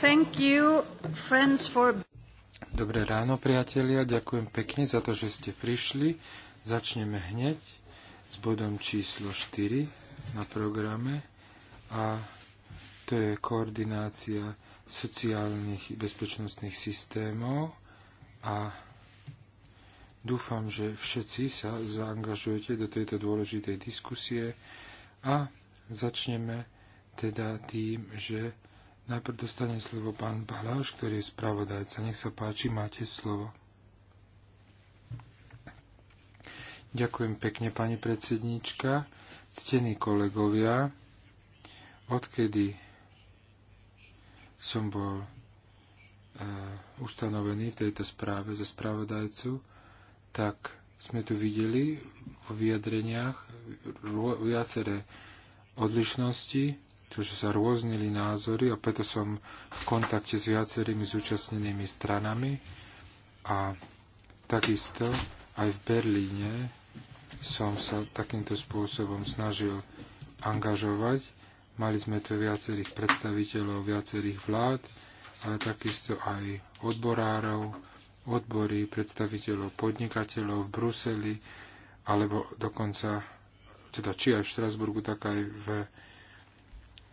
Thank you, friends, for... Dobré ráno, priatelia. Ďakujem pekne za to, že ste prišli. Začneme hneď s bodom číslo 4 na programe a to je koordinácia sociálnych bezpečnostných systémov a Dúfam, že všetci sa zaangažujete do tejto dôležitej diskusie a začneme teda tým, že najprv dostane slovo pán Baláš, ktorý je spravodajca. Nech sa páči, máte slovo. Ďakujem pekne, pani predsednička. Ctení kolegovia, odkedy som bol e, ustanovený v tejto správe za spravodajcu, tak sme tu videli vo vyjadreniach viaceré odlišnosti, pretože sa rôznili názory a preto som v kontakte s viacerými zúčastnenými stranami a takisto aj v Berlíne som sa takýmto spôsobom snažil angažovať. Mali sme tu viacerých predstaviteľov viacerých vlád, ale takisto aj odborárov, odbory, predstaviteľov podnikateľov v Bruseli, alebo dokonca, teda či aj v Štrasburgu, tak aj v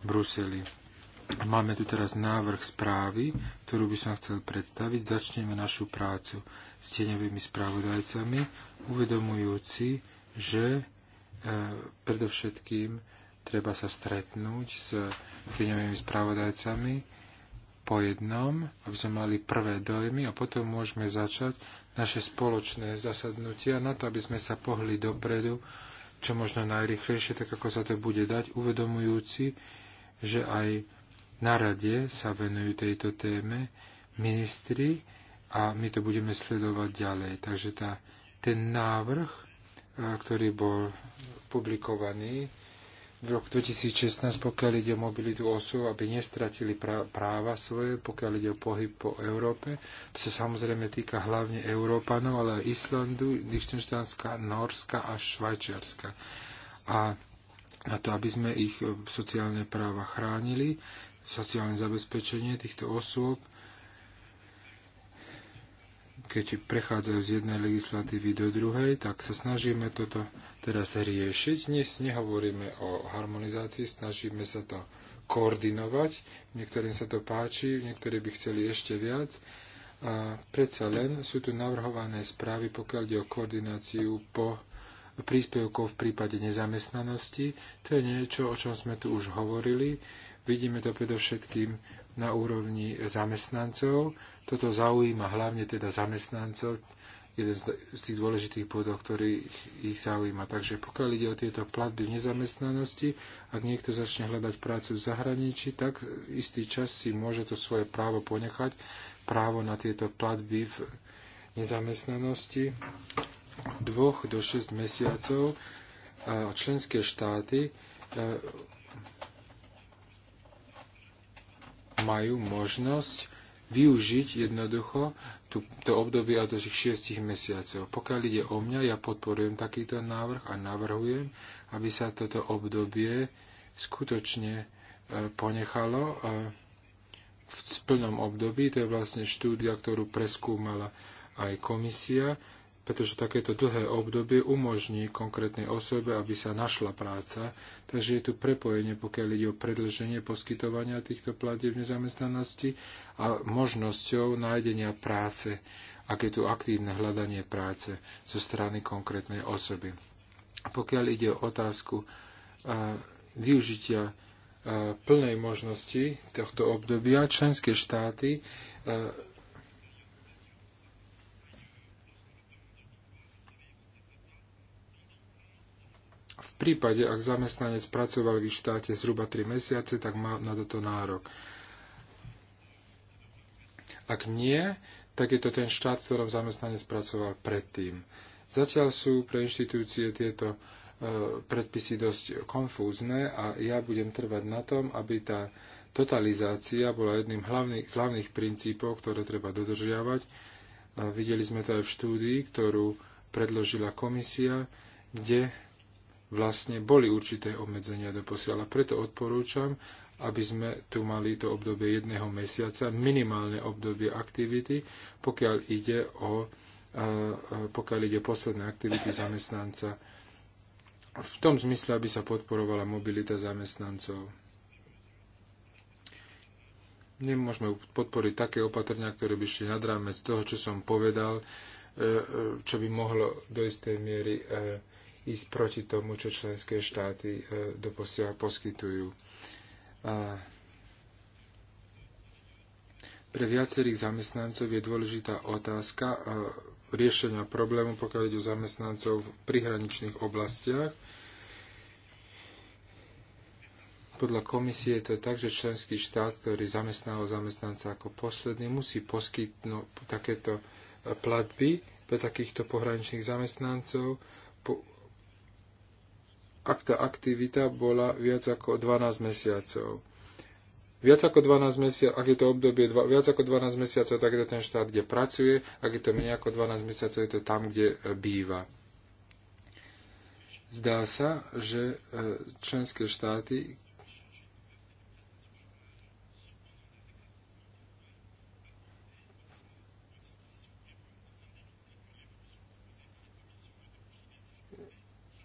Bruseli. Máme tu teraz návrh správy, ktorú by som chcel predstaviť. Začneme našu prácu s tieňovými správodajcami, uvedomujúci, že e, predovšetkým treba sa stretnúť s tieňovými správodajcami po jednom, aby sme mali prvé dojmy a potom môžeme začať naše spoločné zasadnutia na to, aby sme sa pohli dopredu, čo možno najrychlejšie, tak ako sa to bude dať, uvedomujúci, že aj na rade sa venujú tejto téme ministri a my to budeme sledovať ďalej. Takže tá, ten návrh, e, ktorý bol publikovaný, v roku 2016, pokiaľ ide o mobilitu osôb, aby nestratili práva svoje, pokiaľ ide o pohyb po Európe. To sa samozrejme týka hlavne Európanov, ale aj Islandu, Lichtensteinska, Norska a Švajčiarska. A na to, aby sme ich e, sociálne práva chránili, sociálne zabezpečenie týchto osôb, keď prechádzajú z jednej legislatívy do druhej, tak sa snažíme toto teraz riešiť. Dnes nehovoríme o harmonizácii, snažíme sa to koordinovať. Niektorým sa to páči, niektorí by chceli ešte viac. A predsa len sú tu navrhované správy, pokiaľ ide o koordináciu po príspevkov v prípade nezamestnanosti. To je niečo, o čom sme tu už hovorili. Vidíme to predovšetkým na úrovni zamestnancov. Toto zaujíma hlavne teda zamestnancov, jeden z tých dôležitých bodov, ktorý ich, ich zaujíma. Takže pokiaľ ide o tieto platby v nezamestnanosti, ak niekto začne hľadať prácu v zahraničí, tak istý čas si môže to svoje právo ponechať, právo na tieto platby v nezamestnanosti dvoch do 6 mesiacov. Členské štáty e, majú možnosť využiť jednoducho tú, to obdobie a do tých 6 mesiacov. Pokiaľ ide o mňa, ja podporujem takýto návrh a navrhujem, aby sa toto obdobie skutočne e, ponechalo e, v plnom období. To je vlastne štúdia, ktorú preskúmala aj komisia pretože takéto dlhé obdobie umožní konkrétnej osobe, aby sa našla práca. Takže je tu prepojenie, pokiaľ ide o predlženie poskytovania týchto platieb nezamestnanosti a možnosťou nájdenia práce, ak je tu aktívne hľadanie práce zo strany konkrétnej osoby. Pokiaľ ide o otázku e, využitia e, plnej možnosti tohto obdobia, členské štáty e, V prípade, ak zamestnanec pracoval v štáte zhruba 3 mesiace, tak má na toto nárok. Ak nie, tak je to ten štát, v ktorom zamestnanec pracoval predtým. Zatiaľ sú pre inštitúcie tieto e, predpisy dosť konfúzne a ja budem trvať na tom, aby tá totalizácia bola jedným hlavných, z hlavných princípov, ktoré treba dodržiavať. A e, videli sme to aj v štúdii, ktorú predložila komisia, kde vlastne boli určité obmedzenia doposiaľ. A preto odporúčam, aby sme tu mali to obdobie jedného mesiaca, minimálne obdobie aktivity, pokiaľ ide o e, e, pokiaľ ide posledné aktivity zamestnanca v tom zmysle, aby sa podporovala mobilita zamestnancov. Nemôžeme podporiť také opatrenia, ktoré by šli nad rámec toho, čo som povedal, e, čo by mohlo do istej miery ísť proti tomu, čo členské štáty e, doposiaľ poskytujú. pre viacerých zamestnancov je dôležitá otázka e, riešenia problému, pokiaľ ide o zamestnancov v prihraničných oblastiach. Podľa komisie je to tak, že členský štát, ktorý zamestnáva zamestnanca ako posledný, musí poskytnúť takéto e, platby pre takýchto pohraničných zamestnancov. Po, ak tá aktivita bola viac ako 12 mesiacov. Viac ako 12 mesiacov, ak je to obdobie dva, viac ako 12 mesiacov, tak je to ten štát, kde pracuje, ak je to menej ako 12 mesiacov, je to tam, kde e, býva. Zdá sa, že e, členské štáty,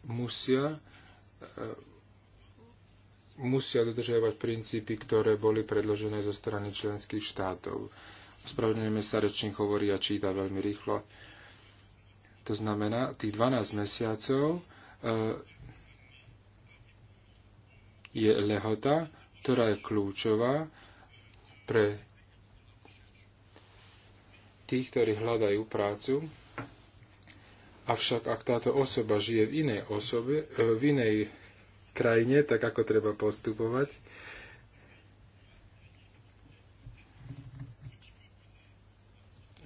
musia E, musia dodržiavať princípy, ktoré boli predložené zo strany členských štátov. Ospravedlňujeme sa, rečník hovorí a číta veľmi rýchlo. To znamená, tých 12 mesiacov e, je lehota, ktorá je kľúčová pre tých, ktorí hľadajú prácu Avšak ak táto osoba žije v inej osobe, e, v inej krajine, tak ako treba postupovať?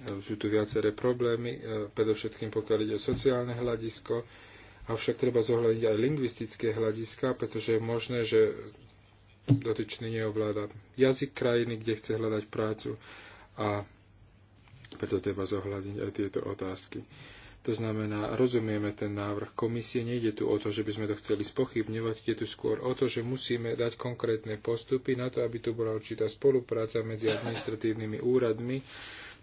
E, sú tu viaceré problémy, e, predovšetkým pokiaľ ide o sociálne hľadisko, avšak treba zohľadiť aj lingvistické hľadiska, pretože je možné, že dotyčný neovláda jazyk krajiny, kde chce hľadať prácu a preto treba zohľadiť aj tieto otázky. To znamená, rozumieme ten návrh komisie, nejde tu o to, že by sme to chceli spochybňovať, ide tu skôr o to, že musíme dať konkrétne postupy na to, aby tu bola určitá spolupráca medzi administratívnymi úradmi,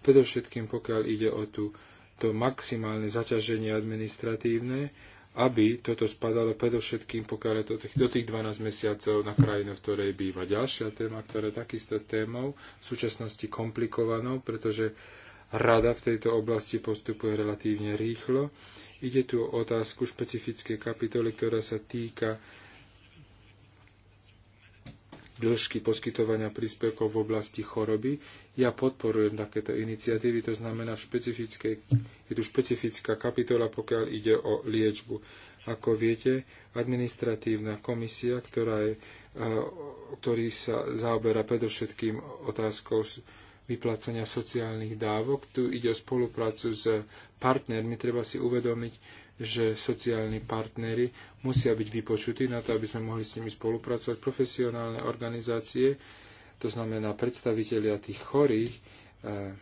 predovšetkým pokiaľ ide o tú, to maximálne zaťaženie administratívne, aby toto spadalo predovšetkým pokiaľ je to do tých 12 mesiacov na krajinu, v ktorej býva. Ďalšia téma, ktorá je takisto témou v súčasnosti komplikovanou, pretože Rada v tejto oblasti postupuje relatívne rýchlo. Ide tu o otázku špecifickej kapitoly, ktorá sa týka dĺžky poskytovania príspevkov v oblasti choroby. Ja podporujem takéto iniciatívy, to znamená, je tu špecifická kapitola, pokiaľ ide o liečbu. Ako viete, administratívna komisia, ktorá je, eh, ktorý sa zaoberá predovšetkým otázkou vyplácania sociálnych dávok. Tu ide o spoluprácu s partnermi. Treba si uvedomiť, že sociálni partnery musia byť vypočutí na to, aby sme mohli s nimi spolupracovať. Profesionálne organizácie, to znamená predstavitelia tých chorých, eh,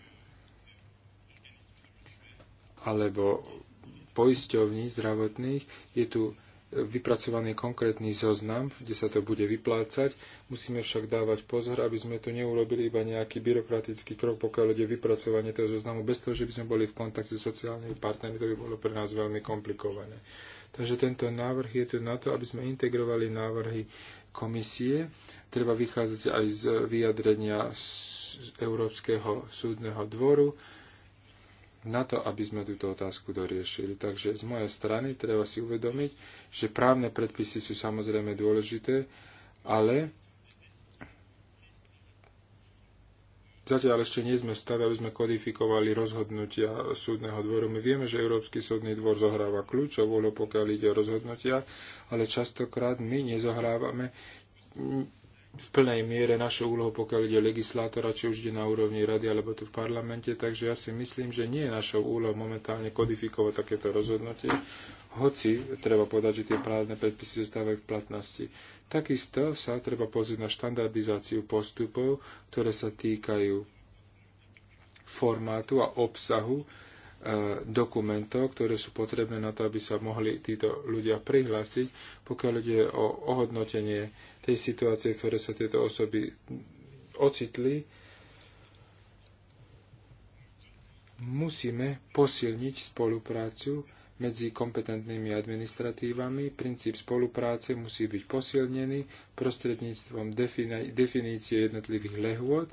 alebo poisťovní zdravotných, je tu vypracovaný konkrétny zoznam, kde sa to bude vyplácať. Musíme však dávať pozor, aby sme tu neurobili iba nejaký byrokratický krok, pokiaľ ide vypracovanie toho zoznamu, bez toho, že by sme boli v kontakte s sociálnymi partnermi, to by bolo pre nás veľmi komplikované. Takže tento návrh je tu na to, aby sme integrovali návrhy komisie. Treba vychádzať aj z vyjadrenia z Európskeho súdneho dvoru, na to, aby sme túto otázku doriešili. Takže z mojej strany treba si uvedomiť, že právne predpisy sú samozrejme dôležité, ale Zatiaľ ešte nie sme v stave, aby sme kodifikovali rozhodnutia súdneho dvoru. My vieme, že Európsky súdny dvor zohráva kľúčovú úlohu, pokiaľ ide o rozhodnutia, ale častokrát my nezohrávame v plnej miere našu úlohu, pokiaľ ide legislátora, či už ide na úrovni rady alebo tu v parlamente. Takže ja si myslím, že nie je našou úlohou momentálne kodifikovať takéto rozhodnutie, hoci treba povedať, že tie právne predpisy zostávajú v platnosti. Takisto sa treba pozrieť na štandardizáciu postupov, ktoré sa týkajú formátu a obsahu e, dokumentov, ktoré sú potrebné na to, aby sa mohli títo ľudia prihlásiť, pokiaľ ide o ohodnotenie tej situácie, v ktorej sa tieto osoby ocitli, musíme posilniť spoluprácu medzi kompetentnými administratívami. Princíp spolupráce musí byť posilnený prostredníctvom definície jednotlivých lehôd.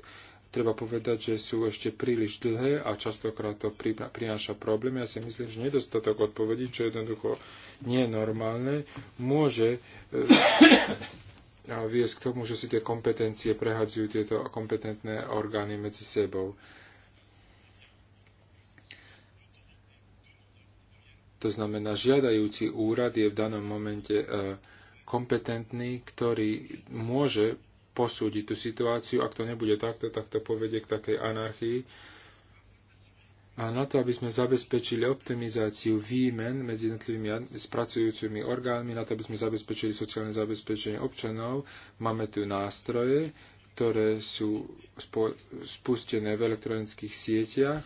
Treba povedať, že sú ešte príliš dlhé a častokrát to prináša problém. Ja si myslím, že nedostatok odpovedí, čo jednoducho nie je normálne, môže eh, viesť k tomu, že si tie kompetencie prehadzujú tieto kompetentné orgány medzi sebou. To znamená, žiadajúci úrad je v danom momente e, kompetentný, ktorý môže posúdiť tú situáciu. Ak to nebude takto, tak to povedie k takej anarchii, a na to, aby sme zabezpečili optimizáciu výmen medzi jednotlivými spracujúcimi orgánmi, na to, aby sme zabezpečili sociálne zabezpečenie občanov, máme tu nástroje, ktoré sú spustené v elektronických sieťach.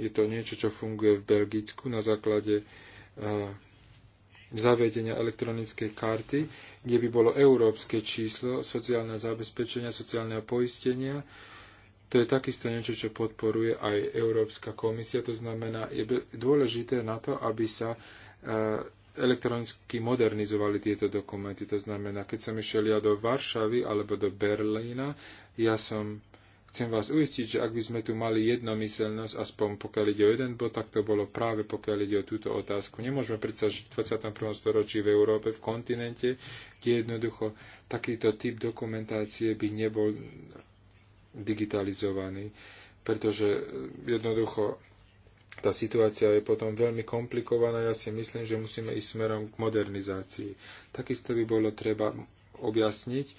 Je to niečo, čo funguje v Belgicku na základe eh, zavedenia elektronickej karty, kde by bolo európske číslo sociálneho zabezpečenia, sociálneho poistenia, to je takisto niečo, čo podporuje aj Európska komisia. To znamená, je dôležité na to, aby sa e, elektronicky modernizovali tieto dokumenty. To znamená, keď som išiel ja do Varšavy alebo do Berlína, ja som Chcem vás uistiť, že ak by sme tu mali jednomyselnosť, aspoň pokiaľ ide o jeden bod, tak to bolo práve pokiaľ ide o túto otázku. Nemôžeme predsa žiť v 21. storočí v Európe, v kontinente, kde jednoducho takýto typ dokumentácie by nebol digitalizovaný, pretože jednoducho tá situácia je potom veľmi komplikovaná. Ja si myslím, že musíme ísť smerom k modernizácii. Takisto by bolo treba objasniť e,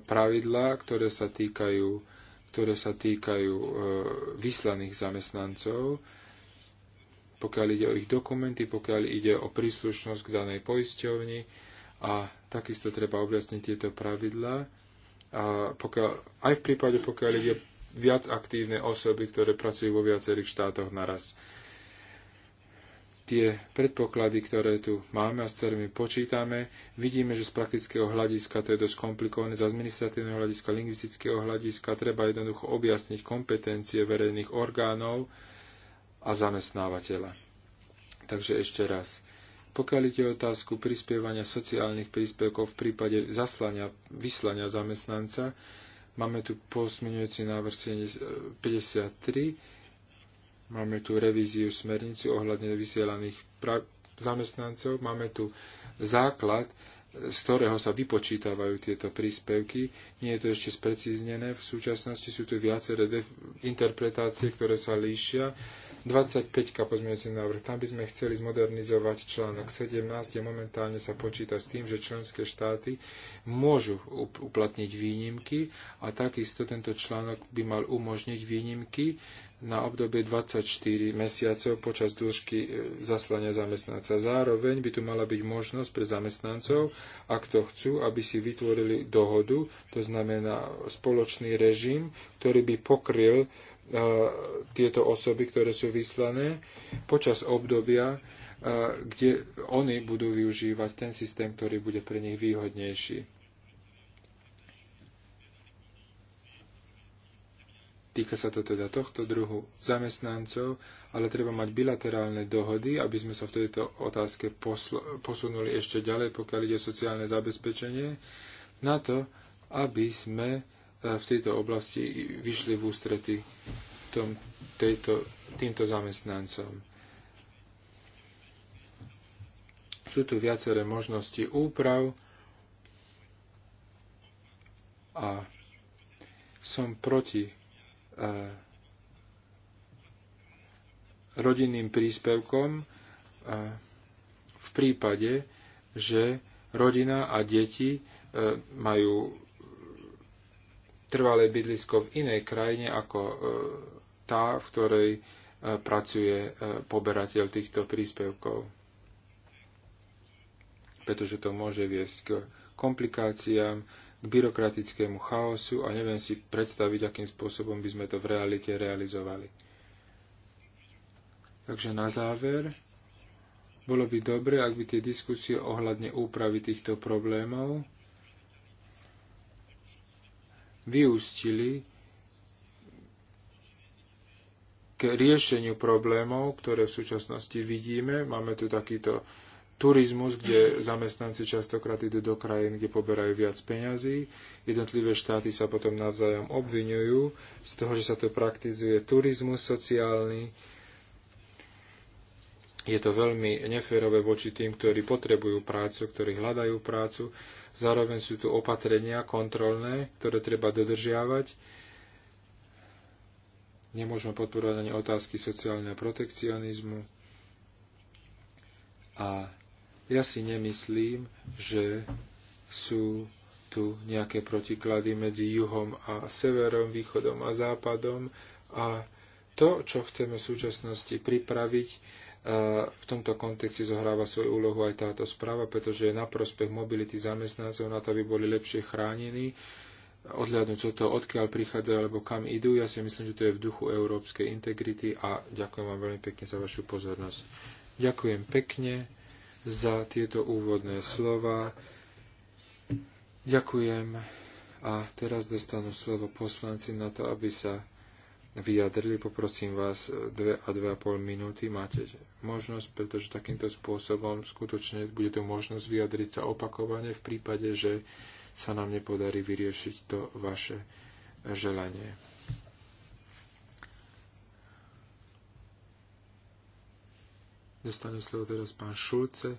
pravidlá, ktoré sa týkajú, ktoré sa týkajú e, vyslaných zamestnancov, pokiaľ ide o ich dokumenty, pokiaľ ide o príslušnosť k danej poisťovni a takisto treba objasniť tieto pravidlá pokiaľ, aj v prípade, pokiaľ ide viac aktívne osoby, ktoré pracujú vo viacerých štátoch naraz. Tie predpoklady, ktoré tu máme a s ktorými počítame, vidíme, že z praktického hľadiska to je dosť komplikované, z administratívneho hľadiska, lingvistického hľadiska treba jednoducho objasniť kompetencie verejných orgánov a zamestnávateľa. Takže ešte raz pokiaľ ide otázku prispievania sociálnych príspevkov v prípade zaslania, vyslania zamestnanca, máme tu posmenujúci návrh 53, máme tu revíziu smernicu ohľadne vysielaných zamestnancov, máme tu základ, z ktorého sa vypočítavajú tieto príspevky. Nie je to ešte sprecíznené. V súčasnosti sú tu viaceré interpretácie, ktoré sa líšia. 25 pozmeňujúci návrh. Tam by sme chceli zmodernizovať článok 17, kde momentálne sa počíta s tým, že členské štáty môžu uplatniť výnimky a takisto tento článok by mal umožniť výnimky na obdobie 24 mesiacov počas dĺžky e, zaslania zamestnanca. Zároveň by tu mala byť možnosť pre zamestnancov, ak to chcú, aby si vytvorili dohodu, to znamená spoločný režim, ktorý by pokryl tieto osoby, ktoré sú vyslané počas obdobia, kde oni budú využívať ten systém, ktorý bude pre nich výhodnejší. Týka sa to teda tohto druhu zamestnancov, ale treba mať bilaterálne dohody, aby sme sa v tejto otázke posunuli ešte ďalej, pokiaľ ide sociálne zabezpečenie, na to, aby sme E, v tejto oblasti vyšli v ústrety tom, tejto, týmto zamestnancom. Sú tu viaceré možnosti úprav a som proti e, rodinným príspevkom e, v prípade, že rodina a deti e, majú trvalé bydlisko v inej krajine ako e, tá, v ktorej e, pracuje e, poberateľ týchto príspevkov. Pretože to môže viesť k komplikáciám, k byrokratickému chaosu a neviem si predstaviť, akým spôsobom by sme to v realite realizovali. Takže na záver, bolo by dobre, ak by tie diskusie ohľadne úpravy týchto problémov vyústili k riešeniu problémov, ktoré v súčasnosti vidíme. Máme tu takýto turizmus, kde zamestnanci častokrát idú do krajín, kde poberajú viac peňazí. Jednotlivé štáty sa potom navzájom obvinujú z toho, že sa tu praktizuje turizmus sociálny. Je to veľmi neférové voči tým, ktorí potrebujú prácu, ktorí hľadajú prácu. Zároveň sú tu opatrenia kontrolné, ktoré treba dodržiavať. Nemôžeme podporovať ani otázky sociálneho protekcionizmu. A ja si nemyslím, že sú tu nejaké protiklady medzi juhom a severom, východom a západom. A to, čo chceme v súčasnosti pripraviť, v tomto kontexte zohráva svoju úlohu aj táto správa, pretože je na prospech mobility zamestnancov na to, aby boli lepšie chránení, odhľadnúť od toho, odkiaľ prichádzajú alebo kam idú. Ja si myslím, že to je v duchu európskej integrity a ďakujem vám veľmi pekne za vašu pozornosť. Ďakujem pekne za tieto úvodné slova. Ďakujem a teraz dostanú slovo poslanci na to, aby sa vyjadrili. Poprosím vás dve a pol minúty. Máte možnosť, pretože takýmto spôsobom skutočne bude tu možnosť vyjadriť sa opakovane v prípade, že sa nám nepodarí vyriešiť to vaše želanie. Dostane slovo teraz pán Šulce.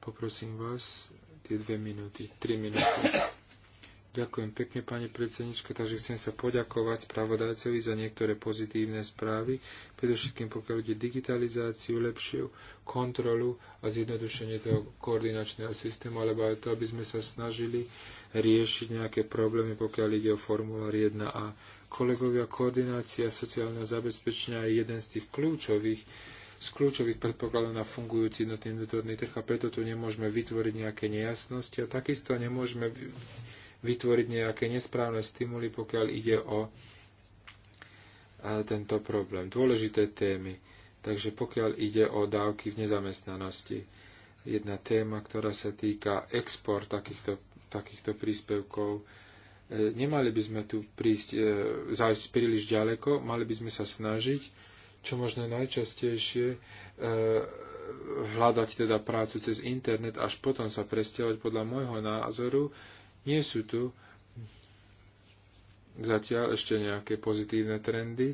Poprosím vás tie dve minúty, tri minúty. Ďakujem pekne, pani predsednička, takže chcem sa poďakovať spravodajcovi za niektoré pozitívne správy, predovšetkým pokiaľ ide digitalizáciu, lepšiu kontrolu a zjednodušenie toho koordinačného systému, alebo aj to, aby sme sa snažili riešiť nejaké problémy, pokiaľ ide o formulár 1a. Kolegovia, koordinácia sociálneho zabezpečenia je jeden z tých kľúčových z kľúčových predpokladov na fungujúci jednotný vnútorný trh a preto tu nemôžeme vytvoriť nejaké nejasnosti a takisto nemôžeme vytvoriť nejaké nesprávne stimuly, pokiaľ ide o tento problém. Dôležité témy. Takže pokiaľ ide o dávky v nezamestnanosti, jedna téma, ktorá sa týka export takýchto, takýchto príspevkov, e, nemali by sme tu prísť, e, zájsť príliš ďaleko, mali by sme sa snažiť, čo možno najčastejšie, e, hľadať teda prácu cez internet, až potom sa presťahovať podľa môjho názoru nie sú tu zatiaľ ešte nejaké pozitívne trendy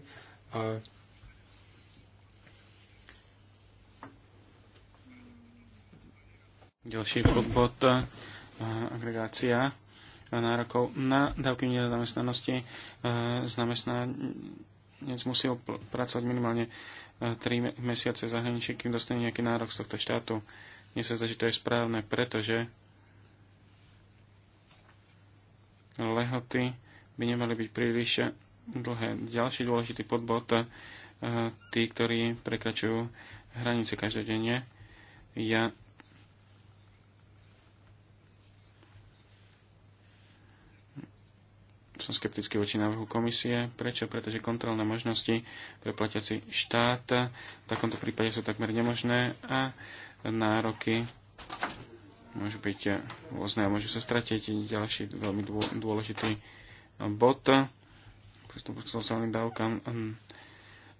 a ďalší podbod agregácia nárokov na dávky nezamestnanosti. Zamestnanec musí pracovať minimálne 3 mesiace zahraničí, kým dostane nejaký nárok z tohto štátu. Mne sa zdá, že to je správne, pretože lehoty by nemali byť príliš dlhé. Ďalší dôležitý podbod, eh, tí, ktorí prekračujú hranice každodenne, ja som skeptický voči návrhu komisie. Prečo? Pretože kontrolné možnosti pre platiaci štát v takomto prípade sú takmer nemožné a nároky môžu byť eh, rôzne a môžu sa stratiť. Ďalší veľmi dôležitý eh, bod prístupu eh, k sociálnym dávkam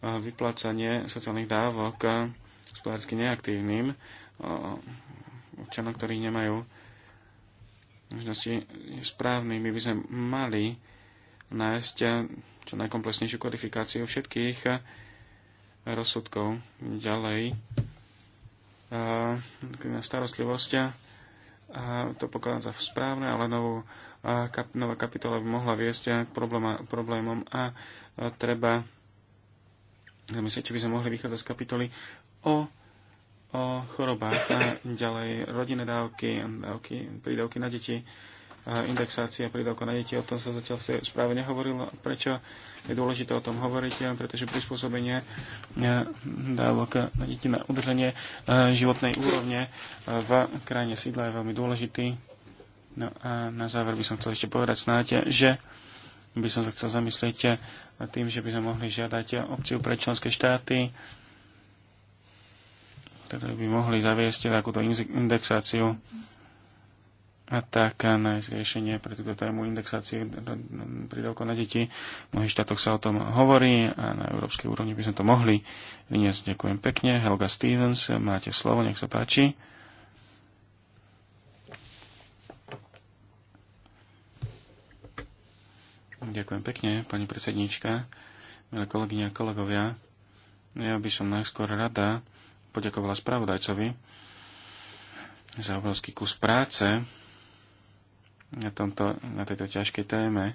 vyplácanie sociálnych dávok hospodársky neaktívnym občanom, ktorí nemajú možnosti správny. My by sme mali nájsť čo najkomplexnejšiu kodifikáciu všetkých rozsudkov. Ďalej, na starostlivosť to pokladám za správne, ale novú, kap, nová kapitola by mohla viesť k problémom a, a treba myslím, či by sme mohli vychádzať z kapitoly o, o chorobách a ďalej rodinné dávky, dávky, prídavky na deti indexácia prídavkov na deti, o tom sa zatiaľ v správe nehovorilo. Prečo je dôležité o tom hovoriť? Pretože prispôsobenie e, dávok na deti na udržanie e, životnej úrovne e, v krajine sídla je veľmi dôležitý. No a na záver by som chcel ešte povedať snáď, že by som sa chcel zamyslieť nad tým, že by sme mohli žiadať opciu pre členské štáty, ktoré by mohli zaviesť takúto indexáciu a tak nájsť riešenie pre túto tému indexácie pri na deti. V mnohých štátoch sa o tom hovorí a na európskej úrovni by sme to mohli vyniesť. Ďakujem pekne. Helga Stevens, máte slovo, nech sa páči. Ďakujem pekne, pani predsednička, milé kolegyne a kolegovia. Ja by som najskôr rada poďakovala spravodajcovi za obrovský kus práce, na, tomto, na tejto ťažkej téme.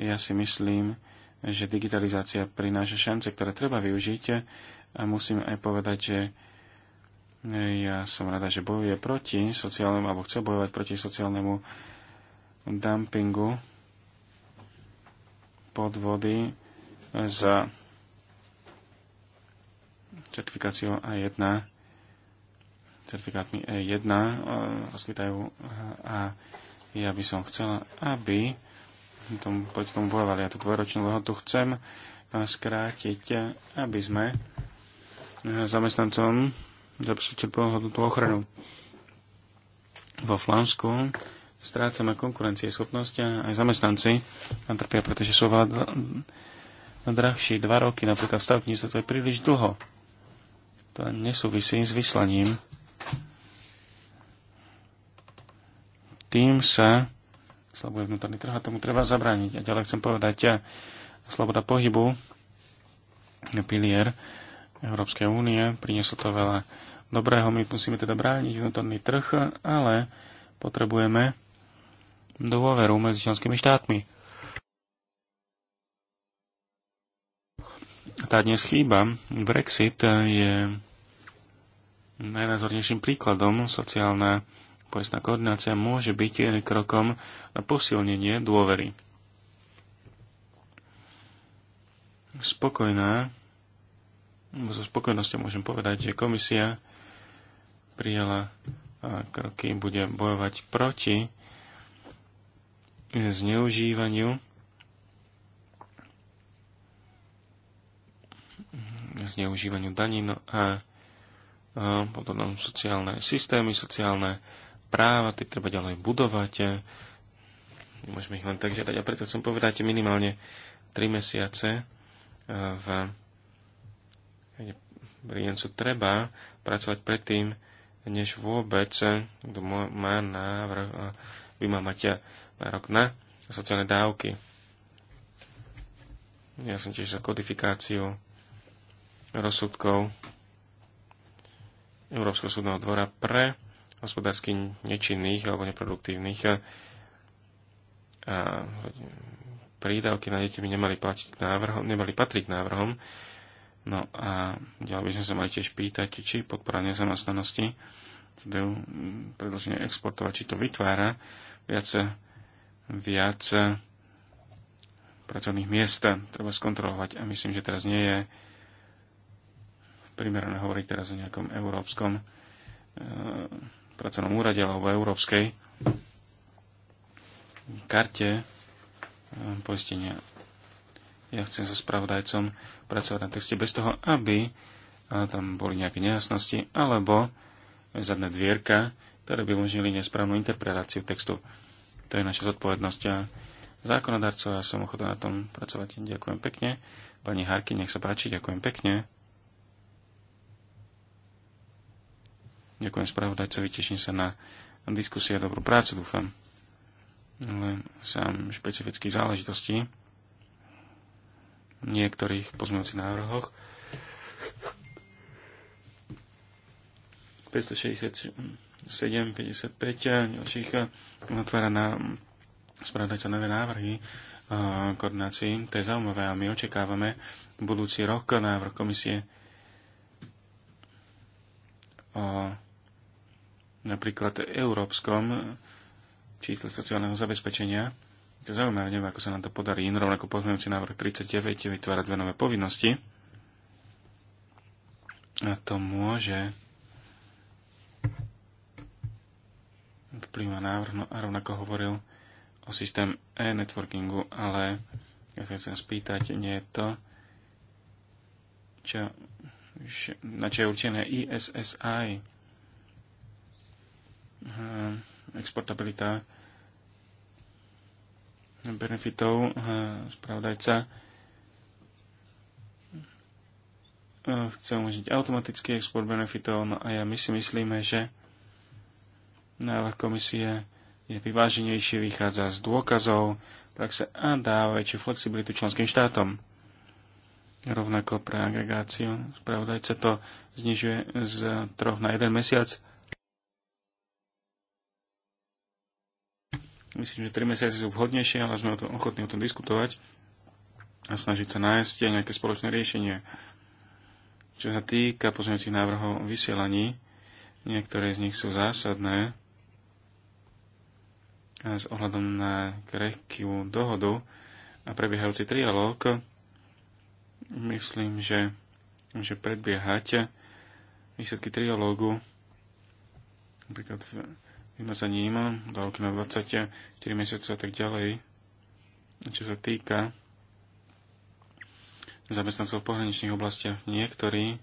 Ja si myslím, že digitalizácia prináša šance, ktoré treba využiť a musím aj povedať, že ja som rada, že bojuje proti sociálnemu, alebo chce bojovať proti sociálnemu dumpingu podvody za certifikáciou A1 certifikátmi E1 rozkvitajú e, a, a ja by som chcela, aby tom, proti tomu bojovali. Ja tú dvojročnú lehotu chcem eh, skrátiť, eh, aby sme eh, zamestnancom zabezpečili plnohodnotnú ochranu. Vo Flámsku strácame a aj zamestnanci tam trpia, pretože sú veľa drahší. Dva roky napríklad v stavkni sa to je príliš dlho. To nesúvisí s vyslaním tým sa slabuje vnútorný trh a tomu treba zabrániť. A ďalej chcem povedať, ja, sloboda pohybu pilier Európskej únie, prinieslo to veľa dobrého, my musíme teda brániť vnútorný trh, ale potrebujeme dôveru medzi členskými štátmi. Tá dnes chýba. Brexit je najnázornejším príkladom sociálna poistná koordinácia môže byť eh, krokom na posilnenie dôvery. Spokojná, so spokojnosťou môžem povedať, že komisia prijala eh, kroky, bude bojovať proti eh, zneužívaniu zneužívaniu daní no a potom sociálne systémy, sociálne práva, tie treba ďalej budovať. Nemôžeme ich len tak žiadať. A preto chcem povedať minimálne 3 mesiace eh, v príjemcu treba pracovať predtým, než vôbec eh, kto má návrh, eh, by mal mať nárok na sociálne dávky. Ja som tiež za kodifikáciu rozsudkov Európskeho súdneho dvora pre hospodársky nečinných alebo neproduktívnych eh, a prídavky na deti by nemali, platiť návrhom, nemali patriť návrhom. No a ďalej by sme sa mali tiež pýtať, či podpora nezamestnanosti e mm, predlženie exportovať, či to vytvára viac, viac eh, pracovných miest. Treba skontrolovať a myslím, že teraz nie je primerané hovoriť teraz o nejakom európskom eh, pracovnom úrade alebo európskej karte eh, poistenia. Ja chcem so spravodajcom pracovať na texte bez toho, aby eh, tam boli nejaké nejasnosti alebo zadné dvierka, ktoré by umožnili nesprávnu interpretáciu textu. To je naša zodpovednosť a zákonodarcov, ja som ochotná na tom pracovať. Ďakujem pekne. Pani Harky, nech sa páči, ďakujem pekne. Ďakujem spravodajcovi, teším sa na diskusie a dobrú prácu, dúfam. Ale sám špecifických záležitostí niektorých pozmeňujúcich návrhoch 567, 55 ďalších otvára na spravodajca nové návrhy koordinácii. To je zaujímavé a my očakávame budúci rok návrh komisie o napríklad európskom čísle sociálneho zabezpečenia. To zaujímavé, neviem, ako sa nám to podarí. Rovnako pozmeňujúci návrh 39 vytvára dve nové povinnosti. A to môže vplyvá návrh, no a rovnako hovoril o systém e-networkingu, ale ja sa chcem spýtať, nie je to, čo, na čo je určené ISSI, exportabilita benefitov spravodajca chce umožniť automatický export benefitov, no a ja my si myslíme, že návrh komisie je vyváženejší, vychádza z dôkazov praxe a dáva väčšiu flexibilitu členským štátom. Rovnako pre agregáciu spravodajca to znižuje z troch na jeden mesiac Myslím, že 3 mesiace sú vhodnejšie, ale sme o tom, ochotní o tom diskutovať a snažiť sa nájsť aj nejaké spoločné riešenie. Čo sa týka pozmeňujúcich návrhov o vysielaní, niektoré z nich sú zásadné a s ohľadom na krehkú dohodu a prebiehajúci trialóg, myslím, že že predbiehať výsledky trialógu napríklad v ním, do roky na 24 mesiacov a tak ďalej, čo sa týka zamestnancov v pohraničných oblastiach. Niektorí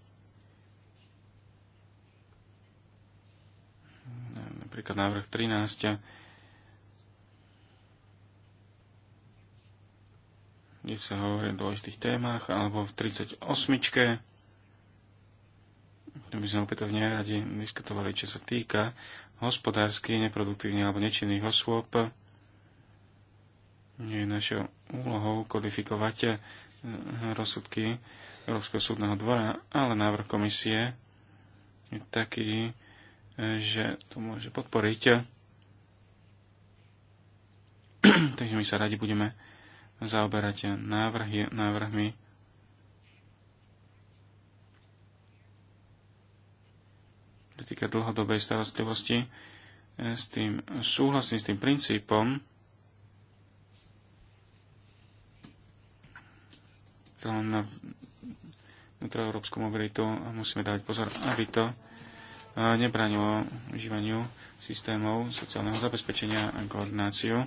napríklad návrh 13 kde sa hovorí o dôležitých témach, alebo v 38. To by sme opätovne radi diskutovali, čo sa týka hospodársky neproduktívny alebo nečinných osôb. Nie Je našou úlohou kodifikovať eh, rozsudky Európskeho súdneho dvora, ale návrh komisie je taký, eh, že to môže podporiť. Takže my sa radi budeme zaoberať eh, návrhy, návrhmi týka dlhodobej starostlivosti, e, s tým súhlasím, s tým princípom, len na vnútroeurópsku mobilitu musíme dávať pozor, aby to e, nebránilo užívaniu systémov sociálneho zabezpečenia a koordináciu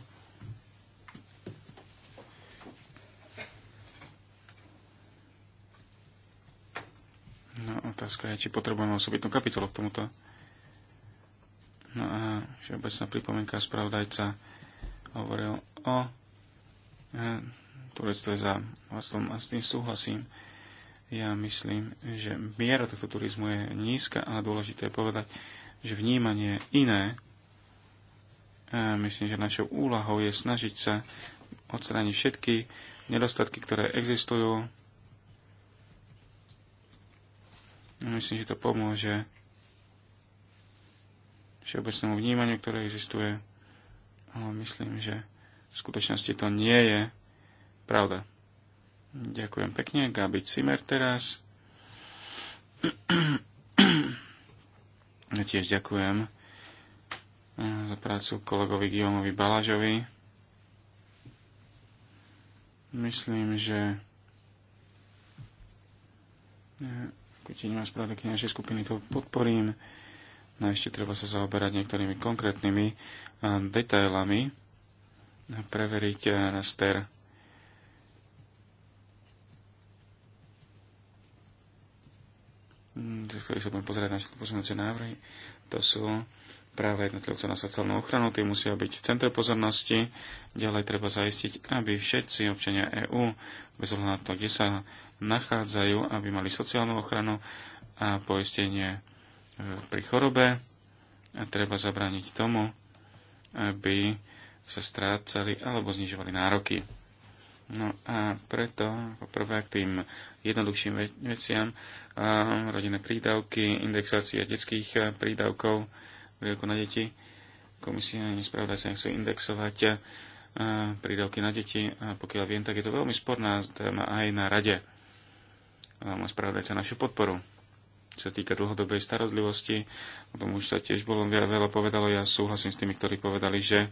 No, otázka je, či potrebujeme osobitnú kapitolu k tomuto. No a všeobecná pripomienka spravodajca hovoril o e, turistve za vlastnom a s tým súhlasím. Ja myslím, že miera tohto turizmu je nízka, ale dôležité je povedať, že vnímanie je iné. E, myslím, že našou úlohou je snažiť sa odstrániť všetky nedostatky, ktoré existujú Myslím, že to pomôže všeobecnému vnímaniu, ktoré existuje, ale myslím, že v skutočnosti to nie je pravda. Ďakujem pekne. Gabi Cimer teraz. Ja tiež ďakujem eh, za prácu kolegovi Guillaumeovi Balažovi. Myslím, že eh, keď tieňová spravodajkynia našej skupiny to podporím. No ešte treba sa zaoberať niektorými konkrétnymi eh, detailami a preveriť eh, raster mm, z sa budem pozerať na všetky pozmeňujúce návrhy, to sú práve jednotlivce na sociálnu ochranu, tie musia byť v centre pozornosti. Ďalej treba zaistiť, aby všetci občania EÚ, bez ohľadu na to, kde sa nachádzajú, aby mali sociálnu ochranu a poistenie e, pri chorobe a treba zabrániť tomu, aby sa strácali alebo znižovali nároky. No a preto ako prvé k tým jednoduchším veciam rodinné prídavky, indexácia detských e, prídavkov, veľko na deti. Komisia nespravda sa nechce indexovať e, prídavky na deti. A pokiaľ viem, tak je to veľmi sporná téma aj na rade vám ospravedlňujem za našu podporu. Čo sa týka dlhodobej starostlivosti, o tom už sa tiež bolo veľa povedalo, ja súhlasím s tými, ktorí povedali, že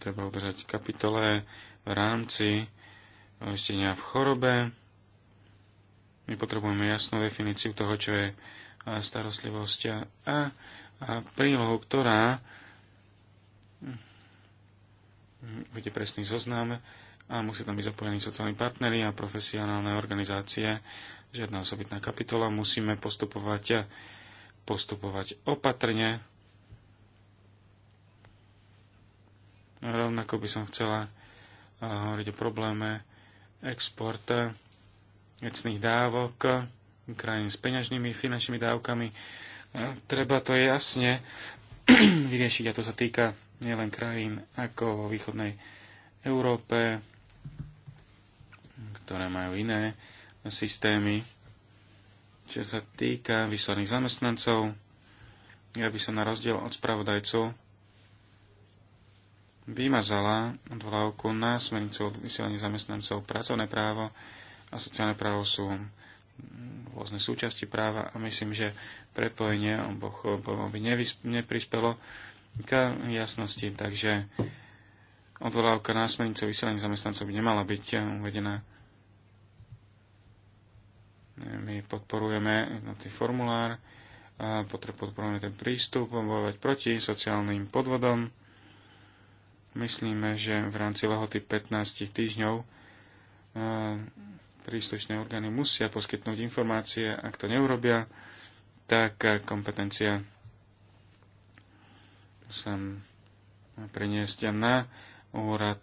treba udržať kapitole v rámci oistenia v chorobe. My potrebujeme jasnú definíciu toho, čo je starostlivosť a, a prílohu, ktorá hm, bude presný zoznam a musí tam byť zapojení sociálni partnery a profesionálne organizácie. Žiadna osobitná kapitola. Musíme postupovať, postupovať opatrne. Rovnako by som chcela eh, hovoriť o probléme export eh, vecných dávok krajín s peňažnými finančnými dávkami. Eh, treba to jasne vyriešiť a to sa týka nielen krajín ako vo východnej Európe, ktoré majú iné systémy. Čo sa týka vyslaných zamestnancov, ja by som na rozdiel od spravodajcov vymazala odvolávku na smernicu od vysielania zamestnancov. Pracovné právo a sociálne právo sú rôzne súčasti práva a myslím, že prepojenie oboch by neprispelo k jasnosti, takže odvolávka na smernicu vysielania zamestnancov by nemala byť uvedená my podporujeme jednotný formulár, podporujeme ten prístup, bojovať proti sociálnym podvodom. Myslíme, že v rámci lehoty 15 týždňov e, príslušné orgány musia poskytnúť informácie. Ak to neurobia, tak kompetencia sa preniesť na úrad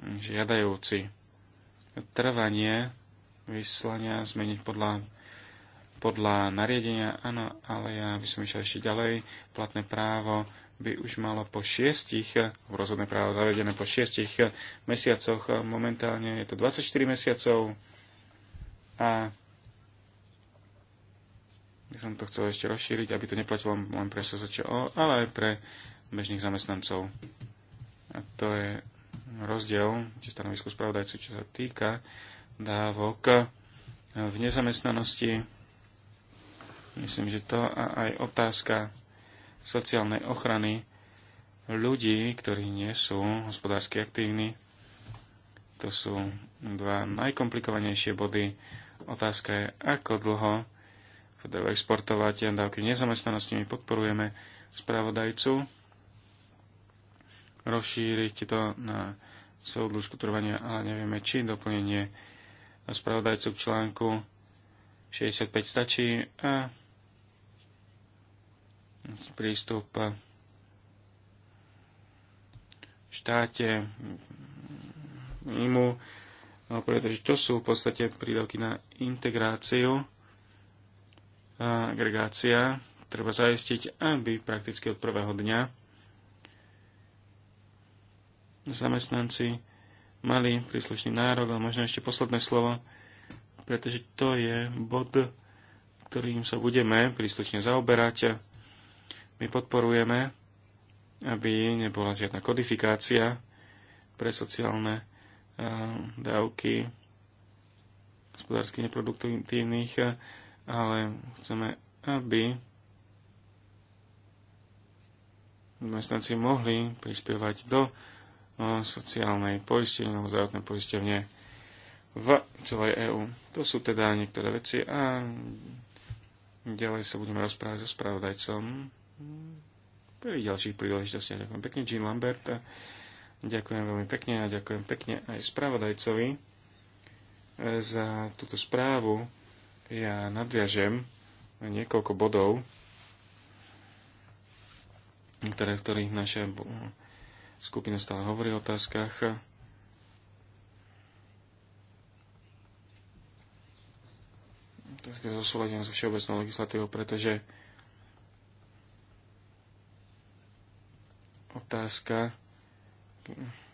žiadajúci trvanie vyslania zmeniť podľa, podľa nariadenia. Áno, ale ja by som išiel ešte ďalej. Platné právo by už malo po šiestich, rozhodné právo zavedené po šiestich mesiacoch. Momentálne je to 24 mesiacov a by som to chcel ešte rozšíriť, aby to neplatilo len pre SZČO, ale aj pre bežných zamestnancov. A to je rozdiel, či stanovisko spravodajcu, čo sa týka dávok v nezamestnanosti. Myslím, že to a aj otázka sociálnej ochrany ľudí, ktorí nie sú hospodársky aktívni. To sú dva najkomplikovanejšie body. Otázka je, ako dlho budú exportovať dávky nezamestnanosti. My podporujeme spravodajcu rozšíriť to na celú dĺžku trvania, ale nevieme, či doplnenie spravodajcu k článku 65 stačí a prístup v štáte mimo, no, pretože to sú v podstate prídavky na integráciu a agregácia. Treba zaistiť, aby prakticky od prvého dňa zamestnanci mali príslušný nárok, ale možno ešte posledné slovo, pretože to je bod, ktorým sa budeme príslušne zaoberať. My podporujeme, aby nebola žiadna kodifikácia pre sociálne eh, dávky hospodársky neproduktívnych, ale chceme, aby zamestnanci mohli prispievať do sociálnej poistenie alebo zdravotné poistenie v celej EÚ. To sú teda niektoré veci a ďalej sa budeme rozprávať so spravodajcom pri ďalších príležitostiach. Ďakujem pekne, Jean Lambert. Ďakujem veľmi pekne a ďakujem pekne aj spravodajcovi e, za túto správu. Ja nadviažem niekoľko bodov, ktoré, v ktorých naše skupina stále hovorí o otázkach. Otázka je zosúladená so všeobecnou legislatívou, pretože otázka,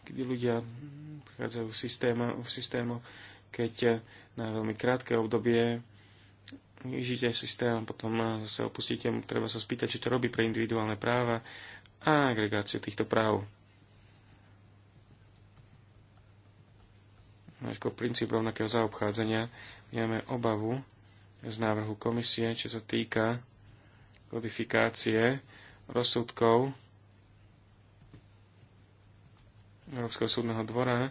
kedy ľudia prichádzajú v, v systému, keď na veľmi krátke obdobie aj systém, potom zase opustíte, treba sa spýtať, či to robí pre individuálne práva a agregáciu týchto práv. ako princíp rovnakého zaobchádzania. My máme obavu z návrhu komisie, čo sa týka kodifikácie rozsudkov Európskeho súdneho dvora,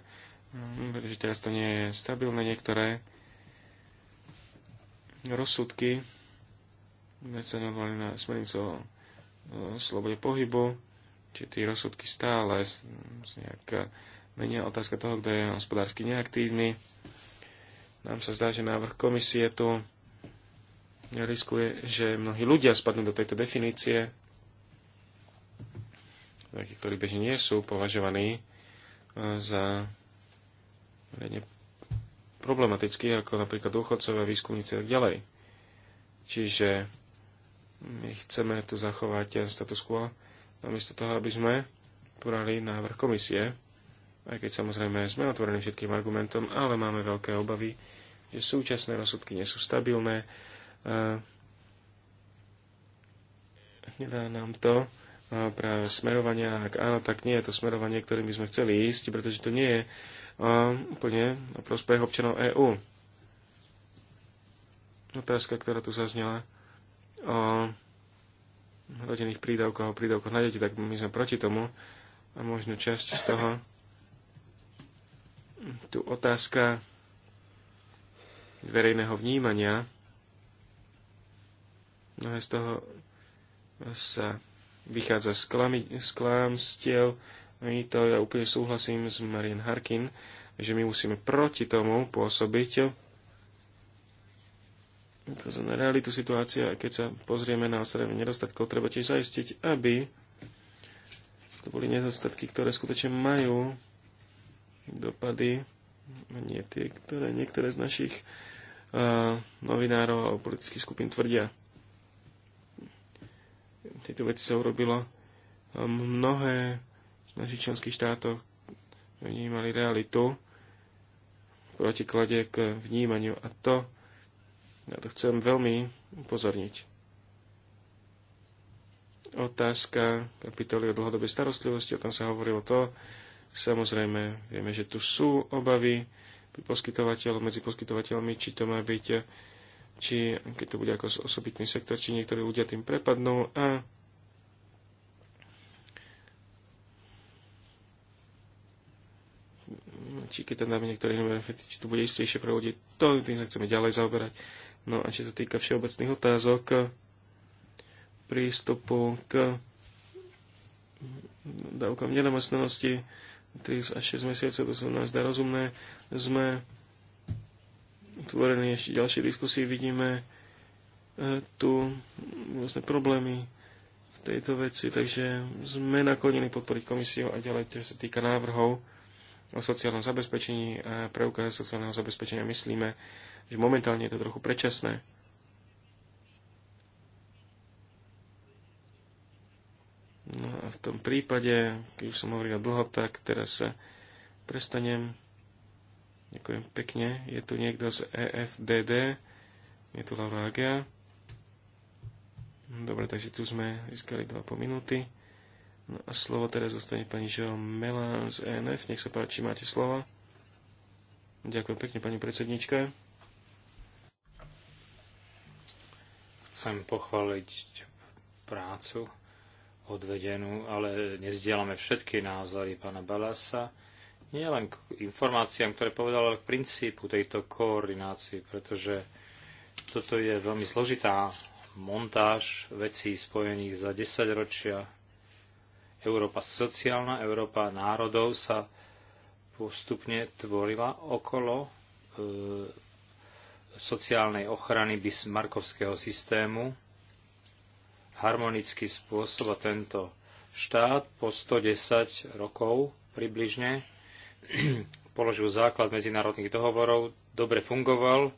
že teraz to nie je stabilné. Niektoré rozsudky sa normálne na smernicu o slobode pohybu, či tie rozsudky stále nejaká menia otázka toho, kto je hospodársky neaktívny. Nám sa zdá, že návrh komisie tu riskuje, že mnohí ľudia spadnú do tejto definície, takí, ktorí bežne nie sú považovaní e, za problematický, ako napríklad dôchodcové, výskumníci a tak ďalej. Čiže my chceme tu zachovať status quo, namiesto toho, aby sme porali návrh komisie aj keď samozrejme sme otvorení všetkým argumentom, ale máme veľké obavy, že súčasné rozsudky nie sú stabilné. Nedá nám to práve smerovania, ak áno, tak nie je to smerovanie, ktorým by sme chceli ísť, pretože to nie je úplne na prospech občanov EÚ. Otázka, ktorá tu zaznela o rodinných prídavkoch a prídavkoch na deti, tak my sme proti tomu a možno časť z toho tu otázka verejného vnímania. Mnohé z toho sa vychádza z, klámstiev. I to ja úplne súhlasím s Marian Harkin, že my musíme proti tomu pôsobiť. Na realitu situácia, keď sa pozrieme na osadenie nedostatkov, treba tiež zaistiť, aby to boli nedostatky, ktoré skutočne majú dopady, nie tie, ktoré niektoré z našich uh, novinárov alebo politických skupín tvrdia. Tieto veci sa urobilo mnohé z našich členských štátov vnímali realitu protiklade k vnímaniu a to na to chcem veľmi upozorniť. Otázka kapitoly o dlhodobej starostlivosti, o tom sa hovorilo to, Samozrejme, vieme, že tu sú obavy pri poskytovateľov, medzi poskytovateľmi, či to má byť, či keď to bude ako osobitný sektor, či niektorí ľudia tým prepadnú a či keď tam dáme niektoré nové či to bude istejšie pre ľudí, to tým sa chceme ďalej zaoberať. No a či sa týka všeobecných otázok, prístupu k dávkom nedomestnanosti, 3 až 6 mesiacov, to sa nám zdá rozumné. Sme otvorení ešte ďalšie diskusie, vidíme e, tu vlastne problémy v tejto veci, takže sme naklonení podporiť komisiu a ďalej, čo sa týka návrhov o sociálnom zabezpečení a preukáze sociálneho zabezpečenia myslíme, že momentálne je to trochu predčasné. No a v tom prípade, keď už som hovoril dlho, tak teraz sa prestanem. Ďakujem pekne. Je tu niekto z EFDD. Je tu Laura Agia. Dobre, takže tu sme získali po minúty. No a slovo teraz zostane pani Žel Melán z ENF. Nech sa páči, máte slova. Ďakujem pekne, pani predsednička. Chcem pochváliť prácu odvedenú, ale nezdielame všetky názory pána Balasa, len k informáciám, ktoré povedal, ale k princípu tejto koordinácii, pretože toto je veľmi zložitá montáž vecí spojených za 10 ročia. Európa sociálna, Európa národov sa postupne tvorila okolo e, sociálnej ochrany bismarkovského systému harmonický spôsob a tento štát po 110 rokov približne položil základ medzinárodných dohovorov, dobre fungoval.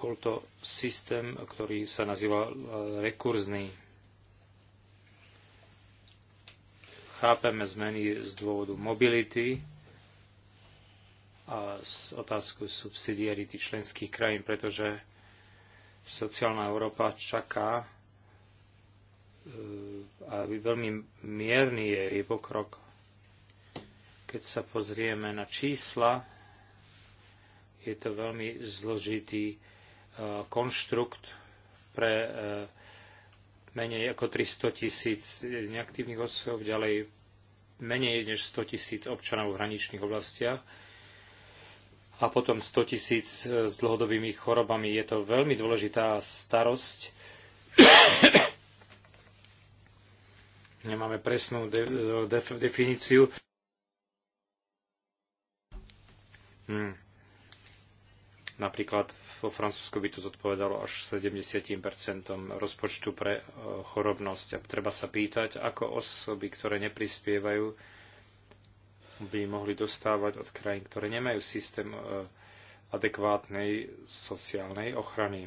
Bol to systém, ktorý sa nazýval e, rekurzný. Chápeme zmeny z dôvodu mobility a z otázku subsidiarity členských krajín, pretože sociálna Európa čaká a veľmi mierny je jej pokrok. Keď sa pozrieme na čísla, je to veľmi zložitý e, konštrukt pre e, menej ako 300 tisíc neaktívnych osôb, ďalej menej než 100 tisíc občanov v hraničných oblastiach a potom 100 tisíc s dlhodobými chorobami. Je to veľmi dôležitá starosť Nemáme presnú de, de, definíciu. Hmm. Napríklad vo Francúzsku by to zodpovedalo až 70% rozpočtu pre eh, chorobnosť. A treba sa pýtať, ako osoby, ktoré neprispievajú, by mohli dostávať od krajín, ktoré nemajú systém eh, adekvátnej sociálnej ochrany.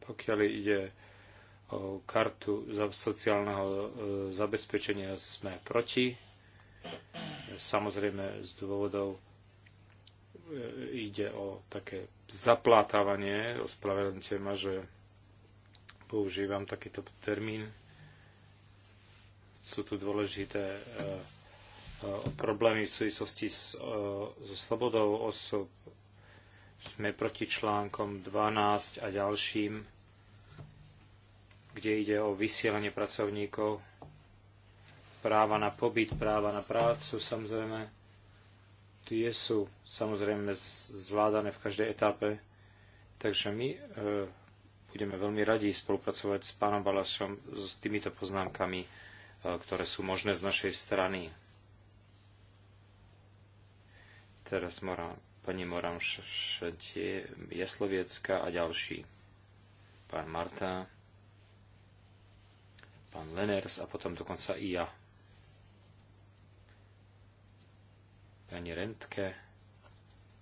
Pokiaľ ide kartu za sociálneho e, zabezpečenia sme proti. Samozrejme z dôvodov e, ide o také zaplátavanie, ospravedlňte ma, že používam takýto termín. Sú tu dôležité e, problémy v súvislosti so slobodou osob. Sme proti článkom 12 a ďalším kde ide o vysielanie pracovníkov, práva na pobyt, práva na prácu, samozrejme, tie sú samozrejme zvládané v každej etape. Takže my e, budeme veľmi radi spolupracovať s pánom Balašom s týmito poznámkami, e, ktoré sú možné z našej strany. Teraz mora, pani Moram Šatie, Jasloviecka a ďalší. Pán Marta pán Leners a potom dokonca i ja. Pani Rentke,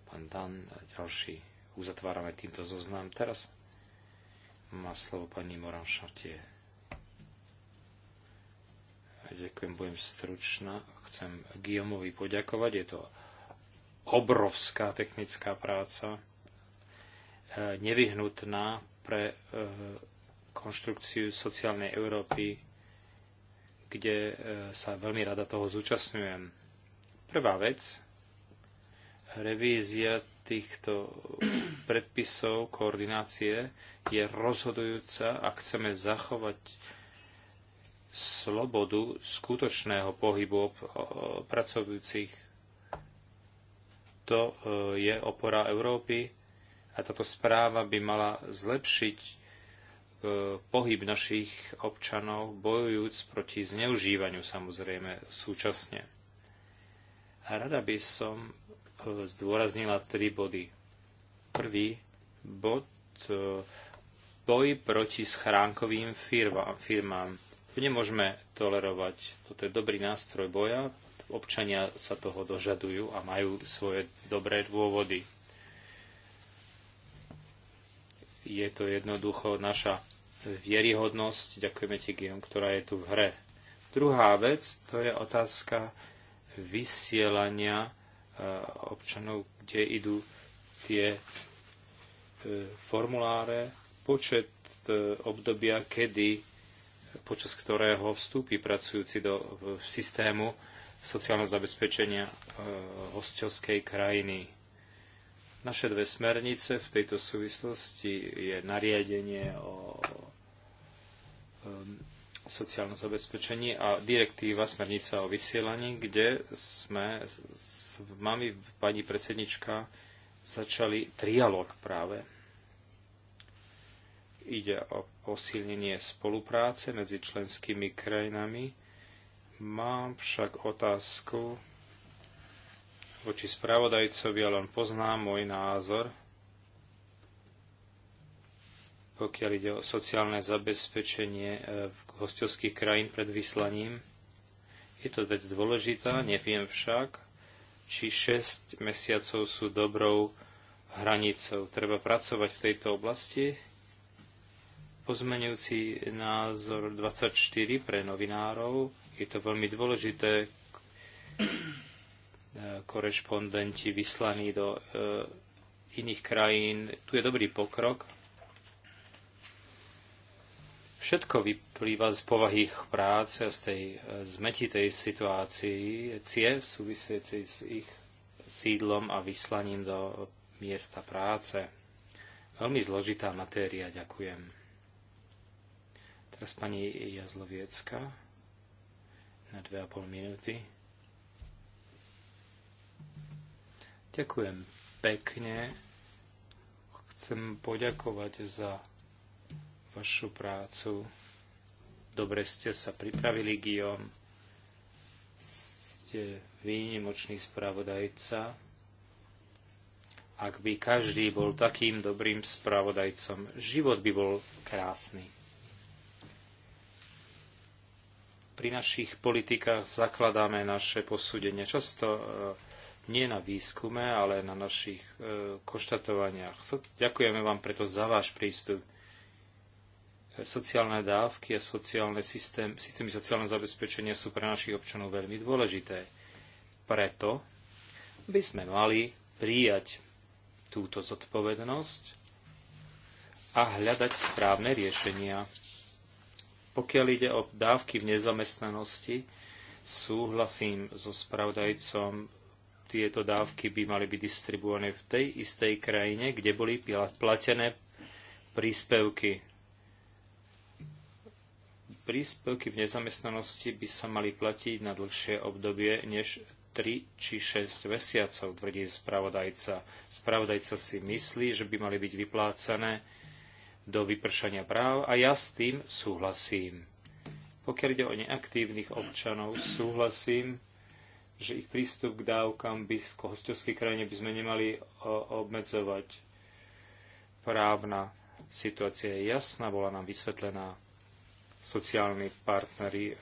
pán Dan a ďalší. Uzatvárame týmto zoznam. Teraz má slovo pani Moran Šartie. Ďakujem, budem stručná. Chcem Guillaumeovi poďakovať. Je to obrovská technická práca, e, nevyhnutná pre e, konštrukciu sociálnej Európy kde e, sa veľmi rada toho zúčastňujem. Prvá vec, revízia týchto predpisov koordinácie je rozhodujúca, ak chceme zachovať slobodu skutočného pohybu pracujúcich. To e, je opora Európy a táto správa by mala zlepšiť E, pohyb našich občanov, bojujúc proti zneužívaniu samozrejme súčasne. A rada by som e, zdôraznila tri body. Prvý bod e, boj proti schránkovým firmám. firmám. To nemôžeme tolerovať. Toto je dobrý nástroj boja. Občania sa toho dožadujú a majú svoje dobré dôvody. Je to jednoducho naša vieryhodnosť, ďakujeme ti, Gion, ktorá je tu v hre. Druhá vec, to je otázka vysielania e, občanov, kde idú tie e, formuláre, počet e, obdobia, kedy, počas ktorého vstúpi pracujúci do systému sociálneho zabezpečenia hostovskej krajiny. Naše dve smernice v tejto súvislosti je nariadenie o Um, sociálne zabezpečenie a direktíva Smernica o vysielaní, kde sme s mami pani predsednička začali trialog práve. Ide o posilnenie spolupráce medzi členskými krajinami. Mám však otázku voči spravodajcovi, ale on pozná môj názor – pokiaľ ide o sociálne zabezpečenie e, v hostovských krajín pred vyslaním. Je to vec dôležitá, neviem však, či 6 mesiacov sú dobrou hranicou. Treba pracovať v tejto oblasti. Pozmenujúci názor 24 pre novinárov. Je to veľmi dôležité. E, korešpondenti vyslaní do e, iných krajín. Tu je dobrý pokrok, Všetko vyplýva z povahy ich práce a z tej zmetitej situácii v súvisiacej s ich sídlom a vyslaním do miesta práce. Veľmi zložitá matéria, ďakujem. Teraz pani Jazloviecka na 2,5 minúty. Ďakujem pekne. Chcem poďakovať za vašu prácu. Dobre ste sa pripravili, Guillaume. Ste výnimočný spravodajca. Ak by každý bol takým dobrým spravodajcom, život by bol krásny. Pri našich politikách zakladáme naše posúdenie často e, nie na výskume, ale na našich e, So, Ďakujeme vám preto za váš prístup. Sociálne dávky a sociálne systém, systémy sociálneho zabezpečenia sú pre našich občanov veľmi dôležité. Preto by sme mali prijať túto zodpovednosť a hľadať správne riešenia. Pokiaľ ide o dávky v nezamestnanosti, súhlasím so spravodajcom, tieto dávky by mali byť distribuované v tej istej krajine, kde boli platené príspevky. Príspevky v nezamestnanosti by sa mali platiť na dlhšie obdobie než 3 či 6 mesiacov, tvrdí spravodajca. Spravodajca si myslí, že by mali byť vyplácané do vypršania práv a ja s tým súhlasím. Pokiaľ ide o neaktívnych občanov, súhlasím, že ich prístup k dávkam by v hostovskej krajine by sme nemali e, obmedzovať. Právna situácia je jasná, bola nám vysvetlená sociálni partneri e,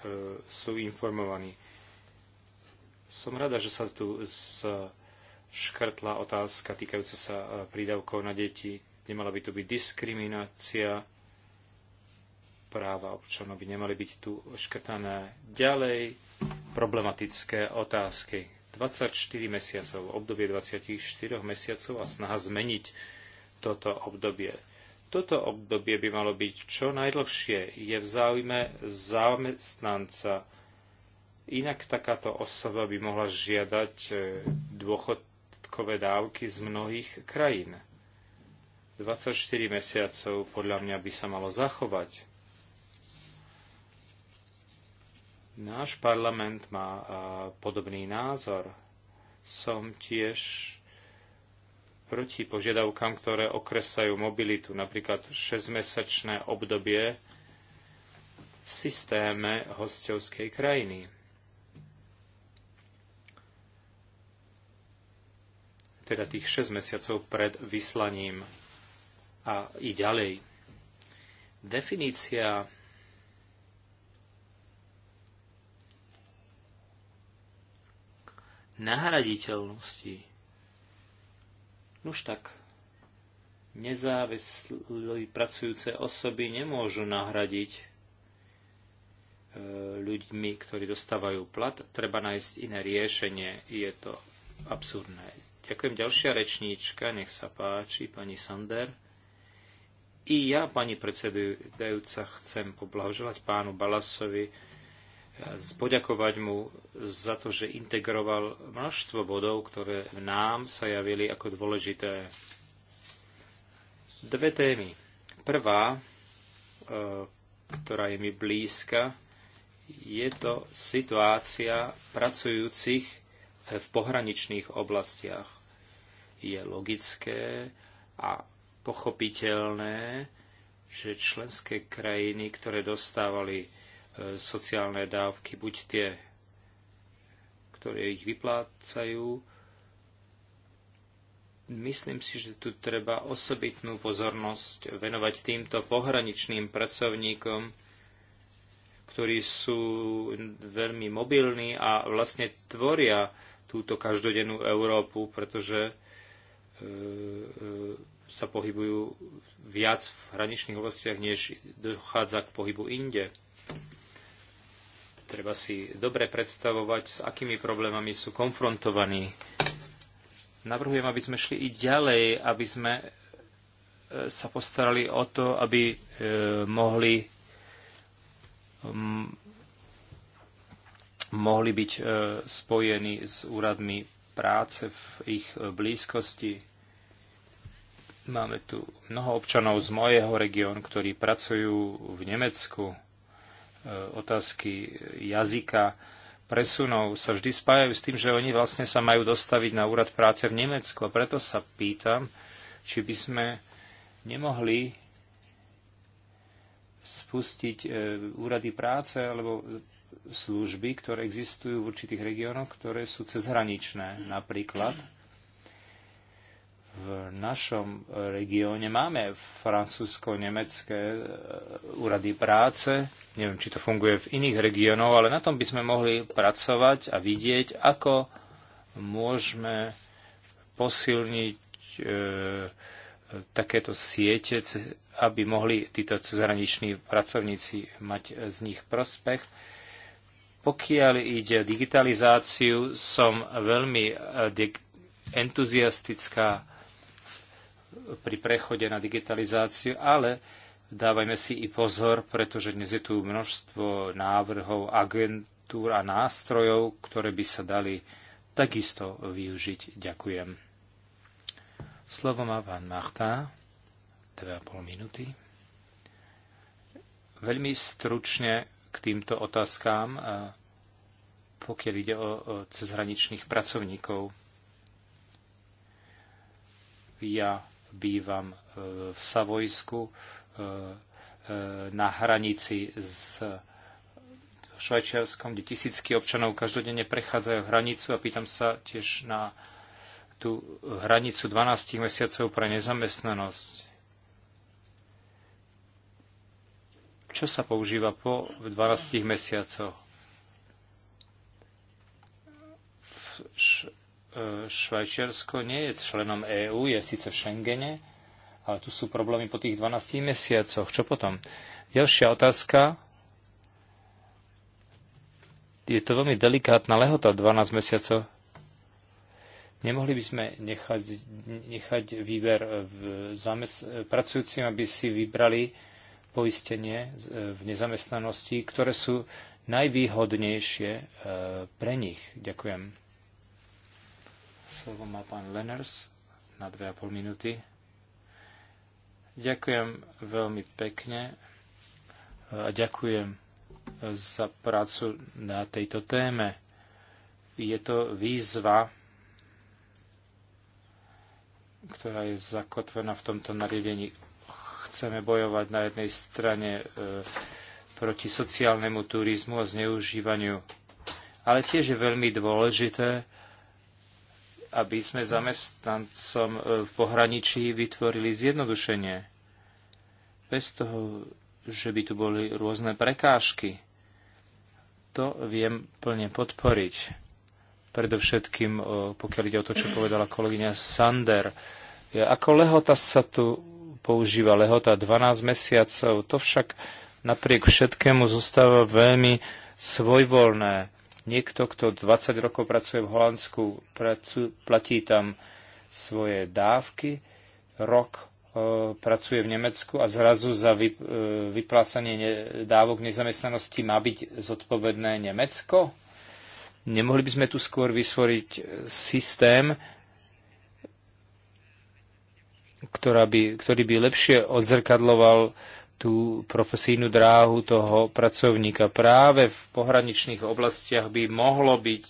sú informovaní. Som rada, že sa tu škrtla otázka týkajúca sa e, prídavkov na deti. Nemala by tu byť diskriminácia, práva občanov by nemali byť tu škrtané. Ďalej problematické otázky. 24 mesiacov, obdobie 24 mesiacov a snaha zmeniť toto obdobie toto obdobie by malo byť čo najdlhšie. Je v záujme zamestnanca. Inak takáto osoba by mohla žiadať e, dôchodkové dávky z mnohých krajín. 24 mesiacov podľa mňa by sa malo zachovať. Náš parlament má podobný názor. Som tiež proti požiadavkám, ktoré okresajú mobilitu, napríklad 6-mesačné obdobie v systéme hostovskej krajiny. Teda tých 6 mesiacov pred vyslaním a i ďalej. Definícia nahraditeľnosti Nuž tak, nezávislí pracujúce osoby nemôžu nahradiť e, ľuďmi, ktorí dostávajú plat. Treba nájsť iné riešenie. Je to absurdné. Ďakujem. Ďalšia rečníčka, nech sa páči, pani Sander. I ja, pani predsedajúca, chcem poblahoželať pánu Balasovi poďakovať mu za to, že integroval množstvo bodov, ktoré nám sa javili ako dôležité. Dve témy. Prvá, e, ktorá je mi blízka, je to situácia pracujúcich v pohraničných oblastiach. Je logické a pochopiteľné, že členské krajiny, ktoré dostávali E, sociálne dávky, buď tie, ktoré ich vyplácajú. Myslím si, že tu treba osobitnú pozornosť venovať týmto pohraničným pracovníkom, ktorí sú veľmi mobilní a vlastne tvoria túto každodennú Európu, pretože e, e, sa pohybujú viac v hraničných oblastiach, než dochádza k pohybu inde. Treba si dobre predstavovať, s akými problémami sú konfrontovaní. Navrhujem, aby sme šli i ďalej, aby sme e, sa postarali o to, aby e, mohli mohli byť e, spojení s úradmi práce v ich blízkosti. Máme tu mnoho občanov z mojeho regiónu, ktorí pracujú v Nemecku, E, otázky jazyka, presunov sa vždy spájajú s tým, že oni vlastne sa majú dostaviť na úrad práce v Nemecku. A preto sa pýtam, či by sme nemohli spustiť e, úrady práce alebo služby, ktoré existujú v určitých regiónoch, ktoré sú cezhraničné. Napríklad v našom regióne máme francúzsko-nemecké e, úrady práce. Neviem, či to funguje v iných regiónoch, ale na tom by sme mohli pracovať a vidieť, ako môžeme posilniť e, takéto siete, aby mohli títo cezhraniční pracovníci mať z nich prospech. Pokiaľ ide o digitalizáciu, som veľmi e, entuziastická pri prechode na digitalizáciu, ale dávajme si i pozor, pretože dnes je tu množstvo návrhov, agentúr a nástrojov, ktoré by sa dali takisto využiť. Ďakujem. Slovo má pán Machta, 2,5 minúty. Veľmi stručne k týmto otázkám, pokiaľ ide o cezhraničných pracovníkov. Ja bývam e, v Savojsku e, e, na hranici s Švajčiarskom, kde tisícky občanov každodenne prechádzajú hranicu a pýtam sa tiež na tú hranicu 12 mesiacov pre nezamestnanosť. Čo sa používa po 12 mesiacoch? Švajčiarsko nie je členom EÚ, je síce v Schengene, ale tu sú problémy po tých 12 mesiacoch. Čo potom? Ďalšia otázka. Je to veľmi delikátna lehota, 12 mesiacov. Nemohli by sme nechať, nechať výber v zamest- pracujúcim, aby si vybrali poistenie v nezamestnanosti, ktoré sú najvýhodnejšie eh, pre nich. Ďakujem. Slovo má pán Lenners na 2,5 minúty. Ďakujem veľmi pekne a ďakujem za prácu na tejto téme. Je to výzva, ktorá je zakotvená v tomto nariadení. Chceme bojovať na jednej strane e, proti sociálnemu turizmu a zneužívaniu, ale tiež je veľmi dôležité aby sme zamestnancom e, v pohraničí vytvorili zjednodušenie. Bez toho, že by tu boli rôzne prekážky. To viem plne podporiť. Predovšetkým, e, pokiaľ ide o to, čo povedala kolegyňa Sander. E, ako lehota sa tu používa lehota 12 mesiacov, to však napriek všetkému zostáva veľmi svojvoľné Niekto, kto 20 rokov pracuje v Holandsku, pracu, platí tam svoje dávky, rok e, pracuje v Nemecku a zrazu za vy, e, vyplácanie ne, dávok nezamestnanosti má byť zodpovedné Nemecko? Nemohli by sme tu skôr vysvoriť systém, ktorá by, ktorý by lepšie odzrkadloval tú profesijnú dráhu toho pracovníka. Práve v pohraničných oblastiach by mohlo byť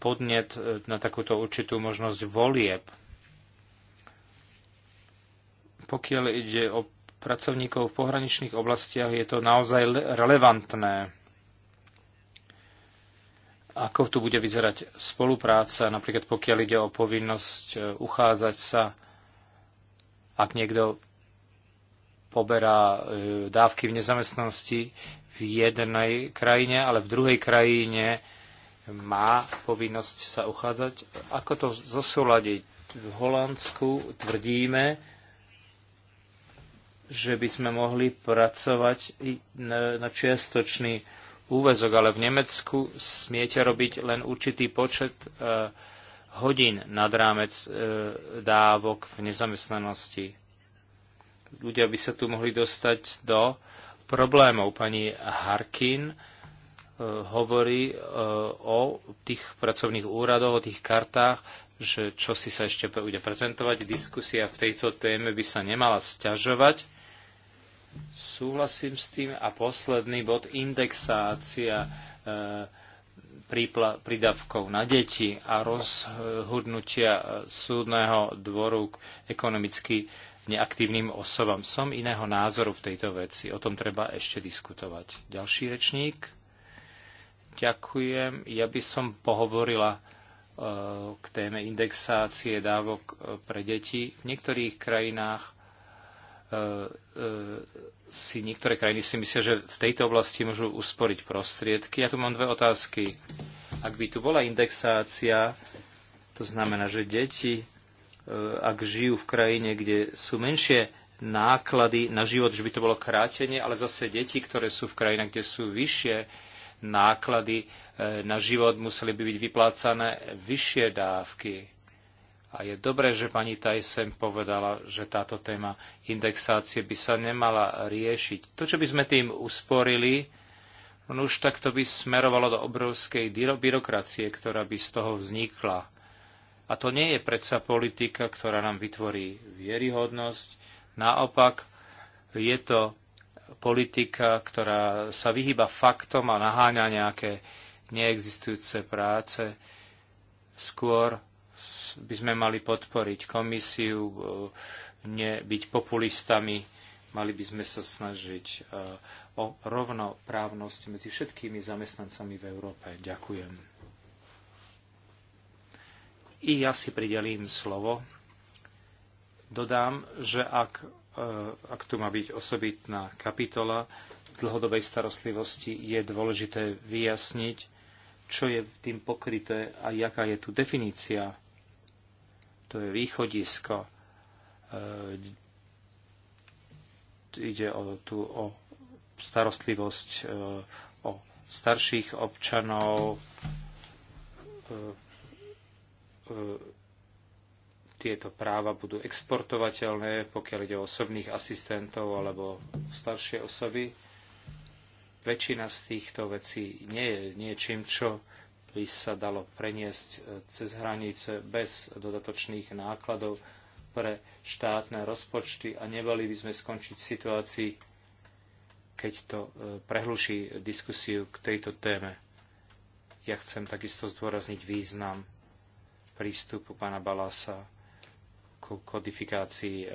podnet eh, na takúto určitú možnosť volieb. Pokiaľ ide o pracovníkov v pohraničných oblastiach, je to naozaj relevantné. Ako tu bude vyzerať spolupráca, napríklad pokiaľ ide o povinnosť eh, uchádzať sa, ak niekto poberá e, dávky v nezamestnanosti v jednej krajine, ale v druhej krajine má povinnosť sa uchádzať. Ako to zosúľadiť? V Holandsku tvrdíme, že by sme mohli pracovať na čiastočný úvezok, ale v Nemecku smiete robiť len určitý počet e, hodín nad rámec e, dávok v nezamestnanosti ľudia by sa tu mohli dostať do problémov. Pani Harkin e, hovorí e, o tých pracovných úradoch, o tých kartách, že čo si sa ešte bude prezentovať. Diskusia v tejto téme by sa nemala sťažovať. Súhlasím s tým. A posledný bod, indexácia e, prídavkov na deti a rozhodnutia súdneho dvoru ekonomicky neaktívnym osobám. Som iného názoru v tejto veci. O tom treba ešte diskutovať. Ďalší rečník. Ďakujem. Ja by som pohovorila e, k téme indexácie dávok e, pre deti. V niektorých krajinách e, si niektoré krajiny si myslia, že v tejto oblasti môžu usporiť prostriedky. Ja tu mám dve otázky. Ak by tu bola indexácia, to znamená, že deti Eh, ak žijú v krajine, kde sú menšie náklady na život, že by to bolo krátenie, ale zase deti, ktoré sú v krajinách, kde sú vyššie náklady eh, na život, museli by byť vyplácané vyššie dávky. A je dobré, že pani Tyson povedala, že táto téma indexácie by sa nemala riešiť. To, čo by sme tým usporili, no už tak to by smerovalo do obrovskej byrokracie, ktorá by z toho vznikla a to nie je predsa politika, ktorá nám vytvorí vieryhodnosť. Naopak, je to politika, ktorá sa vyhýba faktom a naháňa nejaké neexistujúce práce. Skôr by sme mali podporiť komisiu, nebyť populistami, mali by sme sa snažiť eh, o rovnoprávnosť medzi všetkými zamestnancami v Európe. Ďakujem. I ja si pridelím slovo. Dodám, že ak, e, ak tu má byť osobitná kapitola dlhodobej starostlivosti, je dôležité vyjasniť, čo je tým pokryté a jaká je tu definícia. To je východisko. E, ide o, tu o starostlivosť e, o starších občanov, E, tieto práva budú exportovateľné, pokiaľ ide o osobných asistentov alebo staršie osoby. Väčšina z týchto vecí nie je niečím, čo by sa dalo preniesť e, cez hranice bez dodatočných nákladov pre štátne rozpočty a nebali by sme skončiť v situácii, keď to e, prehluší diskusiu k tejto téme. Ja chcem takisto zdôrazniť význam prístupu pána Balasa ku kodifikácii e,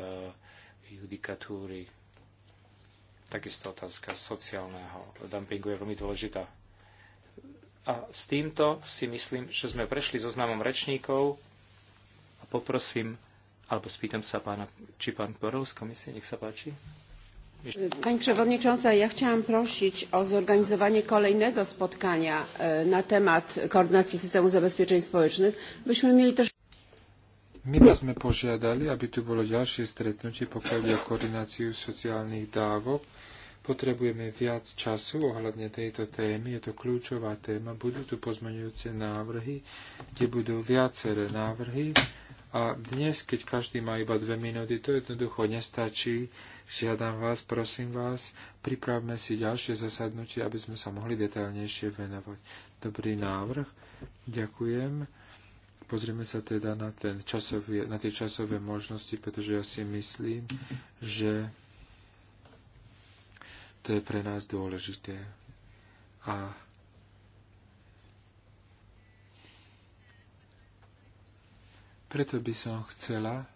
judikatúry. Takisto otázka sociálneho dumpingu je veľmi dôležitá. A s týmto si myslím, že sme prešli zoznamom so rečníkov a poprosím, alebo spýtam sa pána, či pán Porel z komisie, nech sa páči. Pani przewodnicząca, ja chciałam prosić o zorganizowanie kolejnego spotkania e, na temat koordynacji systemu zabezpieczeń społecznych, byśmy mieli też my byśmy sme požiadali, aby tu bolo ďalšie stretnutie, pokiaľ ide o koordináciu sociálnych dávok. Potrebujeme viac času ohľadne tejto témy. Je to kľúčová téma. Budú tu pozmeňujúce návrhy, kde budú viaceré návrhy. A dnes, keď každý má iba dve minúty, to jednoducho nestačí Žiadam vás, prosím vás, pripravme si ďalšie zasadnutie, aby sme sa mohli detailnejšie venovať. Dobrý návrh. Ďakujem. Pozrieme sa teda na, ten časový, na tie časové možnosti, pretože ja si myslím, že to je pre nás dôležité. A preto by som chcela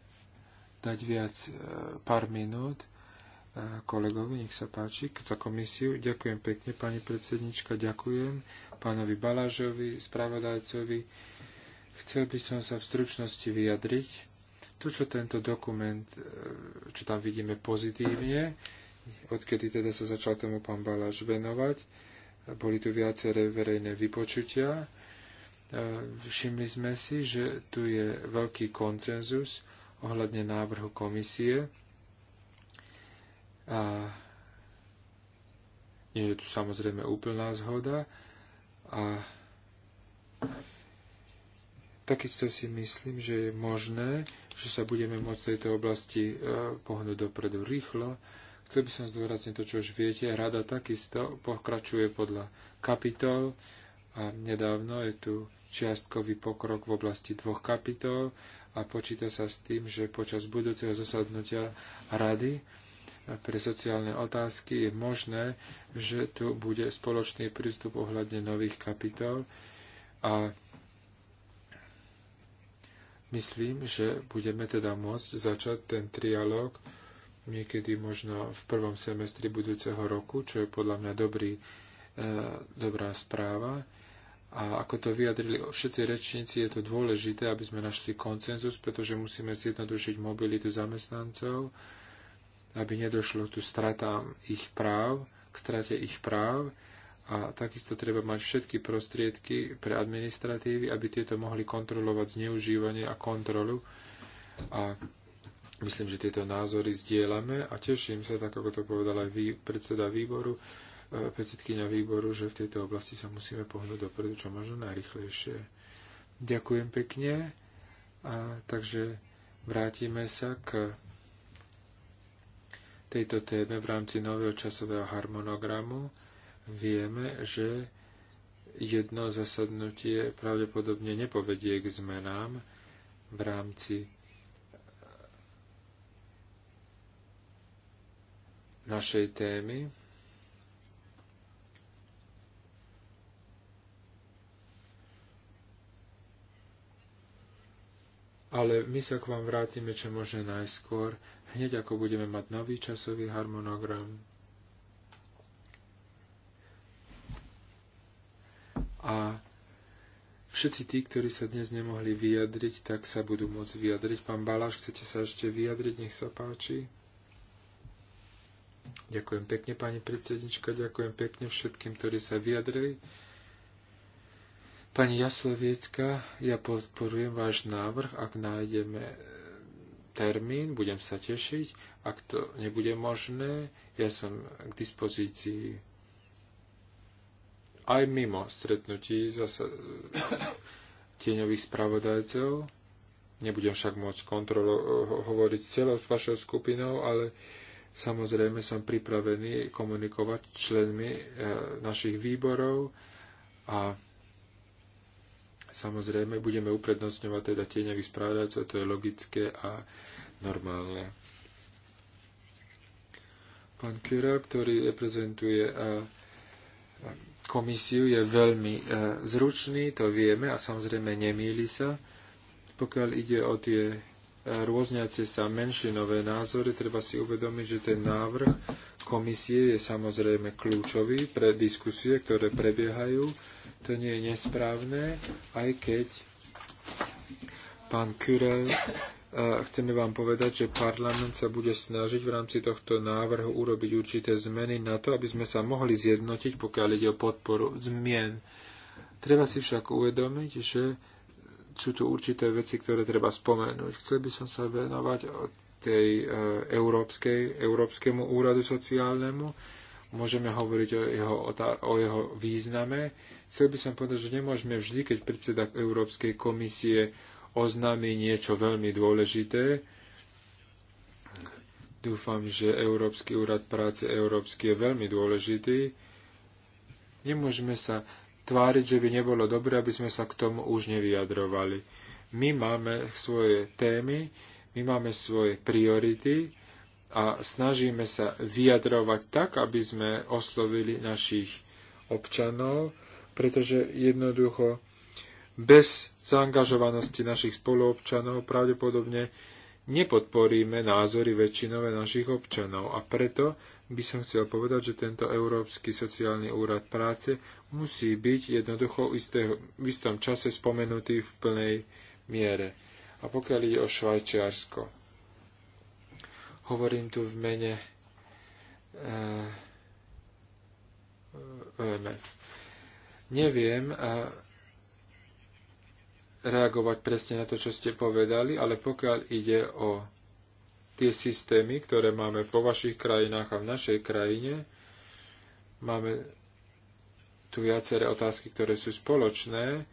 dať viac e, pár minút kolegovi, nech sa páči, za komisiu. Ďakujem pekne, pani predsednička, ďakujem pánovi Balážovi, spravodajcovi. Chcel by som sa v stručnosti vyjadriť. To, čo tento dokument, e, čo tam vidíme pozitívne, odkedy teda sa začal tomu pán Baláš venovať, boli tu viaceré verejné vypočutia. E, všimli sme si, že tu je veľký koncenzus ohľadne návrhu komisie, a nie je tu samozrejme úplná zhoda a takisto si myslím, že je možné, že sa budeme môcť v tejto oblasti e, pohnúť dopredu rýchlo. Chcel by som zdôrazniť to, čo už viete. Rada takisto pokračuje podľa kapitol a nedávno je tu čiastkový pokrok v oblasti dvoch kapitol a počíta sa s tým, že počas budúceho zasadnutia rady pre sociálne otázky, je možné, že tu bude spoločný prístup ohľadne nových kapitol a myslím, že budeme teda môcť začať ten trialog niekedy možno v prvom semestri budúceho roku, čo je podľa mňa dobrý, e, dobrá správa. A ako to vyjadrili všetci rečníci, je to dôležité, aby sme našli koncenzus, pretože musíme zjednodušiť mobilitu zamestnancov aby nedošlo tu stratám ich práv, k strate ich práv a takisto treba mať všetky prostriedky pre administratívy, aby tieto mohli kontrolovať zneužívanie a kontrolu. A myslím, že tieto názory zdieľame a teším sa, tak ako to povedal aj vý, predseda výboru, e, predsedkynia výboru, že v tejto oblasti sa musíme pohnúť dopredu čo možno najrychlejšie. Ďakujem pekne. A, takže vrátime sa k tejto téme v rámci nového časového harmonogramu. Vieme, že jedno zasadnutie pravdepodobne nepovedie k zmenám v rámci našej témy. ale my sa k vám vrátime čo možno najskôr, hneď ako budeme mať nový časový harmonogram. A všetci tí, ktorí sa dnes nemohli vyjadriť, tak sa budú môcť vyjadriť. Pán Baláš, chcete sa ešte vyjadriť? Nech sa páči. Ďakujem pekne, pani predsednička, ďakujem pekne všetkým, ktorí sa vyjadrili. Pani Jasloviecka, ja podporujem váš návrh, ak nájdeme e, termín, budem sa tešiť. Ak to nebude možné, ja som k dispozícii aj mimo stretnutí zasa tieňových spravodajcov. Nebudem však môcť kontrolo- hovoriť celou s vašou skupinou, ale samozrejme som pripravený komunikovať členmi e, našich výborov a Samozrejme, budeme uprednostňovať teda tieňových správdajcov, to je logické a normálne. Pán Kira, ktorý reprezentuje eh, komisiu, je veľmi eh, zručný, to vieme a samozrejme nemýli sa. Pokiaľ ide o tie rôzniace sa menšinové názory, treba si uvedomiť, že ten návrh komisie je samozrejme kľúčový pre diskusie, ktoré prebiehajú. To nie je nesprávne, aj keď pán Kurel, eh, chceme vám povedať, že parlament sa bude snažiť v rámci tohto návrhu urobiť určité zmeny na to, aby sme sa mohli zjednotiť, pokiaľ ide o podporu zmien. Treba si však uvedomiť, že sú tu určité veci, ktoré treba spomenúť. Chcel by som sa venovať tej e, európskej, Európskemu úradu sociálnemu. Môžeme hovoriť o jeho, o jeho význame. Chcel by som povedať, že nemôžeme vždy, keď predseda Európskej komisie oznámi niečo veľmi dôležité, Dúfam, že Európsky úrad práce Európsky je veľmi dôležitý. Nemôžeme sa tváriť, že by nebolo dobré, aby sme sa k tomu už nevyjadrovali. My máme svoje témy, my máme svoje priority a snažíme sa vyjadrovať tak, aby sme oslovili našich občanov, pretože jednoducho bez zaangažovanosti našich spoluobčanov pravdepodobne nepodporíme názory väčšinové našich občanov. A preto by som chcel povedať, že tento Európsky sociálny úrad práce musí byť jednoducho v istom čase spomenutý v plnej miere. A pokiaľ ide o Švajčiarsko, hovorím tu v mene EMF. Eh, eh, Neviem eh, reagovať presne na to, čo ste povedali, ale pokiaľ ide o tie systémy, ktoré máme vo vašich krajinách a v našej krajine. Máme tu viaceré otázky, ktoré sú spoločné.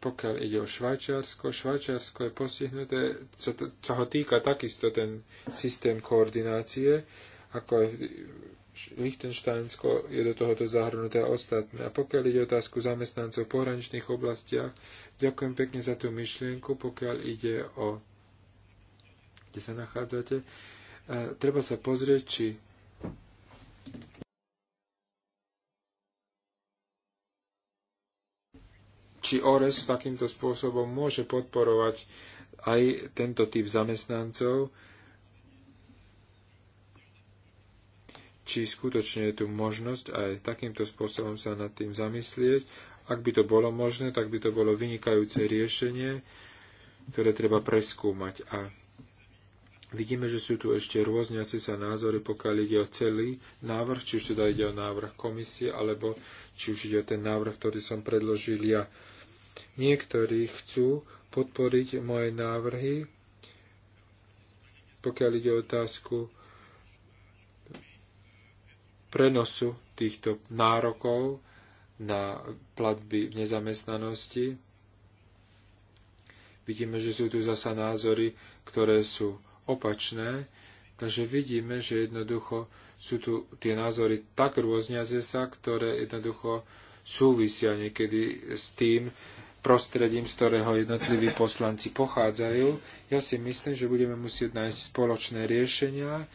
Pokiaľ ide o Švajčiarsko, Švajčiarsko je postihnuté, čo, to, čo ho týka takisto ten systém koordinácie, ako aj Lichtensteinsko je do tohoto zahrnuté ostatné. A pokiaľ ide otázku zamestnancov v pohraničných oblastiach, ďakujem pekne za tú myšlienku, pokiaľ ide o kde sa nachádzate. E, treba sa pozrieť, či či ORES takýmto spôsobom môže podporovať aj tento typ zamestnancov, či skutočne je tu možnosť aj takýmto spôsobom sa nad tým zamyslieť. Ak by to bolo možné, tak by to bolo vynikajúce riešenie, ktoré treba preskúmať. A Vidíme, že sú tu ešte rôzne sa názory, pokiaľ ide o celý návrh, či už teda ide o návrh komisie, alebo či už ide o ten návrh, ktorý som predložil ja. Niektorí chcú podporiť moje návrhy, pokiaľ ide o otázku prenosu týchto nárokov na platby v nezamestnanosti. Vidíme, že sú tu zasa názory, ktoré sú opačné, takže vidíme, že jednoducho sú tu tie názory tak rôzniace sa, ktoré jednoducho súvisia niekedy s tým prostredím, z ktorého jednotliví poslanci pochádzajú. Ja si myslím, že budeme musieť nájsť spoločné riešenia, e,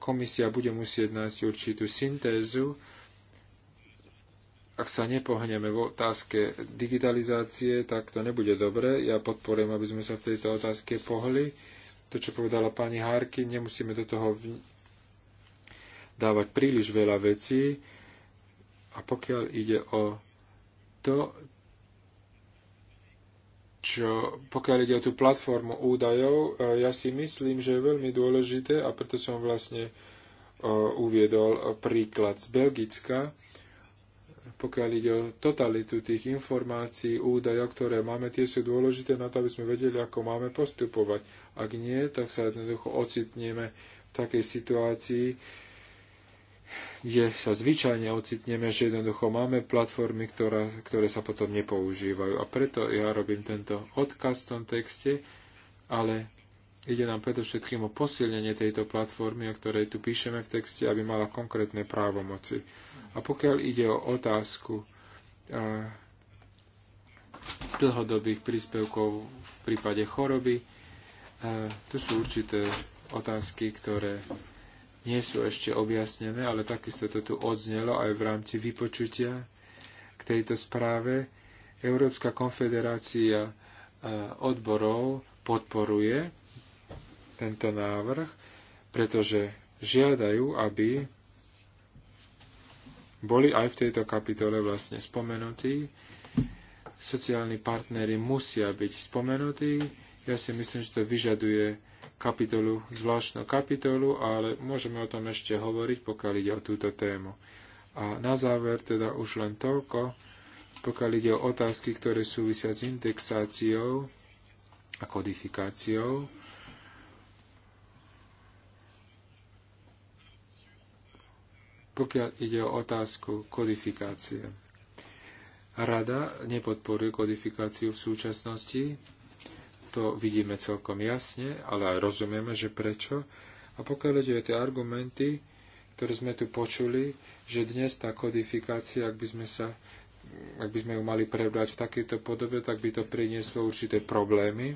komisia bude musieť nájsť určitú syntézu, ak sa nepohneme v otázke digitalizácie, tak to nebude dobre. Ja podporujem, aby sme sa v tejto otázke pohli to, čo povedala pani Harky, nemusíme do toho dávať príliš veľa vecí. A pokiaľ ide o to, čo, pokiaľ ide o tú platformu údajov, e, ja si myslím, že je veľmi dôležité a preto som vlastne e, uviedol príklad z Belgicka, pokiaľ ide o totalitu tých informácií, údajov, ktoré máme, tie sú dôležité na to, aby sme vedeli, ako máme postupovať. Ak nie, tak sa jednoducho ocitneme v takej situácii, kde sa zvyčajne ocitneme, že jednoducho máme platformy, ktorá, ktoré sa potom nepoužívajú. A preto ja robím tento odkaz v tom texte, ale ide nám predovšetkým o posilnenie tejto platformy, o ktorej tu píšeme v texte, aby mala konkrétne právomoci. A pokiaľ ide o otázku e, dlhodobých príspevkov v prípade choroby, e, tu sú určité otázky, ktoré nie sú ešte objasnené, ale takisto to tu odznelo aj v rámci vypočutia k tejto správe. Európska konfederácia e, odborov podporuje tento návrh, pretože žiadajú, aby boli aj v tejto kapitole vlastne spomenutí. Sociálni partnery musia byť spomenutí. Ja si myslím, že to vyžaduje kapitolu, zvláštnu kapitolu, ale môžeme o tom ešte hovoriť, pokiaľ ide o túto tému. A na záver teda už len toľko, pokiaľ ide o otázky, ktoré súvisia s indexáciou a kodifikáciou. pokiaľ ide o otázku kodifikácie. Rada nepodporuje kodifikáciu v súčasnosti, to vidíme celkom jasne, ale aj rozumieme, že prečo. A pokiaľ ide o tie argumenty, ktoré sme tu počuli, že dnes tá kodifikácia, ak by sme sa ak by sme ju mali prebrať v takejto podobe, tak by to prinieslo určité problémy.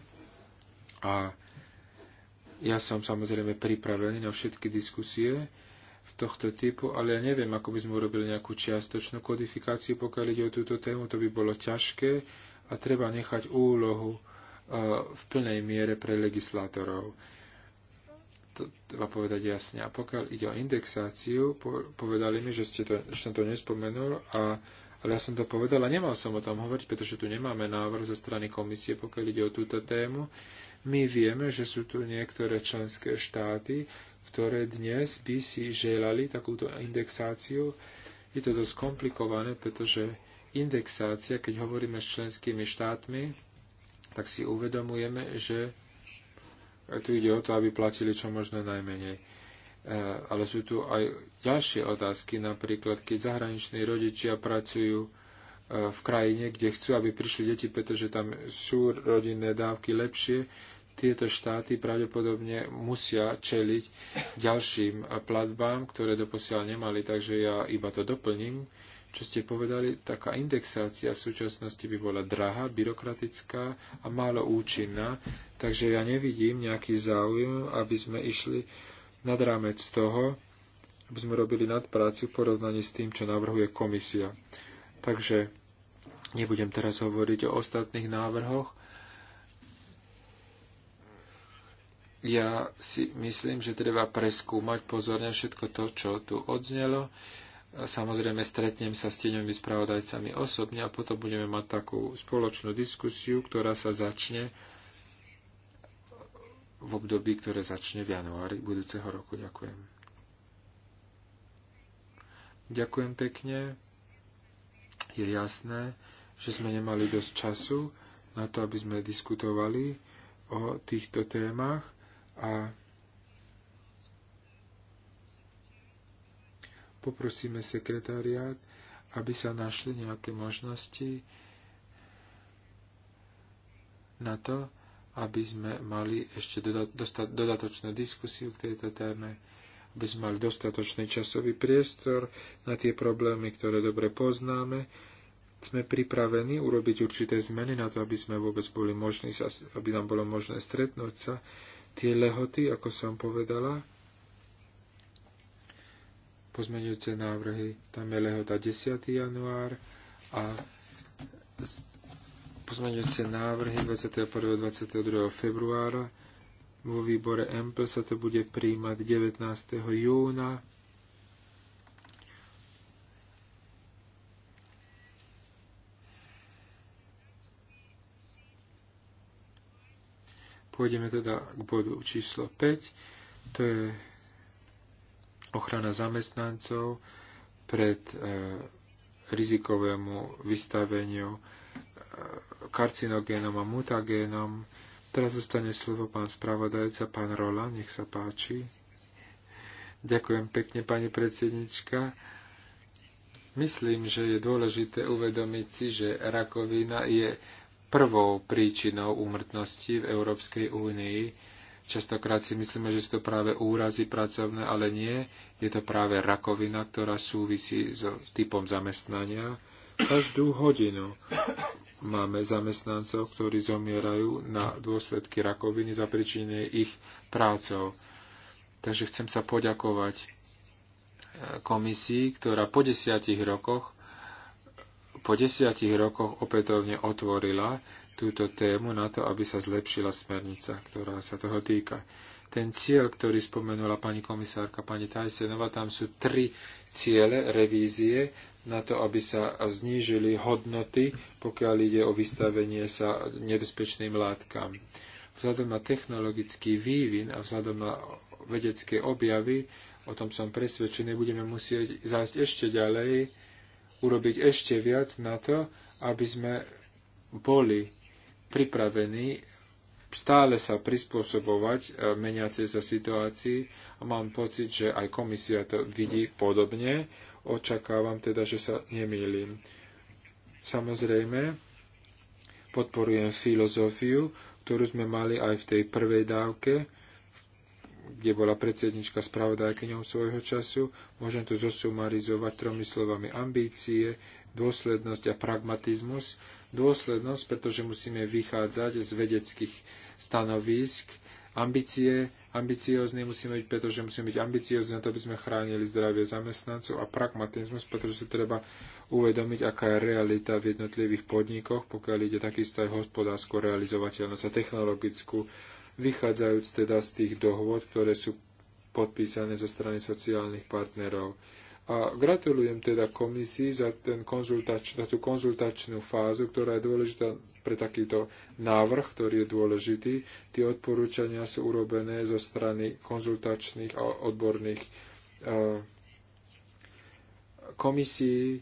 A ja som samozrejme pripravený na všetky diskusie, tohto typu, ale ja neviem, ako by sme urobili nejakú čiastočnú kodifikáciu, pokiaľ ide o túto tému, to by bolo ťažké a treba nechať úlohu e, v plnej miere pre legislátorov. To treba povedať jasne. A pokiaľ ide o indexáciu, povedali mi, že, ste to, že som to nespomenul, a, ale ja som to povedal a nemal som o tom hovoriť, pretože tu nemáme návrh zo strany komisie, pokiaľ ide o túto tému. My vieme, že sú tu niektoré členské štáty, ktoré dnes by si želali takúto indexáciu. Je to dosť komplikované, pretože indexácia, keď hovoríme s členskými štátmi, tak si uvedomujeme, že tu ide o to, aby platili čo možno najmenej. E, ale sú tu aj ďalšie otázky, napríklad, keď zahraniční rodičia pracujú e, v krajine, kde chcú, aby prišli deti, pretože tam sú rodinné dávky lepšie, tieto štáty pravdepodobne musia čeliť ďalším platbám, ktoré doposiaľ nemali, takže ja iba to doplním. Čo ste povedali, taká indexácia v súčasnosti by bola drahá, byrokratická a málo účinná, takže ja nevidím nejaký záujem, aby sme išli nad rámec toho, aby sme robili nadprácu v porovnaní s tým, čo navrhuje komisia. Takže nebudem teraz hovoriť o ostatných návrhoch, ja si myslím, že treba preskúmať pozorne všetko to, čo tu odznelo. Samozrejme, stretnem sa s tieňovými spravodajcami osobne a potom budeme mať takú spoločnú diskusiu, ktorá sa začne v období, ktoré začne v januári budúceho roku. Ďakujem. Ďakujem pekne. Je jasné, že sme nemali dosť času na to, aby sme diskutovali o týchto témach a poprosíme sekretariát, aby sa našli nejaké možnosti na to, aby sme mali ešte dodatočnú diskusiu k tejto téme, aby sme mali dostatočný časový priestor na tie problémy, ktoré dobre poznáme. Sme pripravení urobiť určité zmeny na to, aby sme vôbec boli možní, aby nám bolo možné stretnúť sa tie lehoty, ako som povedala. Pozmeňujúce návrhy, tam je lehota 10. január a pozmeňujúce návrhy 21. 22. februára. Vo výbore MP sa to bude príjmať 19. júna Pôjdeme teda k bodu číslo 5, to je ochrana zamestnancov pred e, rizikovému vystaveniu e, karcinogénom a mutagénom. Teraz zostane slovo pán spravodajca, pán Rola, nech sa páči. Ďakujem pekne, pani predsednička. Myslím, že je dôležité uvedomiť si, že rakovina je prvou príčinou úmrtnosti v Európskej únii. Častokrát si myslíme, že sú to práve úrazy pracovné, ale nie. Je to práve rakovina, ktorá súvisí s typom zamestnania. Každú hodinu máme zamestnancov, ktorí zomierajú na dôsledky rakoviny za príčiny ich prácov. Takže chcem sa poďakovať eh, komisii, ktorá po desiatich rokoch po desiatich rokoch opätovne otvorila túto tému na to, aby sa zlepšila smernica, ktorá sa toho týka. Ten cieľ, ktorý spomenula pani komisárka, pani Tajsenova, tam sú tri ciele revízie na to, aby sa znížili hodnoty, pokiaľ ide o vystavenie sa nebezpečným látkam. Vzhľadom na technologický vývin a vzhľadom na vedecké objavy, o tom som presvedčený, budeme musieť zájsť ešte ďalej, urobiť ešte viac na to, aby sme boli pripravení stále sa prispôsobovať e, meniacej sa situácii a mám pocit, že aj komisia to vidí podobne. Očakávam teda, že sa nemýlim. Samozrejme, podporujem filozofiu, ktorú sme mali aj v tej prvej dávke, kde bola predsednička spravodajkyňou svojho času. Môžem to zosumarizovať tromi slovami ambície, dôslednosť a pragmatizmus. Dôslednosť, pretože musíme vychádzať z vedeckých stanovísk, ambície, ambiciózni musíme byť, pretože musíme byť ambiciózni na to, aby sme chránili zdravie zamestnancov a pragmatizmus, pretože sa treba uvedomiť, aká je realita v jednotlivých podnikoch, pokiaľ ide takisto aj hospodárskú realizovateľnosť a technologickú vychádzajúc teda z tých dohôd, ktoré sú podpísané zo strany sociálnych partnerov. A gratulujem teda komisii za, ten konzultač, za tú konzultačnú fázu, ktorá je dôležitá pre takýto návrh, ktorý je dôležitý. Tie odporúčania sú urobené zo strany konzultačných a odborných uh, e, komisií,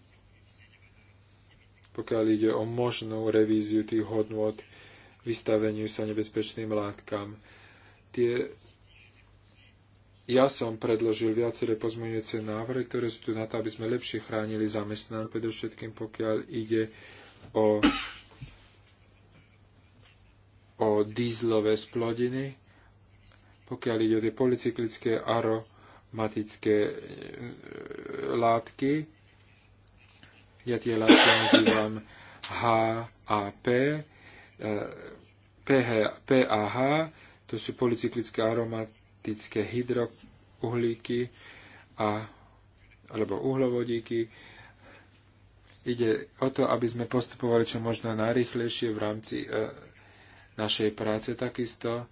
pokiaľ ide o možnú revíziu tých hodnot vystaveniu sa nebezpečným látkam. Tie ja som predložil viaceré pozmeňujúce návrhy, ktoré sú tu na to, aby sme lepšie chránili zamestnan, predovšetkým pokiaľ ide o, o dízlové splodiny, pokiaľ ide o tie polycyklické aromatické e, látky. Ja tie látky nazývam HAP, e, PAH, to sú polycyklické aromatické hydrouhlíky a, alebo uhlovodíky. Ide o to, aby sme postupovali čo možno najrychlejšie v rámci e, našej práce. Takisto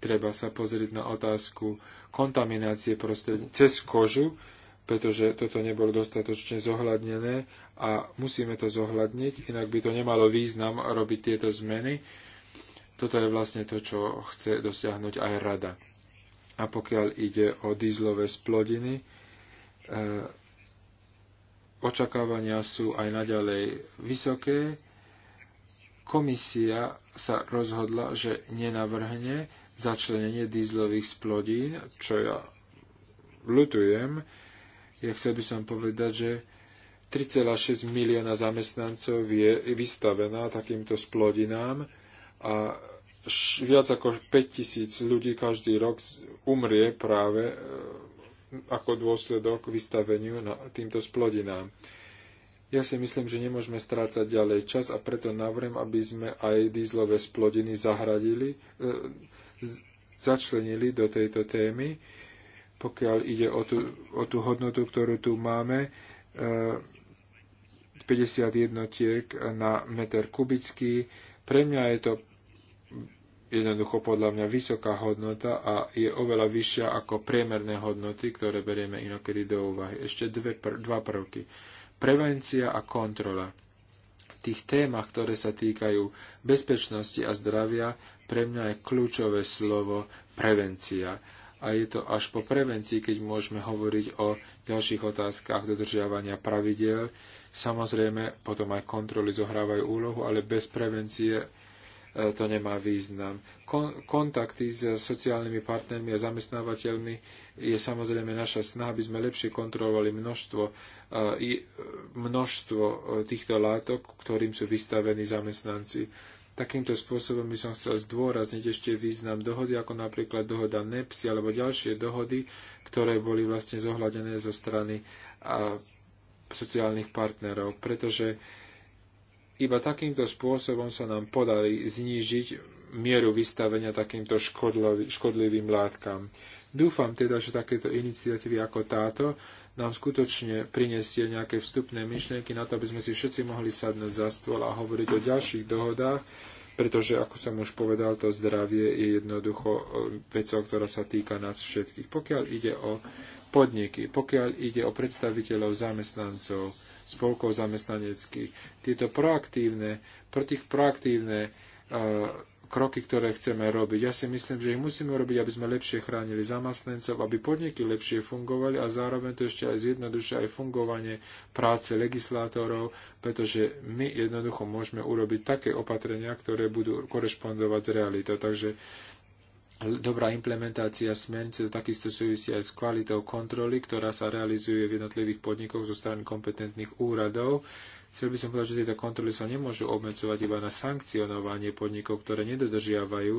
treba sa pozrieť na otázku kontaminácie cez kožu pretože toto nebolo dostatočne zohľadnené a musíme to zohľadniť, inak by to nemalo význam robiť tieto zmeny. Toto je vlastne to, čo chce dosiahnuť aj rada. A pokiaľ ide o dízlové splodiny, e, očakávania sú aj naďalej vysoké. Komisia sa rozhodla, že nenavrhne začlenenie dízlových splodín, čo ja ľutujem, ja chcel by som povedať, že 3,6 milióna zamestnancov je vystavená takýmto splodinám a viac ako 5 tisíc ľudí každý rok umrie práve e, ako dôsledok vystaveniu na týmto splodinám. Ja si myslím, že nemôžeme strácať ďalej čas a preto navrem, aby sme aj dízlové splodiny zahradili, e, začlenili do tejto témy pokiaľ ide o tú, o tú hodnotu, ktorú tu máme, 50 e, jednotiek na meter kubický. Pre mňa je to jednoducho podľa mňa vysoká hodnota a je oveľa vyššia ako priemerné hodnoty, ktoré berieme inokedy do úvahy. Ešte dve, dva prvky. Prevencia a kontrola. V tých témach, ktoré sa týkajú bezpečnosti a zdravia, pre mňa je kľúčové slovo prevencia a je to až po prevencii, keď môžeme hovoriť o ďalších otázkach dodržiavania pravidel. Samozrejme, potom aj kontroly zohrávajú úlohu, ale bez prevencie e, to nemá význam. Kon- kontakty s sociálnymi partnermi a zamestnávateľmi je samozrejme naša snaha, aby sme lepšie kontrolovali množstvo, e, e, množstvo týchto látok, ktorým sú vystavení zamestnanci Takýmto spôsobom by som chcel zdôrazniť ešte význam dohody, ako napríklad dohoda NEPSI alebo ďalšie dohody, ktoré boli vlastne zohľadené zo strany a, sociálnych partnerov, pretože iba takýmto spôsobom sa nám podarí znížiť mieru vystavenia takýmto škodlivým látkam. Dúfam teda, že takéto iniciatívy ako táto nám skutočne prinesie nejaké vstupné myšlienky na to, aby sme si všetci mohli sadnúť za stôl a hovoriť o ďalších dohodách, pretože, ako som už povedal, to zdravie je jednoducho eh, vecou, ktorá sa týka nás všetkých. Pokiaľ ide o podniky, pokiaľ ide o predstaviteľov zamestnancov, spolkov zamestnaneckých, tieto proaktívne, pro tých proaktívne uh, kroky, ktoré chceme robiť. Ja si myslím, že ich musíme robiť, aby sme lepšie chránili zamestnancov, aby podniky lepšie fungovali a zároveň to ešte aj zjednodušia aj fungovanie práce legislátorov, pretože my jednoducho môžeme urobiť také opatrenia, ktoré budú korešpondovať s realitou. Takže dobrá implementácia smernice takisto súvisí aj s kvalitou kontroly, ktorá sa realizuje v jednotlivých podnikoch zo strany kompetentných úradov. Chcel by som povedať, že tieto kontroly sa nemôžu obmedzovať iba na sankcionovanie podnikov, ktoré nedodržiavajú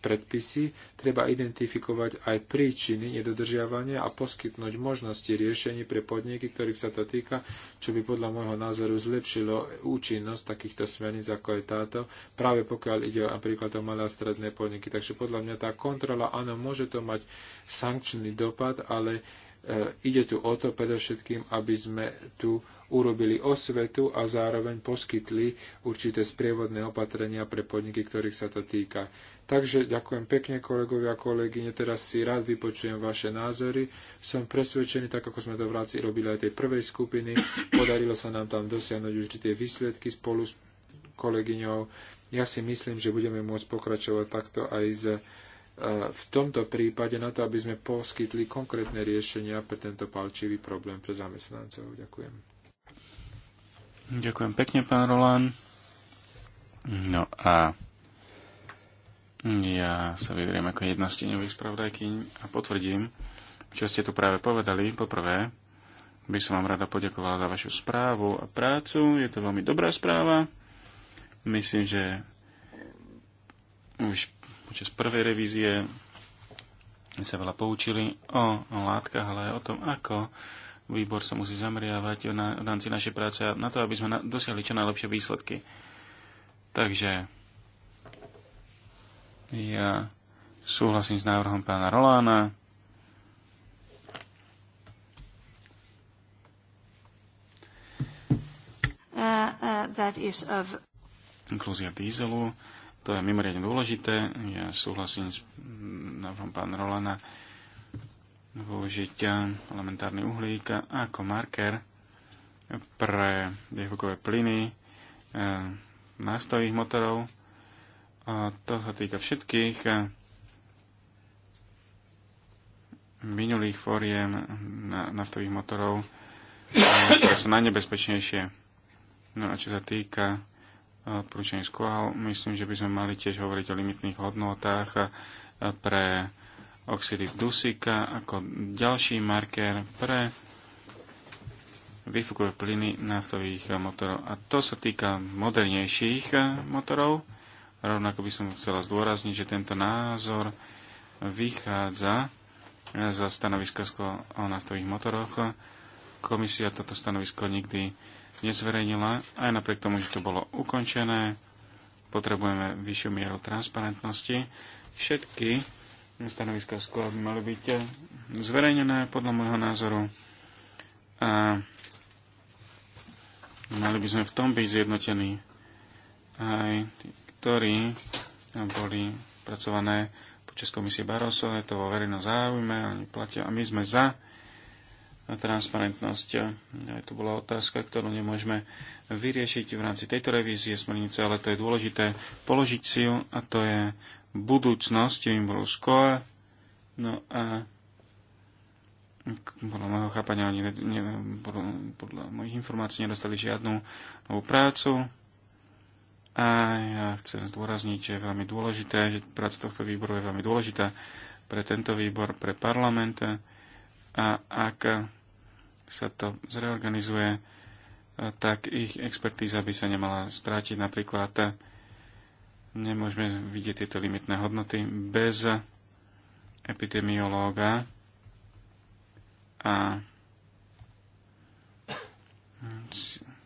predpisy, treba identifikovať aj príčiny nedodržiavania a poskytnúť možnosti riešení pre podniky, ktorých sa to týka, čo by podľa môjho názoru zlepšilo účinnosť takýchto smerníc, ako je táto, práve pokiaľ ide napríklad o malé a stredné podniky. Takže podľa mňa tá kontrola, áno, môže to mať sankčný dopad, ale e, ide tu o to predovšetkým, aby sme tu urobili osvetu a zároveň poskytli určité sprievodné opatrenia pre podniky, ktorých sa to týka. Takže ďakujem pekne kolegovia a kolegyne, teraz si rád vypočujem vaše názory. Som presvedčený, tak ako sme to v ráci robili aj tej prvej skupiny, podarilo sa nám tam dosiahnuť určité výsledky spolu s kolegyňou. Ja si myslím, že budeme môcť pokračovať takto aj z e, v tomto prípade na to, aby sme poskytli konkrétne riešenia pre tento palčivý problém pre zamestnancov. Ďakujem. Ďakujem pekne, pán Roland. No a ja sa vyberiem ako jedna z tieňových spravodajkyň a potvrdím, čo ste tu práve povedali. Poprvé, by som vám rada poďakovala za vašu správu a prácu. Je to veľmi dobrá správa. Myslím, že už počas prvej revízie sa veľa poučili o látkach, ale aj o tom, ako Výbor sa musí zameriavať na v rámci našej práce na to, aby sme na, dosiahli čo najlepšie výsledky. Takže ja súhlasím s návrhom pána Rolána. Uh, uh, of... Inklúzia dízelu, to je mimoriadne dôležité. Ja súhlasím s návrhom pána Rolana Použiť eh, elementárny uhlík ako marker pre výfukové plyny eh, nástrojových motorov. A to sa týka všetkých eh, minulých fóriem naftových motorov, ktoré sú najnebezpečnejšie. No a čo sa týka odporúčaní skôl, myslím, že by sme mali tiež hovoriť o limitných hodnotách pre oxidy dusíka ako ďalší marker pre vyfukové plyny naftových motorov. A to sa týka modernejších motorov. Rovnako by som chcela zdôrazniť, že tento názor vychádza za stanoviska o naftových motoroch. Komisia toto stanovisko nikdy nezverejnila, aj napriek tomu, že to bolo ukončené. Potrebujeme vyššiu mieru transparentnosti. Všetky stanoviska skôr by mali byť eh, zverejnené podľa môjho názoru a mali by sme v tom byť zjednotení aj tí, ktorí boli pracované počas komisie Barosové, je to vo verejnom záujme, oni platia a my sme za transparentnosť. Aj to bola otázka, ktorú nemôžeme vyriešiť v rámci tejto revízie smernice, ale to je dôležité položiť si ju a to je budúcnosť Imbrusco. No a podľa môjho chápania oni ne, podľa, podľa mojich informácií nedostali žiadnu novú prácu. A ja chcem zdôrazniť, že je veľmi dôležité, že práca tohto výboru je veľmi dôležitá pre tento výbor, pre parlament. A ak sa to zreorganizuje, e, tak ich expertíza by sa nemala strátiť. Napríklad e, nemôžeme vidieť tieto limitné hodnoty bez epidemiológa a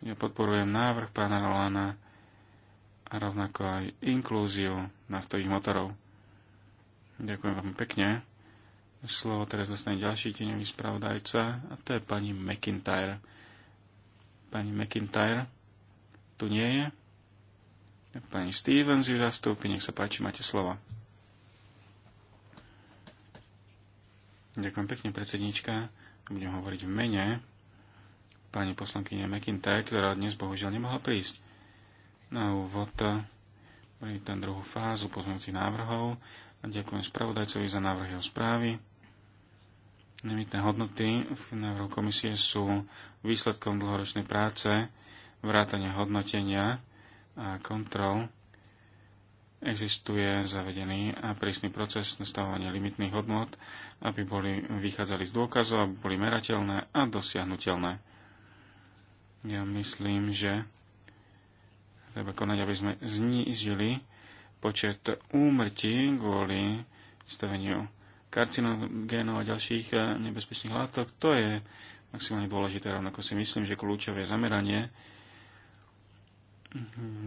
ja podporujem návrh pána Rolana a rovnako aj inklúziu naftových motorov. Ďakujem veľmi pekne. Slovo teraz dostane ďalší tieňový spravodajca a to je pani McIntyre. Pani McIntyre tu nie je. Pani Stevens ju zastúpi, nech sa páči, máte slovo. Ďakujem pekne, predsednička. Budem hovoriť v mene pani poslankyne McIntyre, ktorá dnes bohužiaľ nemohla prísť. Na úvod boli tam druhú fázu pozmúcich návrhov a ďakujem spravodajcovi za návrhy o správy. Limitné hodnoty v návrhu komisie sú výsledkom dlhoročnej práce, vrátania hodnotenia a kontrol. Existuje zavedený a prísny proces nastavovania limitných hodnot, aby boli, vychádzali z dôkazov, aby boli merateľné a dosiahnutelné. Ja myslím, že treba konať, aby sme znížili počet úmrtí kvôli staveniu karcinogénov a ďalších eh, nebezpečných látok. To je maximálne dôležité. Rovnako si myslím, že kľúčové zameranie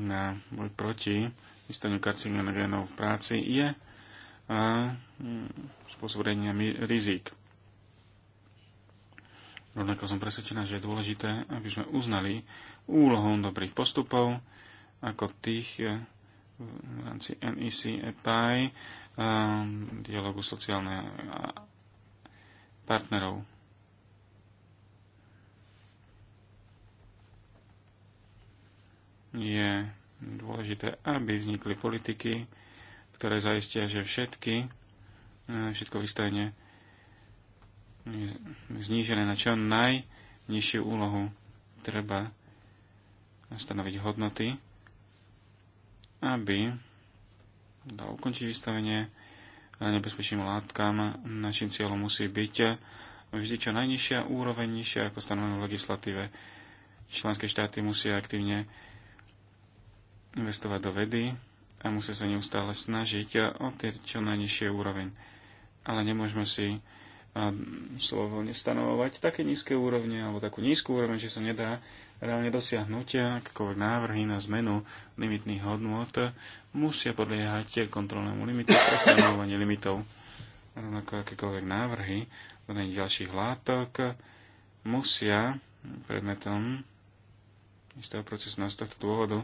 na boj proti vystaniu karcinogénov v práci je eh, spôsob riadenia rizik. Rovnako som presvedčená, že je dôležité, aby sme uznali úlohu dobrých postupov, ako tých eh, v rámci NEC EPI, dialogu sociálne partnerov. Je dôležité, aby vznikli politiky, ktoré zaistia, že všetky, e, všetko vystajne znížené na čo najnižšiu úlohu treba stanoviť hodnoty, aby dá ukončiť vystavenie eh, nebezpečným látkam. Našim cieľom musí byť eh, vždy čo najnižšia úroveň, nižšia ako stanovené v legislatíve. Členské štáty musia aktívne investovať do vedy a musia sa neustále snažiť eh, o tie čo najnižšie úroveň. Ale nemôžeme si slovo nestanovovať také nízke úrovne alebo takú nízku úroveň, že sa nedá reálne dosiahnuť, akékoľvek návrhy na zmenu limitných hodnôt musia podliehať kontrolnému limitu a stanovovanie limitov. Rovnako akékoľvek návrhy dodanie ďalších látok musia predmetom istého procesu. z tohto dôvodu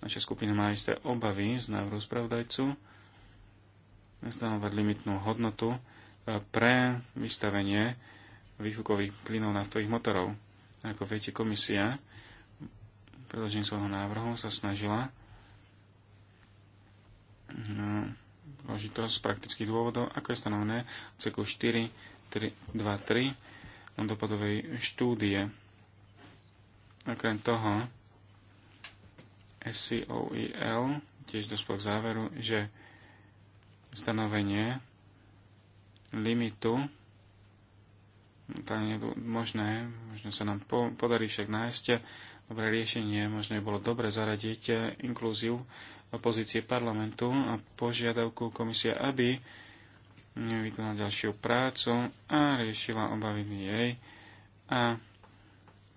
naša skupina má isté obavy z návrhu spravodajcu stanovať limitnú hodnotu pre vystavenie výfukových plynov naftových motorov. Ako viete, komisia predložením svojho návrhu sa snažila no, vložiť to z praktických dôvodov, ako je stanovené v ceku 4, 3, 2, 3 dopadovej štúdie. Okrem toho SCOEL tiež dospel k záveru, že stanovenie limitu No, tak je možné, možno sa nám po, podarí však nájsť dobré riešenie, možno by bolo dobre zaradiť eh, inklúziu opozície parlamentu a požiadavku komisie, aby vykonala ďalšiu prácu a riešila obavy jej a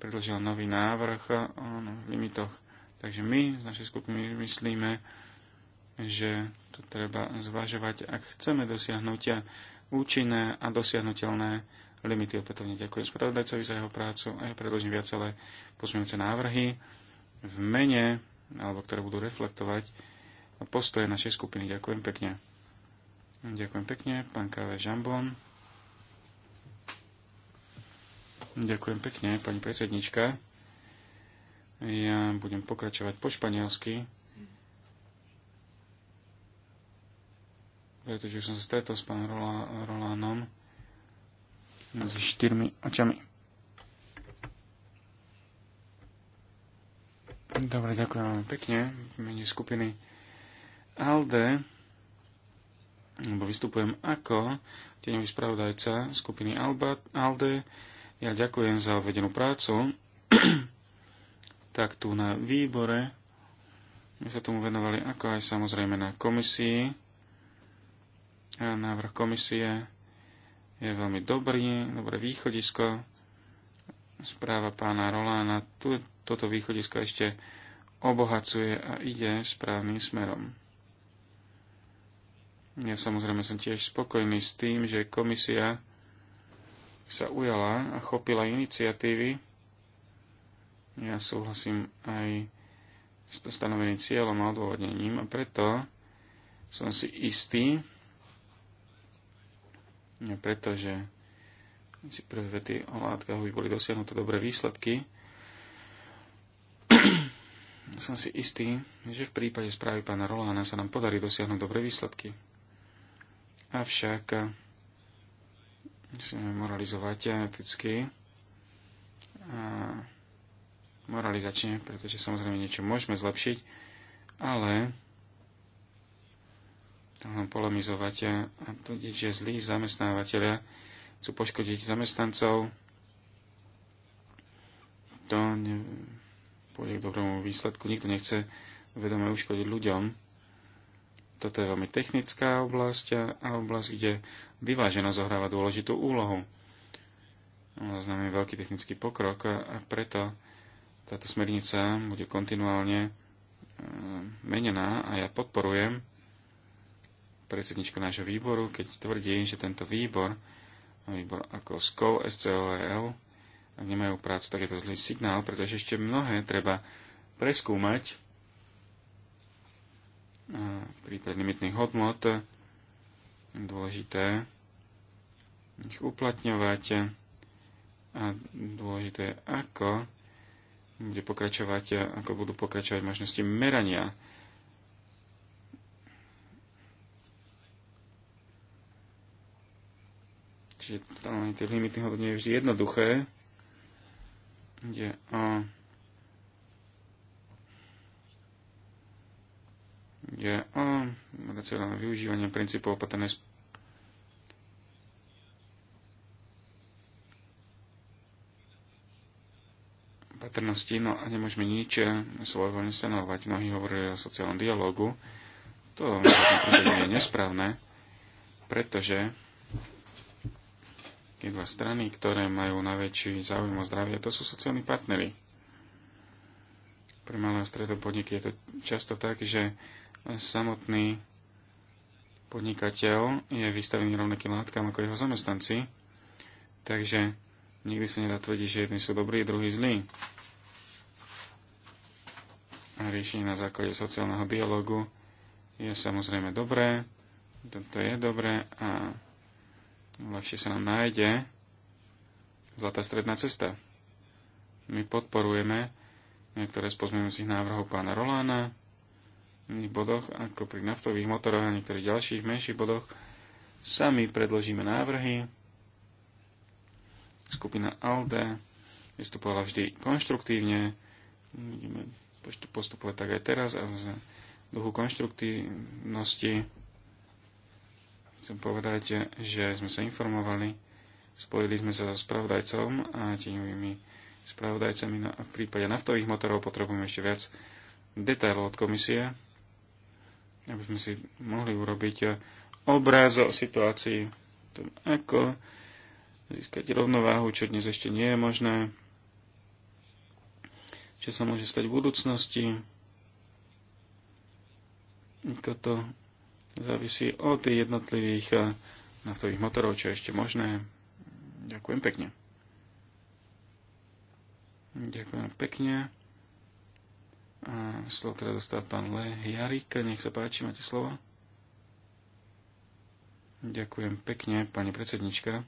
predložila nový návrh o nových limitoch. Takže my z našej skupiny myslíme, že to treba zvažovať, ak chceme dosiahnuť účinné a dosiahnutelné limity. Opätovne ďakujem spravodajcovi za jeho prácu a ja predložím viacelé pozmeňujúce návrhy v mene, alebo ktoré budú reflektovať postoje našej skupiny. Ďakujem pekne. Ďakujem pekne, pán Káve Žambon. Ďakujem pekne, pani predsednička. Ja budem pokračovať po španielsky, pretože som sa stretol s pánom Rolánom medzi štyrmi očami. Dobre, ďakujem vám pekne. V mene skupiny ALDE, lebo vystupujem ako tieňový spravodajca skupiny Alba, ALDE. Ja ďakujem za vedenú prácu. tak tu na výbore my sa tomu venovali ako aj samozrejme na komisii. A návrh komisie je veľmi dobrý, dobré východisko. Správa pána Rolána tu, toto východisko ešte obohacuje a ide správnym smerom. Ja samozrejme som tiež spokojný s tým, že komisia sa ujala a chopila iniciatívy. Ja súhlasím aj s to stanoveným cieľom a odôvodnením a preto som si istý, pretože si prvé vety o látkach už boli dosiahnuté dobré výsledky. Som si istý, že v prípade správy pána Rolána sa nám podarí dosiahnuť dobré výsledky. Avšak eh, musíme moralizovať eticky a moralizačne, pretože samozrejme niečo môžeme zlepšiť, ale polemizovať a tvrdiť, že zlí zamestnávateľia chcú poškodiť zamestnancov. To nepôjde k dobrému výsledku. Nikto nechce vedome uškodiť ľuďom. Toto je veľmi technická oblasť a oblasť, kde vyváženosť zohráva dôležitú úlohu. Ona no, znamená veľký technický pokrok a preto táto smernica bude kontinuálne e, menená a ja podporujem predsedničku nášho výboru, keď tvrdí, že tento výbor, výbor ako SCOL, SCOL, e ak nemajú prácu, tak je to zlý signál, pretože ešte mnohé treba preskúmať prípad limitných hodnot, dôležité ich uplatňovať a dôležité ako bude pokračovať, ako budú pokračovať možnosti merania Čiže tam tých tie hodnot nie je vždy jednoduché. Ide o je o racionálne využívanie princípov opatrnej patrnosti, no a nemôžeme nič voľne stanovať. Mnohí hovorili o sociálnom dialogu. To je nesprávne, pretože Tie dva strany, ktoré majú najväčší záujem o zdravie, to sú sociálni partnery. Pre malé a podniky je to často tak, že samotný podnikateľ je vystavený rovnakým látkam ako jeho zamestnanci, takže nikdy sa nedá tvrdiť, že jedni sú dobrí, druhí zlí. A riešenie na základe sociálneho dialogu je samozrejme dobré, toto je dobré a ľahšie sa nám nájde zlatá stredná cesta. My podporujeme niektoré z pozmeňujúcich návrhov pána Rolána v iných bodoch, ako pri naftových motoroch a niektorých ďalších menších bodoch. Sami predložíme návrhy. Skupina ALDE vystupovala vždy konštruktívne. Budeme postupovať tak aj teraz a v duchu konštruktívnosti chcem povedať, že sme sa informovali, spojili sme sa so spravodajcom a tieňovými spravodajcami. na, no a v prípade naftových motorov potrebujeme ešte viac detailov od komisie, aby sme si mohli urobiť obraz o situácii, tom, ako získať rovnováhu, čo dnes ešte nie je možné, čo sa môže stať v budúcnosti, ako to závisí od jednotlivých eh, naftových motorov, čo je ešte možné. Ďakujem pekne. Ďakujem pekne. A slovo teda dostáva pán Le Jarik. Nech sa páči, máte slovo. Ďakujem pekne, pani predsednička.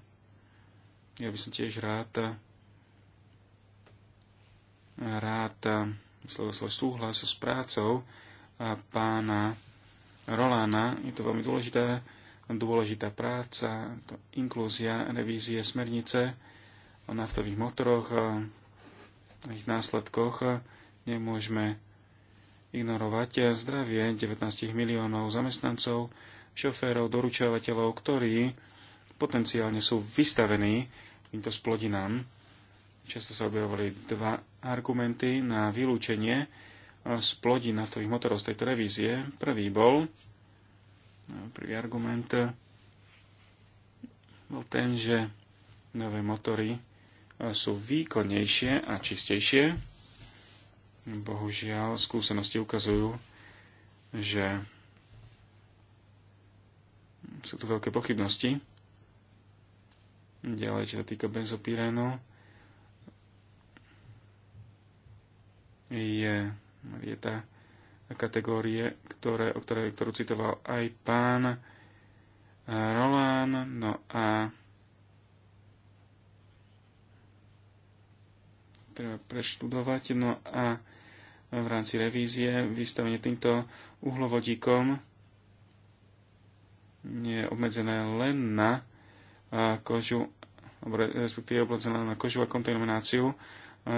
Ja by som tiež rád rád eh, slovo svoj súhlas s prácou eh, pána Rolána. Je to veľmi dôležitá, dôležitá práca, to inklúzia, revízie smernice o naftových motoroch a ich následkoch. Nemôžeme ignorovať zdravie 19 miliónov zamestnancov, šoférov, doručovateľov, ktorí potenciálne sú vystavení týmto splodinám. Často sa objavovali dva argumenty na vylúčenie z plodí naftových motorov z tej televízie Prvý bol, prvý argument bol ten, že nové motory e, sú výkonnejšie a čistejšie. Bohužiaľ, skúsenosti ukazujú, že sú tu veľké pochybnosti. Ďalej, čo sa týka benzopyrénu, je je tá kategórie, ktoré, o ktoré, ktorú citoval aj pán Rolán. No a treba preštudovať. No a v rámci revízie vystavenie týmto uhlovodíkom je obmedzené len na kožu, respektíve obmedzené na kožu a kontamináciu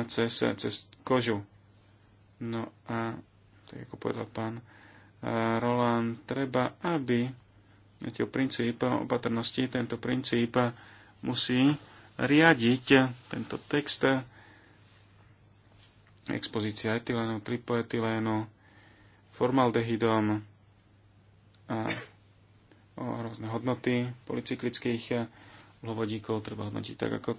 cez, cez kožu. No a, tak ako povedal pán e, Roland, treba, aby tento princíp opatrnosti, tento princíp musí riadiť tento text expozícia etylénu, tripoetylénu, formaldehydom a o rôzne hodnoty policyklických lovodíkov treba hodnotiť tak ako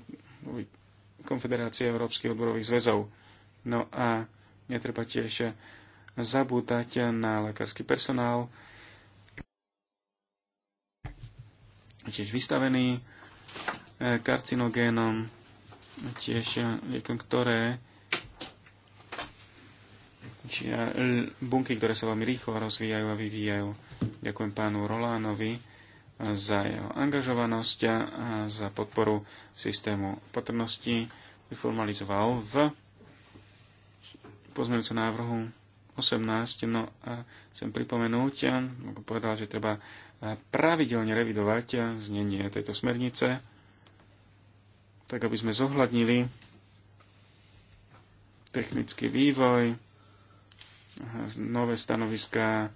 Konfederácia Európskych odborových zväzov. No a Netreba tiež zabúdať na lekársky personál, tiež vystavený e, karcinogénom, tiež e, liekom, ktoré čia, bunky, ktoré sa veľmi rýchlo rozvíjajú a vyvíjajú. Ďakujem pánu Rolánovi e, za jeho angažovanosť a za podporu systému potrebnosti Vyformalizoval v pozmeňujúcu návrhu 18. No a chcem pripomenúť, ako povedal, že treba pravidelne revidovať znenie tejto smernice, tak aby sme zohľadnili technický vývoj, nové stanoviská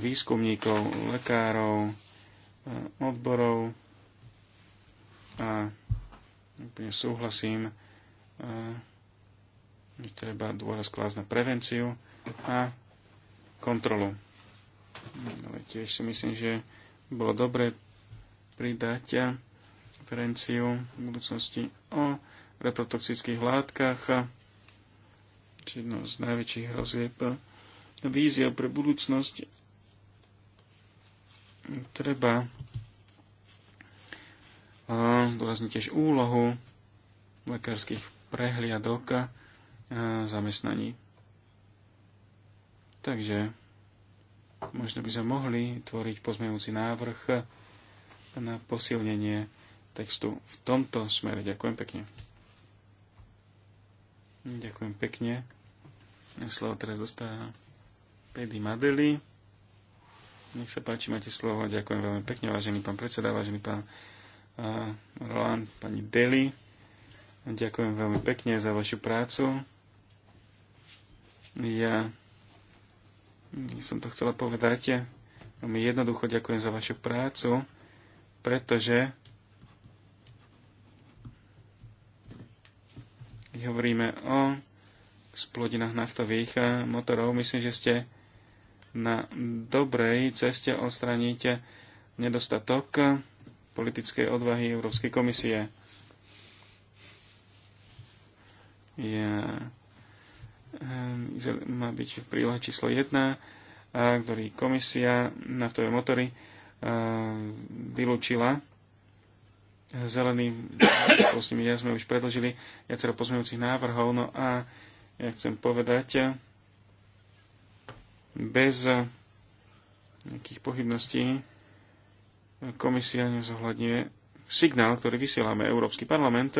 výskumníkov, lekárov, odborov a úplne súhlasím treba dôraz klásť na prevenciu a kontrolu. Ale tiež si myslím, že bolo dobre pridať prevenciu v budúcnosti o reprotoxických látkach, či jedno z najväčších hrozieb víziev pre budúcnosť treba eh, zdôrazniť tiež úlohu lekárskych prehliadok E, zamestnaní. Takže možno by sme mohli tvoriť pozmejúci návrh na posilnenie textu v tomto smere. Ďakujem pekne. Ďakujem pekne. Slovo teraz dostáva Pedy Madeli. Nech sa páči, máte slovo. Ďakujem veľmi pekne, vážený pán predseda, vážený pán uh, Roland, pani Deli. Ďakujem veľmi pekne za vašu prácu. Ja som to chcela povedať. Veľmi jednoducho ďakujem za vašu prácu, pretože keď hovoríme o splodinách naftových eh, motorov, myslím, že ste na dobrej ceste odstraníte nedostatok politickej odvahy Európskej komisie. Ja Ehm, má byť v prílohe číslo 1, eh, ktorý komisia naftové motory eh, vylúčila zeleným posledným ja sme už predložili viacero pozmeňujúcich návrhov, no a ja chcem povedať, bez nejakých pochybností komisia nezohľadňuje signál, ktorý vysielame Európsky parlament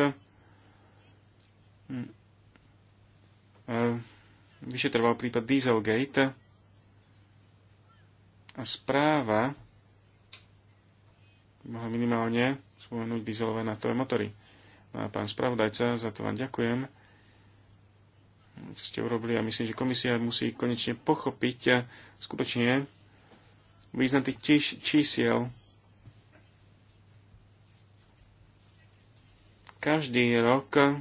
vyšetroval prípad Dieselgate a správa mohla minimálne spomenúť dieselové naftové motory. No a pán spravodajca, za to vám ďakujem, čo ste urobili a myslím, že komisia musí konečne pochopiť skutočne význam tých čísiel. Každý rok,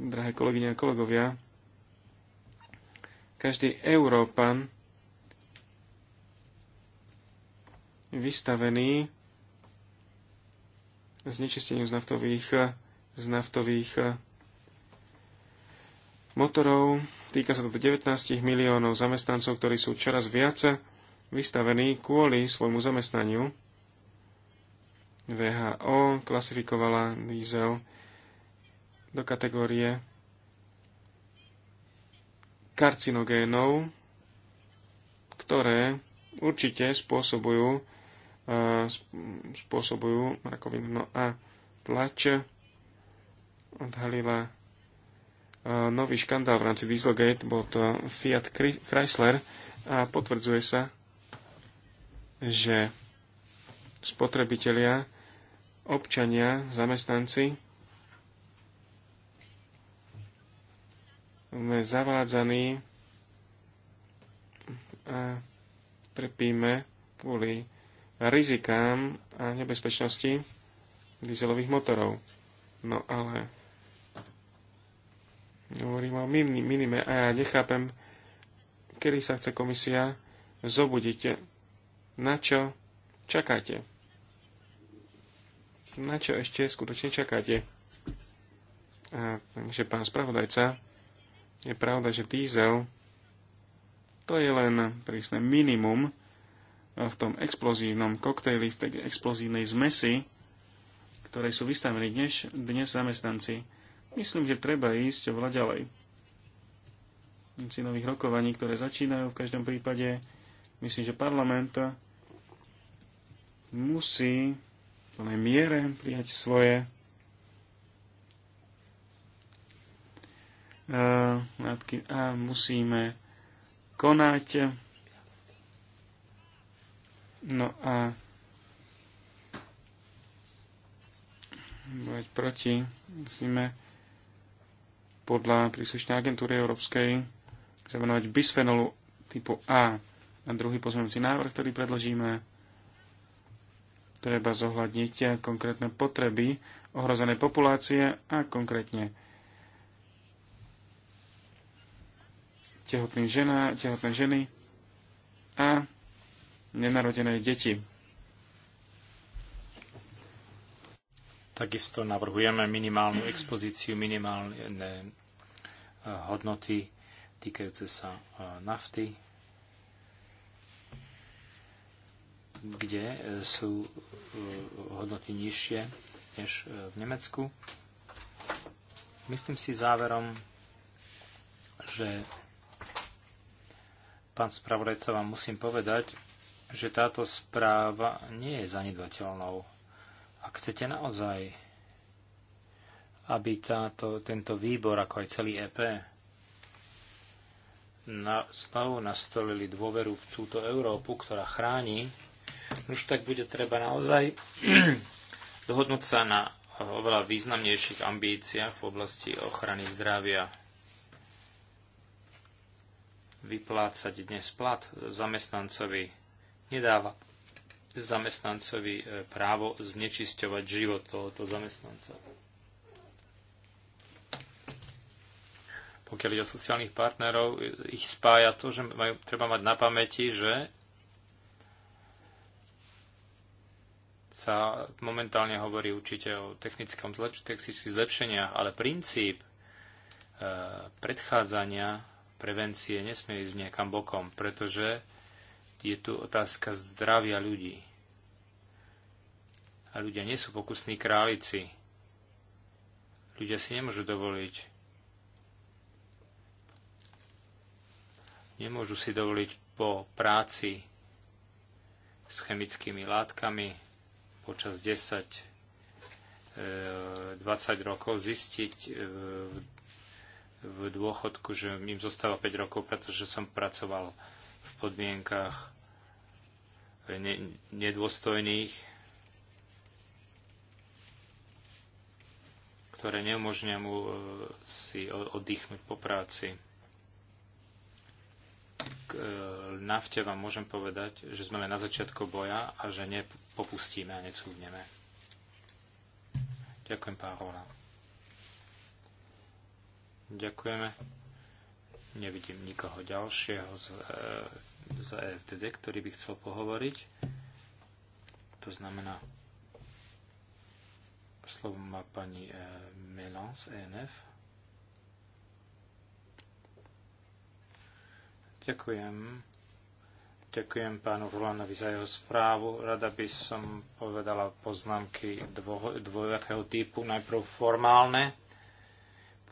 drahé kolegyne a kolegovia, každý Európan vystavený znečisteniu z naftových, z naftových eh, motorov. Týka sa to 19 miliónov zamestnancov, ktorí sú čoraz viac vystavení kvôli svojmu zamestnaniu. VHO klasifikovala diesel do kategórie karcinogénov, ktoré určite spôsobujú, e, spôsobujú rakovinu. No a tlač odhalila e, nový škandál v rámci Dieselgate, bol to Fiat Chrysler a potvrdzuje sa, že spotrebitelia, občania, zamestnanci sme zavádzaní a trpíme kvôli rizikám a nebezpečnosti dieselových motorov. No ale hovorím o minime a ja nechápem, kedy sa chce komisia zobudiť. Na čo čakáte? Na čo ešte skutočne čakáte? A, takže pán spravodajca, je pravda, že diesel to je len prísne minimum e, v tom explozívnom koktejli, v tej explozívnej zmesi, ktorej sú vystavení dnes, dnes zamestnanci. Myslím, že treba ísť oveľa ďalej. nových rokovaní, ktoré začínajú v každom prípade, myslím, že parlament musí v plnej miere prijať svoje látky eh, a musíme konať. No a bojať proti musíme podľa príslušnej agentúry Európskej venovať bisfenolu typu A. A druhý pozmeňujúci návrh, ktorý predložíme, treba zohľadniť konkrétne potreby ohrozenej populácie a konkrétne tehotný žena, tehotné ženy a nenarodené deti. Takisto navrhujeme minimálnu expozíciu, minimálne eh, hodnoty týkajúce sa eh, nafty, kde eh, sú hodnoty nižšie než v Nemecku. Myslím si záverom, že Pán spravodajca, vám musím povedať, že táto správa nie je zanedbateľnou. Ak chcete naozaj, aby táto, tento výbor, ako aj celý EP, na, znovu nastolili dôveru v túto Európu, ktorá chráni, už tak bude treba naozaj dohodnúť sa na oveľa významnejších ambíciách v oblasti ochrany zdravia vyplácať dnes plat zamestnancovi nedáva zamestnancovi e, právo znečisťovať život tohoto zamestnanca. Pokiaľ ide o sociálnych partnerov, e, ich spája to, že majú, treba mať na pamäti, že sa momentálne hovorí určite o technickom zlepš- zlepšeniach, ale princíp e, predchádzania prevencie nesmie ísť niekam bokom, pretože je tu otázka zdravia ľudí. A ľudia nie sú pokusní králici. Ľudia si nemôžu dovoliť. Nemôžu si dovoliť po práci s chemickými látkami počas 10 20 e, rokov zistiť e, v dôchodku, že im zostáva 5 rokov, pretože som pracoval v podmienkach nedôstojných, ktoré neumožňujú mu e, si oddychnúť po práci. K e, nafte vám môžem povedať, že sme len na začiatku boja a že nepopustíme a necúdneme. Ďakujem, pán Roland. Ďakujeme. Nevidím nikoho ďalšieho z, e, z EFDD, ktorý by chcel pohovoriť. To znamená, slovo má pani e, Melan z ENF. Ďakujem. Ďakujem pánu Rulanovi za jeho správu. Rada by som povedala poznámky dvo, dvojakého typu. Najprv formálne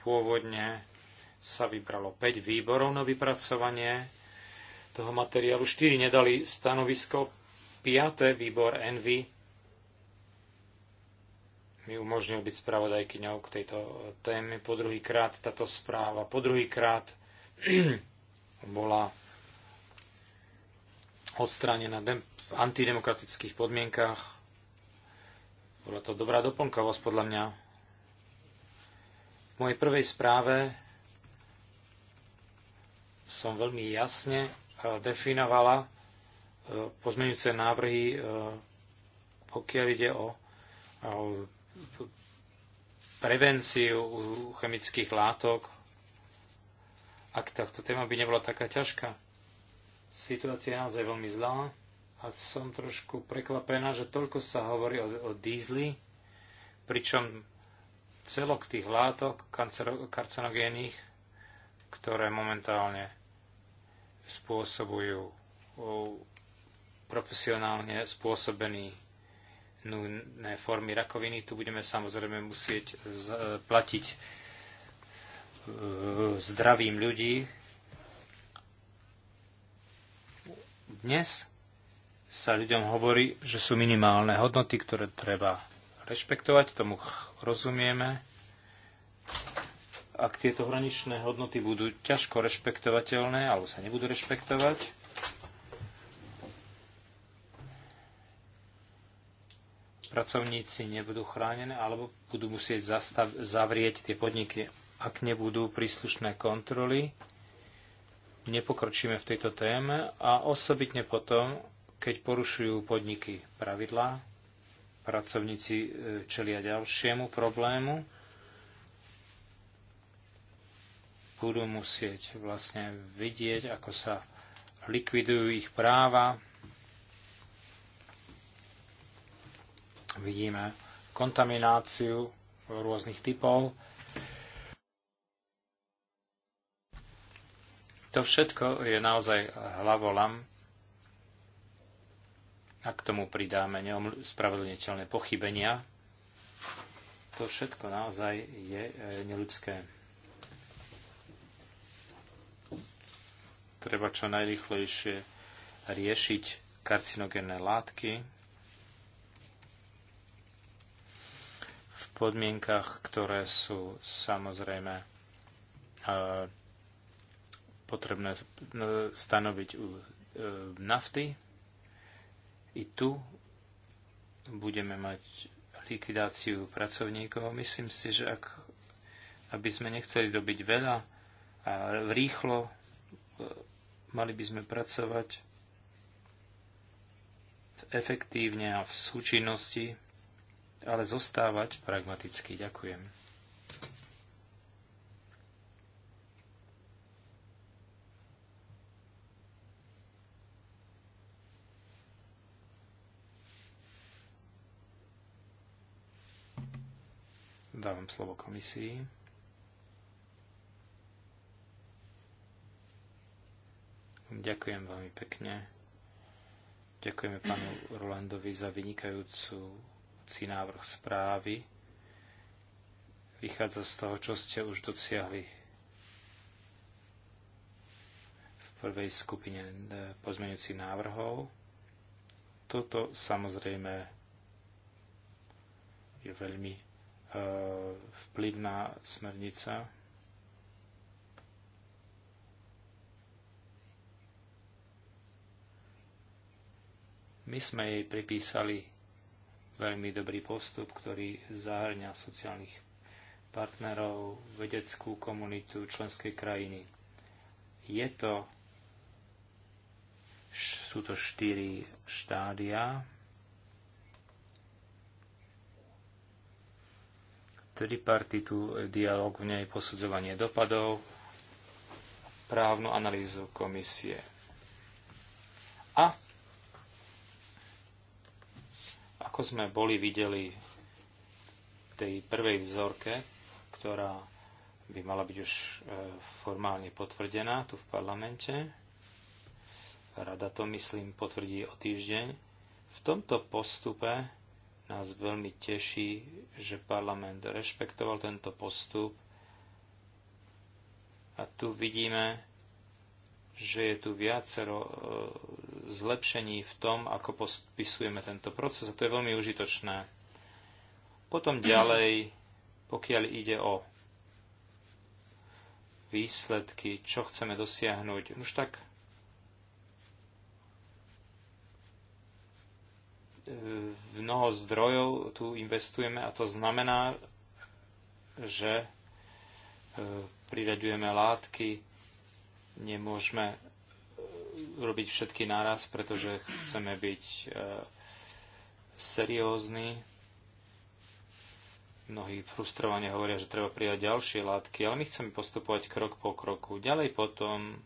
Pôvodne sa vybralo 5 výborov na vypracovanie toho materiálu, 4 nedali stanovisko, 5. výbor Envy mi umožnil byť spravodajkyňou k tejto téme. Po druhýkrát táto správa, po druhýkrát bola odstránená v antidemokratických podmienkách. Bola to dobrá doplnkovosť podľa mňa. V mojej prvej správe som veľmi jasne e, definovala e, pozmeňujúce návrhy, e, pokiaľ ide o prevenciu chemických látok, ak táto téma by nebola taká ťažká. Situácia je naozaj veľmi zlá a som trošku prekvapená, že toľko sa hovorí o, o dízli, pričom celok tých látok karcinogénnych, ktoré momentálne spôsobujú profesionálne spôsobený nudné formy rakoviny. Tu budeme samozrejme musieť e, platiť e, zdravím ľudí. Dnes sa ľuďom hovorí, že sú minimálne hodnoty, ktoré treba rešpektovať, tomu rozumieme. Ak tieto hraničné hodnoty budú ťažko rešpektovateľné alebo sa nebudú rešpektovať, pracovníci nebudú chránené alebo budú musieť zastav- zavrieť tie podniky, ak nebudú príslušné kontroly. Nepokročíme v tejto téme a osobitne potom, keď porušujú podniky pravidlá, pracovníci e, čelia ďalšiemu problému. Budú musieť vlastne vidieť, ako sa likvidujú ich práva. Vidíme kontamináciu rôznych typov. To všetko je naozaj hlavolam a k tomu pridáme spravedlniteľné pochybenia, to všetko naozaj je e, neludské. Treba čo najrychlejšie riešiť karcinogénne látky v podmienkach, ktoré sú samozrejme e, potrebné e, stanoviť u nafty, i tu budeme mať likvidáciu pracovníkov. Myslím si, že ak, aby sme nechceli robiť veľa a rýchlo, e, mali by sme pracovať efektívne a v súčinnosti, ale zostávať pragmaticky. Ďakujem. Dávam slovo komisii. Ďakujem veľmi pekne. Ďakujeme pánu Rolandovi za vynikajúci návrh správy. Vychádza z toho, čo ste už dosiahli v prvej skupine e, pozmeňujúcich návrhov. Toto samozrejme je veľmi vplyvná smernica. My sme jej pripísali veľmi dobrý postup, ktorý zahrňa sociálnych partnerov, vedeckú komunitu členskej krajiny. Je to, sú to štyri štádia tripartitu, e, dialog v nej, posudzovanie dopadov, právnu analýzu komisie. A ako sme boli videli v tej prvej vzorke, ktorá by mala byť už e, formálne potvrdená tu v parlamente, rada to, myslím, potvrdí o týždeň, v tomto postupe nás veľmi teší, že parlament rešpektoval tento postup a tu vidíme, že je tu viacero e, zlepšení v tom, ako pospisujeme tento proces a to je veľmi užitočné. Potom ďalej, pokiaľ ide o výsledky, čo chceme dosiahnuť, už tak mnoho zdrojov tu investujeme a to znamená, že e, priraďujeme látky, nemôžeme e, robiť všetky naraz, pretože chceme byť e, seriózni. Mnohí frustrovane hovoria, že treba prijať ďalšie látky, ale my chceme postupovať krok po kroku. Ďalej potom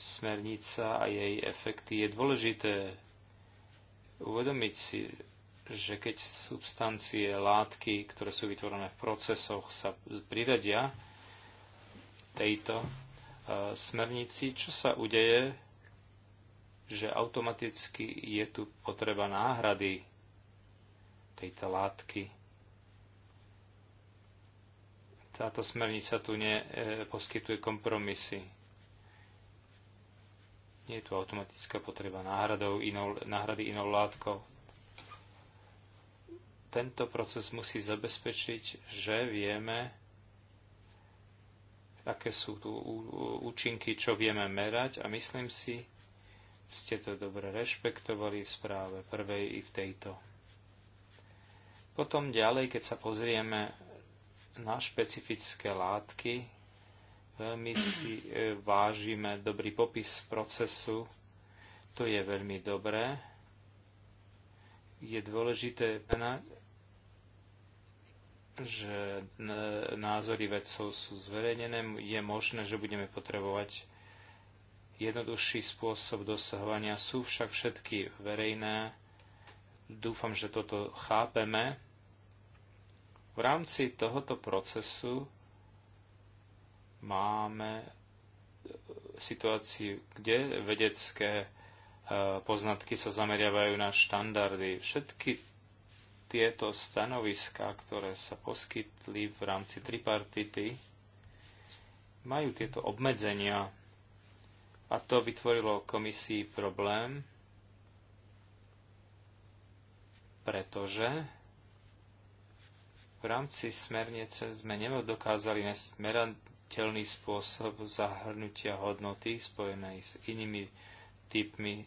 smernica a jej efekty je dôležité uvedomiť si, že keď substancie, látky, ktoré sú vytvorené v procesoch, sa priradia tejto e, smernici, čo sa udeje, že automaticky je tu potreba náhrady tejto látky. Táto smernica tu neposkytuje e, kompromisy nie je tu automatická potreba náhradov inou, náhrady inou látkou. Tento proces musí zabezpečiť, že vieme, aké sú tu účinky, čo vieme merať a myslím si, ste to dobre rešpektovali v správe prvej i v tejto. Potom ďalej, keď sa pozrieme na špecifické látky, Veľmi si e, vážime dobrý popis procesu. To je veľmi dobré. Je dôležité, že názory vedcov sú zverejnené. Je možné, že budeme potrebovať jednoduchší spôsob dosahovania. Sú však všetky verejné. Dúfam, že toto chápeme. V rámci tohoto procesu Máme e, situáciu, kde vedecké e, poznatky sa zameriavajú na štandardy. Všetky tieto stanoviská, ktoré sa poskytli v rámci tripartity, majú tieto obmedzenia a to vytvorilo komisii problém, pretože v rámci smernice sme nedokázali udržateľný spôsob zahrnutia hodnoty spojenej s inými typmi eh,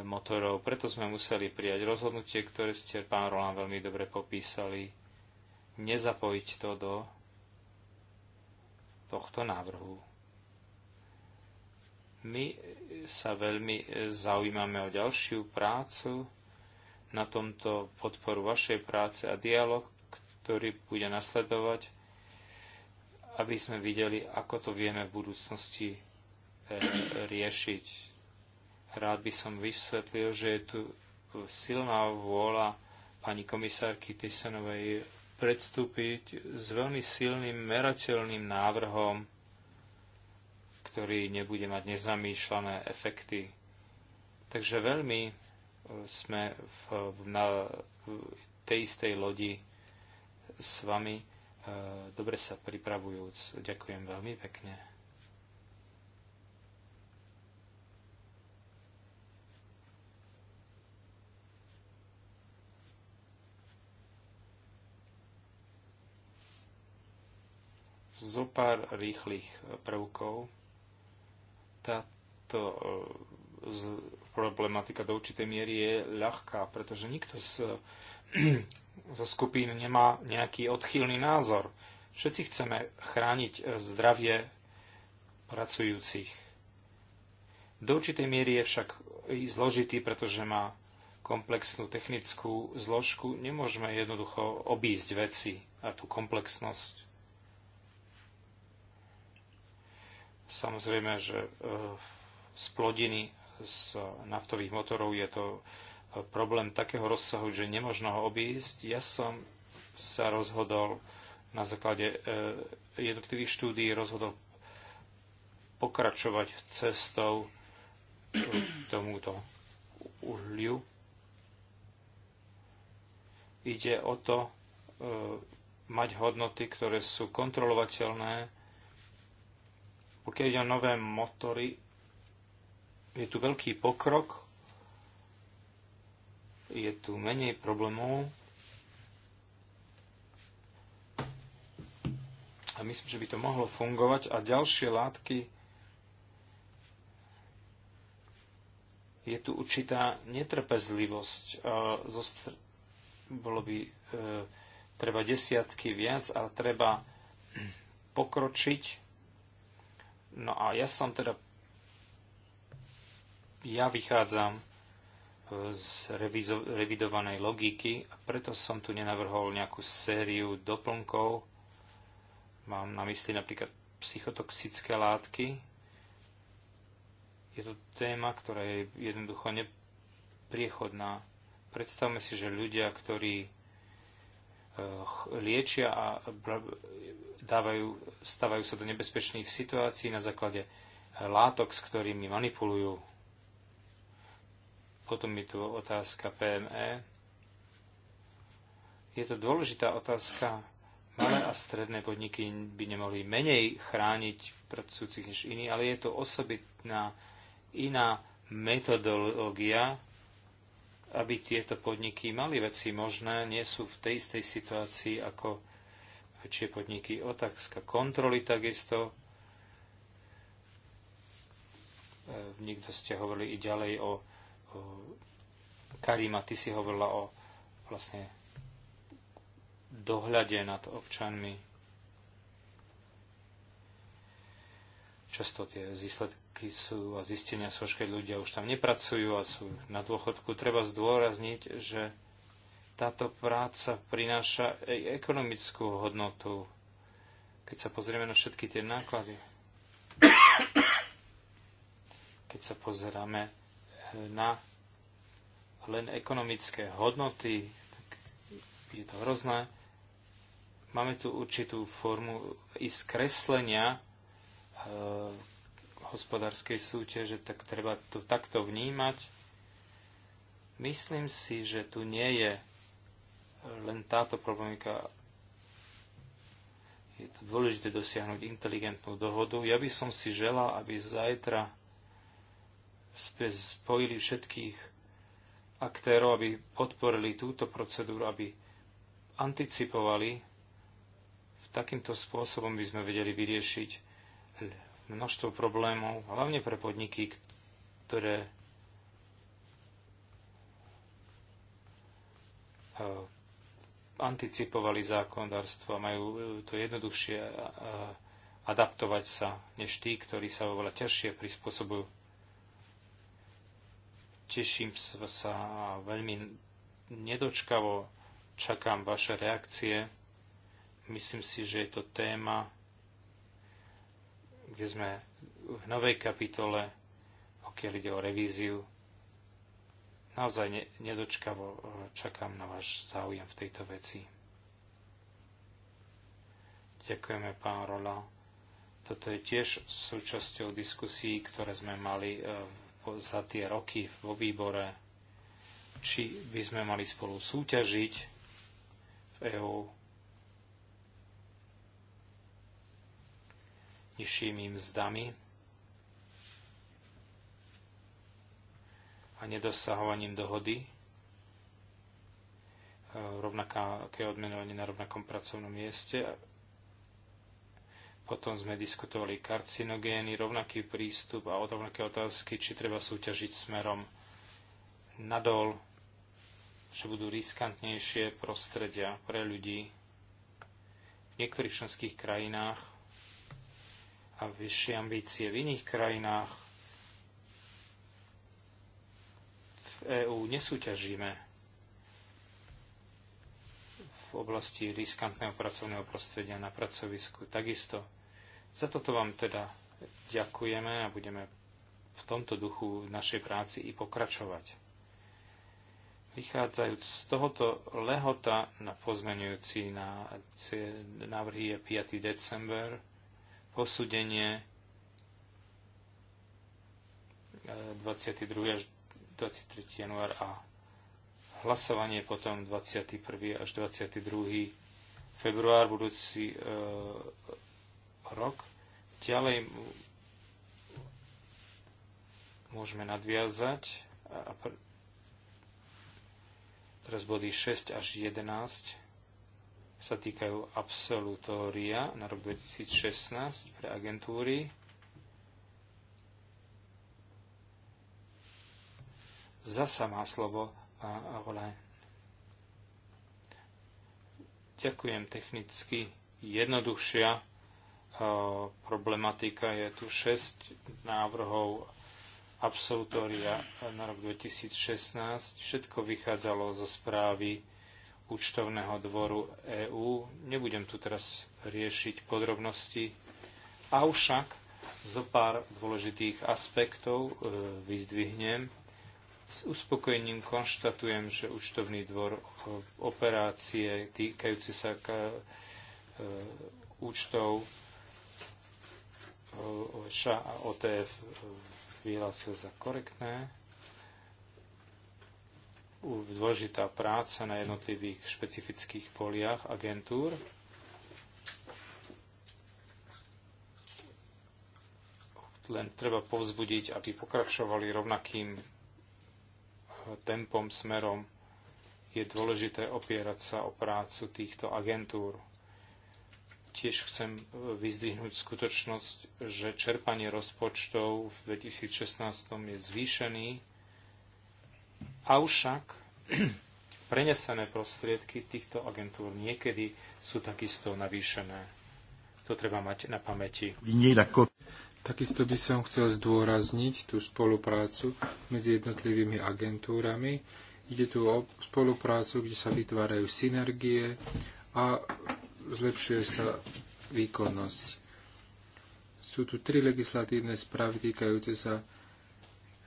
motorov. Preto sme museli prijať rozhodnutie, ktoré ste, pán Roland, veľmi dobre popísali. Nezapojiť to do tohto návrhu. My sa veľmi eh, zaujímame o ďalšiu prácu na tomto podporu vašej práce a dialog, ktorý bude nasledovať aby sme videli, ako to vieme v budúcnosti eh, riešiť. Rád by som vysvetlil, že je tu silná vôľa pani komisárky Tysenovej predstúpiť s veľmi silným, merateľným návrhom, ktorý nebude mať nezamýšľané efekty. Takže veľmi eh, sme v, na tej istej lodi s vami E, dobre sa pripravujúc. Ďakujem veľmi pekne. zo pár rýchlych prvkov. Táto e, problematika do určitej miery je ľahká, pretože nikto z zo skupín nemá nejaký odchýlny názor. Všetci chceme chrániť eh, zdravie pracujúcich. Do určitej miery je však i zložitý, pretože má komplexnú technickú zložku. Nemôžeme jednoducho obísť veci a tú komplexnosť. Samozrejme, že eh, z plodiny z naftových motorov je to problém takého rozsahu, že nemožno ho obísť. Ja som sa rozhodol na základe e, jednotlivých štúdií rozhodol pokračovať cestou e, tomuto uhliu. Ide o to e, mať hodnoty, ktoré sú kontrolovateľné. Pokiaľ ide o nové motory, je tu veľký pokrok je tu menej problémov. A myslím, že by to mohlo fungovať. A ďalšie látky, je tu určitá netrpezlivosť. Zostr- bolo by e, treba desiatky viac, ale treba pokročiť. No a ja som teda, ja vychádzam z revizo- revidovanej logiky a preto som tu nenavrhol nejakú sériu doplnkov. Mám na mysli napríklad psychotoxické látky. Je to téma, ktorá je jednoducho nepriechodná. Predstavme si, že ľudia, ktorí e, liečia a dávajú, stavajú sa do nebezpečných situácií na základe látok, s ktorými manipulujú potom je tu otázka PME. Je to dôležitá otázka. Malé a stredné podniky by nemohli menej chrániť pracujúcich než iní, ale je to osobitná iná metodológia, aby tieto podniky mali veci možné, nie sú v tej istej situácii ako väčšie podniky. Otázka kontroly takisto. E, Niekto ste hovorili i ďalej o Karima, ty si hovorila o vlastne dohľade nad občanmi. Často tie výsledky sú a zistenia sú, keď ľudia už tam nepracujú a sú na dôchodku. Treba zdôrazniť, že táto práca prináša aj ekonomickú hodnotu, keď sa pozrieme na všetky tie náklady. Keď sa pozeráme na len ekonomické hodnoty, tak je to hrozné. Máme tu určitú formu i skreslenia e, hospodárskej súťaže, tak treba to takto vnímať. Myslím si, že tu nie je len táto problémika. Je to dôležité dosiahnuť inteligentnú dohodu. Ja by som si želal, aby zajtra spojili všetkých aktérov, aby podporili túto procedúru, aby anticipovali. V takýmto spôsobom by sme vedeli vyriešiť množstvo problémov, hlavne pre podniky, ktoré e, anticipovali zákonodárstvo a majú e, to jednoduchšie e, adaptovať sa, než tí, ktorí sa oveľa ťažšie prispôsobujú Teším sa veľmi nedočkavo, čakám vaše reakcie. Myslím si, že je to téma, kde sme v novej kapitole, pokiaľ ide o revíziu. Naozaj nedočkavo e, čakám na váš záujem v tejto veci. Ďakujeme, pán Rola. Toto je tiež súčasťou diskusí, ktoré sme mali v e, za tie roky vo výbore, či by sme mali spolu súťažiť v EÚ nižšími mzdami a nedosahovaním dohody e, rovnaké odmenovanie na rovnakom pracovnom mieste potom sme diskutovali karcinogény, rovnaký prístup a rovnaké otázky, či treba súťažiť smerom nadol, že budú riskantnejšie prostredia pre ľudí v niektorých členských krajinách a vyššie ambície v iných krajinách v EÚ nesúťažíme v oblasti riskantného pracovného prostredia na pracovisku. Takisto za toto vám teda ďakujeme a budeme v tomto duchu v našej práci i pokračovať. Vychádzajúc z tohoto lehota na pozmenujúci na návrhy je 5. december, posúdenie 22. E, až 23. január a hlasovanie potom 21. až 22. február budúci e, rok. Ďalej môžeme nadviazať. A pr- teraz body 6 až 11 sa týkajú absolutória na rok 2016 pre agentúry. Zasa má slovo volaj. ďakujem technicky jednoduchšia e, problematika. Je tu 6 návrhov absolutória na rok 2016. Všetko vychádzalo zo správy účtovného dvoru EÚ. Nebudem tu teraz riešiť podrobnosti, avšak zo pár dôležitých aspektov e, vyzdvihnem. S uspokojením konštatujem, že účtovný dvor e, operácie týkajúce sa k, e, účtov e, ŠA a OTF vyhlásil za korektné. Dôležitá práca na jednotlivých špecifických poliach agentúr. Len treba povzbudiť, aby pokračovali rovnakým tempom smerom, je dôležité opierať sa o prácu týchto agentúr. Tiež chcem e, vyzdvihnúť skutočnosť, že čerpanie rozpočtov v 2016 je zvýšený, avšak prenesené prostriedky týchto agentúr niekedy sú takisto navýšené. To treba mať na pamäti. Takisto by som chcel zdôrazniť tú spoluprácu medzi jednotlivými agentúrami. Ide tu o spoluprácu, kde sa vytvárajú synergie a zlepšuje sa výkonnosť. Sú tu tri legislatívne správy týkajúce sa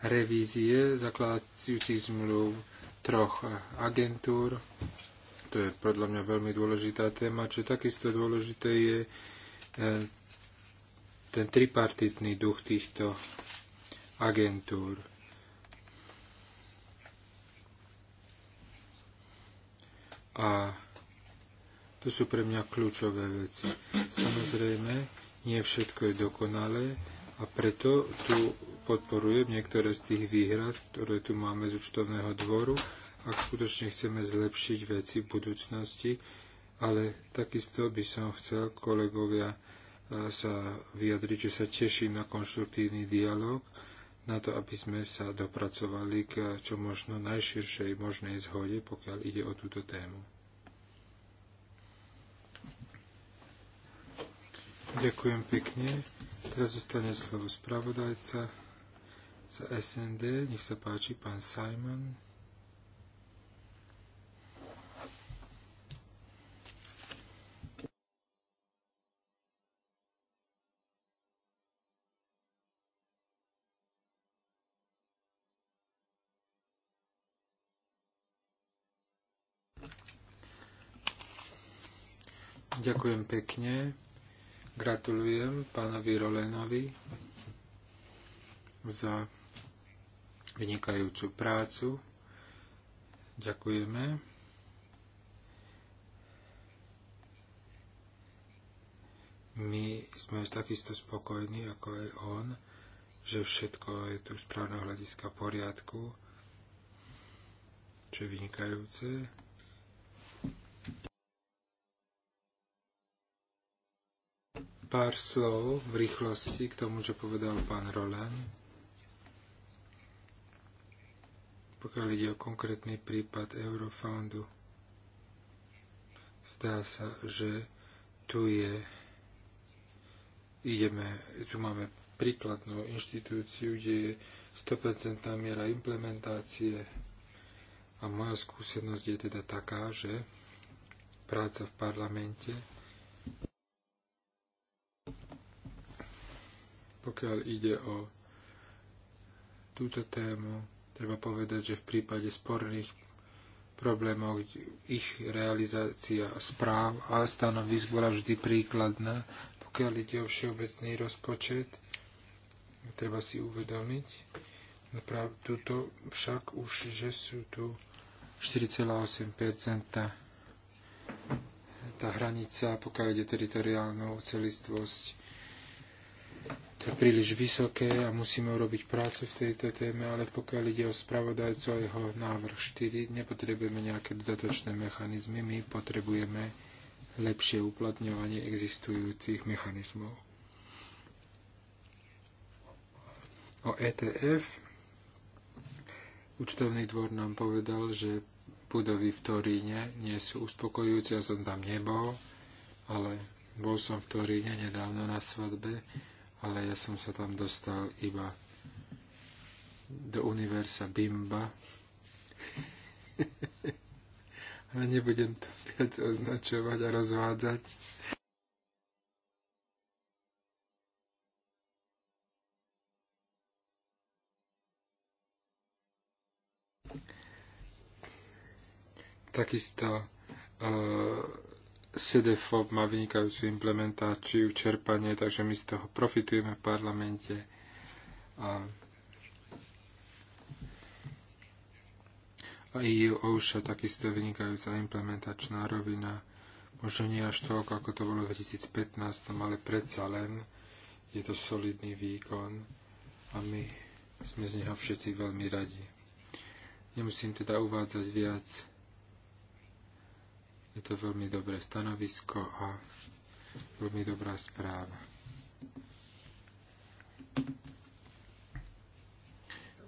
revízie zakladajúcich zmluv troch agentúr. To je podľa mňa veľmi dôležitá téma, čo takisto dôležité je eh, ten tripartitný duch týchto agentúr. A to sú pre mňa kľúčové veci. Samozrejme, nie všetko je dokonalé a preto tu podporujem niektoré z tých výhrad, ktoré tu máme z účtovného dvoru, ak skutočne chceme zlepšiť veci v budúcnosti, ale takisto by som chcel kolegovia sa vyjadriť, že sa teším na konštruktívny dialog, na to, aby sme sa dopracovali k čo možno najširšej možnej zhode, pokiaľ ide o túto tému. Ďakujem pekne. Teraz zostane slovo spravodajca za SND. Nech sa páči, pán Simon. Ďakujem pekne. Gratulujem pánovi Rolenovi za vynikajúcu prácu. Ďakujeme. My sme takisto spokojní ako aj on, že všetko je tu správne hľadiska poriadku, čo je vynikajúce. pár slov v rýchlosti k tomu, čo povedal pán Roland. Pokiaľ ide o konkrétny prípad Eurofoundu, zdá sa, že tu je ideme, tu máme príkladnú inštitúciu, kde je 100% miera implementácie a moja skúsenosť je teda taká, že práca v parlamente Pokiaľ ide o túto tému, treba povedať, že v prípade sporných problémov ich realizácia správ a stanovisk bola vždy príkladná. Pokiaľ ide o všeobecný rozpočet, treba si uvedomiť, túto však už, že sú tu 4,8 tá hranica, pokiaľ ide teritoriálnu celistvosť to je príliš vysoké a musíme urobiť prácu v tejto téme, ale pokiaľ ide o spravodajcu a jeho návrh 4, nepotrebujeme nejaké dodatočné mechanizmy, my potrebujeme lepšie uplatňovanie existujúcich mechanizmov. O ETF účtovný dvor nám povedal, že budovy v Toríne nie sú uspokojujúce, ja som tam nebol, ale bol som v Toríne nedávno na svadbe ale ja som sa tam dostal iba do univerza Bimba. ale nebudem to viac označovať a rozvádzať. Takisto uh, SEDEFOB má vynikajúcu implementáciu, čerpanie, takže my z toho profitujeme v parlamente. A, a EU OSHA takisto vynikajúca implementačná rovina. Možno nie až toľko, ako to bolo v 2015, no, ale predsa len je to solidný výkon a my sme z neho všetci veľmi radi. Nemusím teda uvádzať viac je to veľmi dobré stanovisko a veľmi dobrá správa.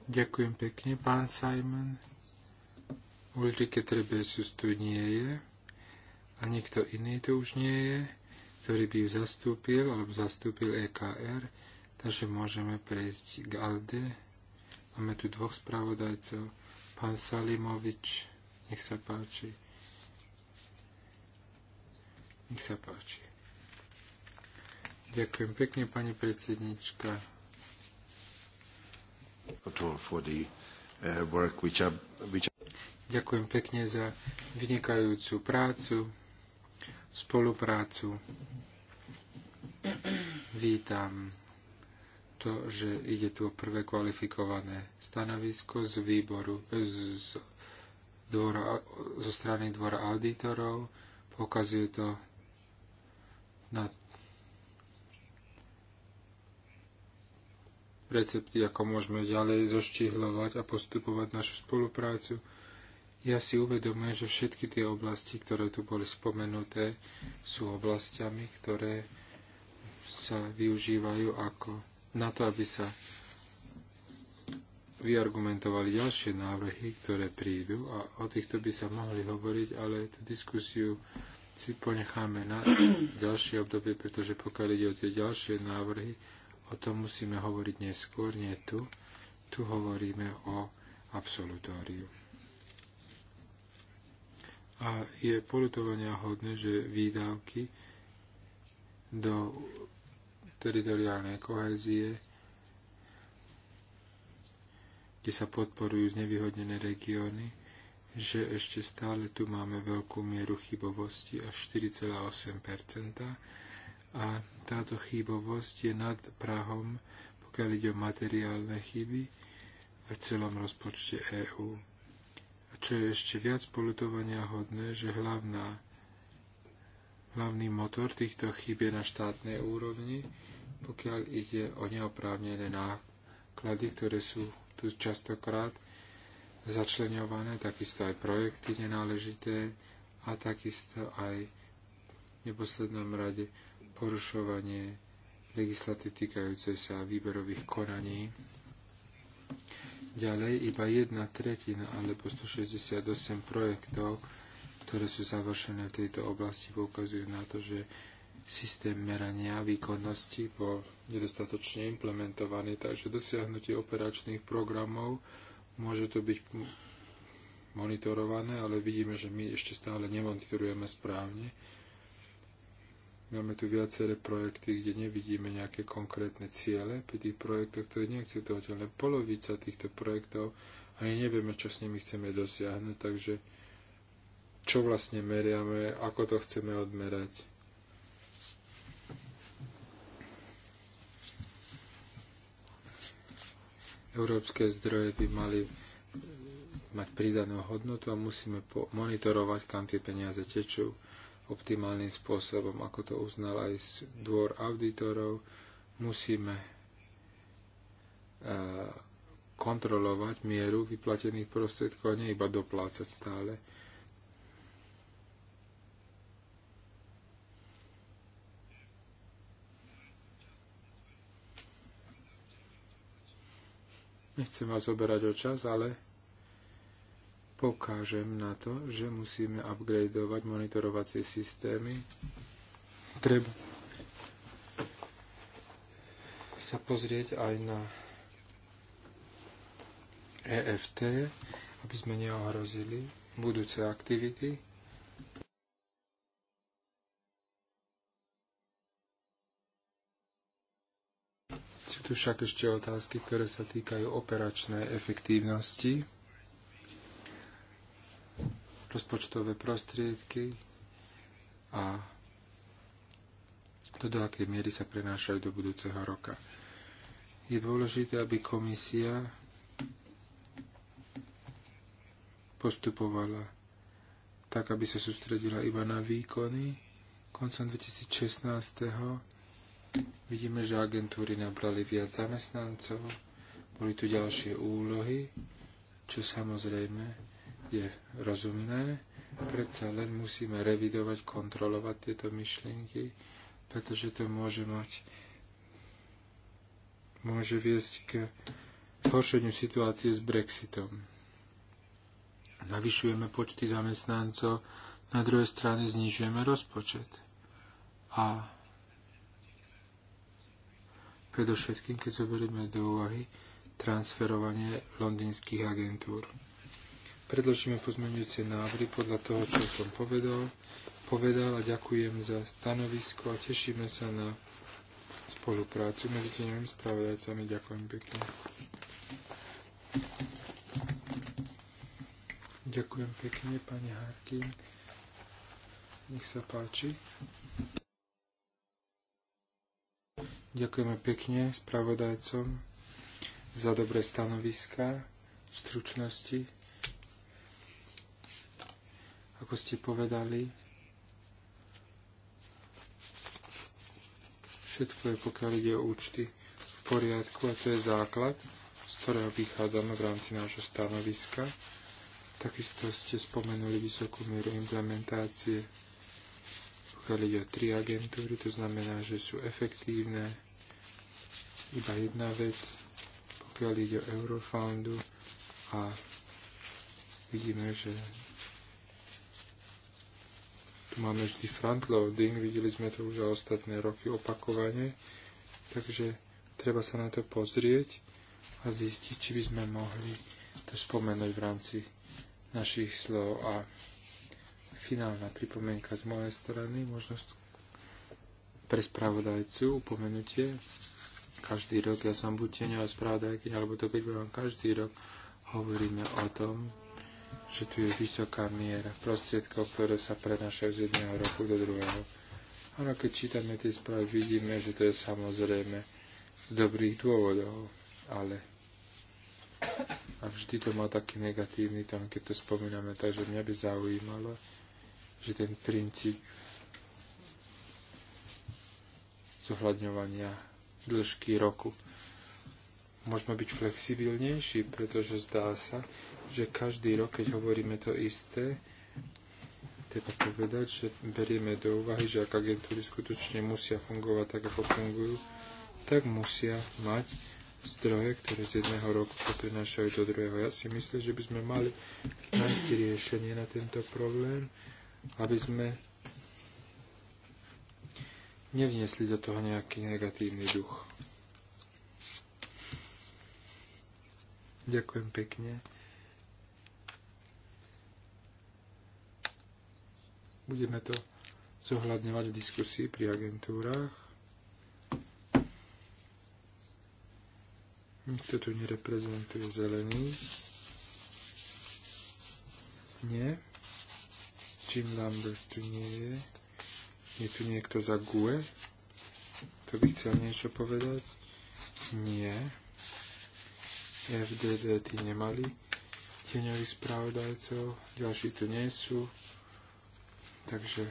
Ďakujem pekne, pán Simon. Ulrike Trebesus tu nie je a nikto iný tu už nie je, ktorý by ju zastúpil alebo zastúpil EKR, takže môžeme prejsť k ALDE. Máme tu dvoch spravodajcov. Pán Salimovič, nech sa páči. Nech sa páči. Ďakujem pekne, pani predsednička. Uh, Ďakujem pekne za vynikajúcu prácu, spoluprácu. Vítam to, že ide tu o prvé kvalifikované stanovisko z výboru, z, z dvora, zo strany dvora auditorov. Pokazuje to na recepty, ako môžeme ďalej zoštihľovať a postupovať našu spoluprácu. Ja si uvedomujem, že všetky tie oblasti, ktoré tu boli spomenuté, sú oblastiami, ktoré sa využívajú ako na to, aby sa vyargumentovali ďalšie návrhy, ktoré prídu a o týchto by sa mohli hovoriť, ale tú diskusiu si ponecháme na ďalšie obdobie, pretože pokiaľ ide o tie ďalšie návrhy, o tom musíme hovoriť neskôr, nie tu. Tu hovoríme o absolutóriu. A je polutovania hodné, že výdavky do teritoriálnej kohézie, kde sa podporujú znevýhodnené regióny, že ešte stále tu máme veľkú mieru chybovosti až 4,8 a táto chybovosť je nad Prahom, pokiaľ ide o materiálne chyby v celom rozpočte EÚ. A čo je ešte viac polutovania hodné, že hlavná, hlavný motor týchto chyb je na štátnej úrovni, pokiaľ ide o neoprávnené náklady, ktoré sú tu častokrát začlenované, takisto aj projekty nenáležité a takisto aj v neposlednom rade porušovanie legislatívy týkajúcej sa výberových konaní. Ďalej iba jedna tretina alebo 168 projektov, ktoré sú završené v tejto oblasti, poukazujú na to, že systém merania výkonnosti bol nedostatočne implementovaný, takže dosiahnutie operačných programov Môže to byť monitorované, ale vidíme, že my ešte stále nemonitorujeme správne. Máme tu viaceré projekty, kde nevidíme nejaké konkrétne ciele pri tých projektoch, to je neakceptovateľné. Polovica týchto projektov ani nevieme, čo s nimi chceme dosiahnuť, takže čo vlastne meriame, ako to chceme odmerať. Európske zdroje by mali mať pridanú hodnotu a musíme monitorovať, kam tie peniaze tečú optimálnym spôsobom, ako to uznal aj dvor auditorov. Musíme eh, kontrolovať mieru vyplatených prostriedkov a nie iba doplácať stále. Nechcem vás oberať o čas, ale pokážem na to, že musíme upgradeovať monitorovacie systémy. Treba sa pozrieť aj na EFT, aby sme neohrozili budúce aktivity tu však ešte otázky, ktoré sa týkajú operačnej efektívnosti, rozpočtové prostriedky a to, do akej miery sa prenášajú do budúceho roka. Je dôležité, aby komisia postupovala tak, aby sa sústredila iba na výkony koncom 2016 Vidíme, že agentúry nabrali viac zamestnancov, boli tu ďalšie úlohy, čo samozrejme je rozumné. Predsa len musíme revidovať, kontrolovať tieto myšlienky, pretože to môže mať môže viesť k horšeniu situácie s Brexitom. Navyšujeme počty zamestnancov, na druhej strane znižujeme rozpočet. A predovšetkým keď zoberieme do úvahy transferovanie londýnskych agentúr. Predložíme pozmeňujúce návry podľa toho, čo som povedal, povedal a ďakujem za stanovisko a tešíme sa na spoluprácu medzi tými spravodajcami. Ďakujem pekne. Ďakujem pekne, pani Harkin. Nech sa páči. Ďakujeme pekne spravodajcom za dobré stanoviska, stručnosti. Ako ste povedali, všetko je, pokiaľ ide o účty, v poriadku a to je základ, z ktorého vychádzame v rámci nášho stanoviska. Takisto ste spomenuli vysokú mieru implementácie pokiaľ ide o tri agentúry, to znamená, že sú efektívne. Iba jedna vec, pokiaľ ide o Eurofoundu a vidíme, že tu máme vždy frontloading, videli sme to už za ostatné roky opakovane, takže treba sa na to pozrieť a zistiť, či by sme mohli to spomenúť v rámci našich slov a finálna pripomienka z mojej strany, možnosť pre spravodajcu upomenutie. Každý rok, ja som buď tieňová spravodajky, alebo to vám každý rok hovoríme o tom, že tu je vysoká miera prostriedkov, ktoré sa prenašajú z jedného roku do druhého. Ale keď čítame tie správy, vidíme, že to je samozrejme z dobrých dôvodov, ale a vždy to má taký negatívny tón, keď to spomíname, takže mňa by zaujímalo, že ten princíp zohľadňovania dĺžky roku. Môžeme byť flexibilnejší, pretože zdá sa, že každý rok, keď hovoríme to isté, treba povedať, že berieme do úvahy, že ak agentúry skutočne musia fungovať tak, ako fungujú, tak musia mať zdroje, ktoré z jedného roku sa prinášajú do druhého. Ja si myslím, že by sme mali nájsť riešenie na tento problém aby sme nevniesli do toho nejaký negatívny duch. Ďakujem pekne. Budeme to zohľadňovať v diskusii pri agentúrach. Nikto tu nereprezentuje zelený. Nie. Jim Lambert tu nie je. Je tu niekto za GUE? To by chcel niečo povedať? Nie. FDD tí nemali tieňových správodajcov. ďalší tu nie sú. Takže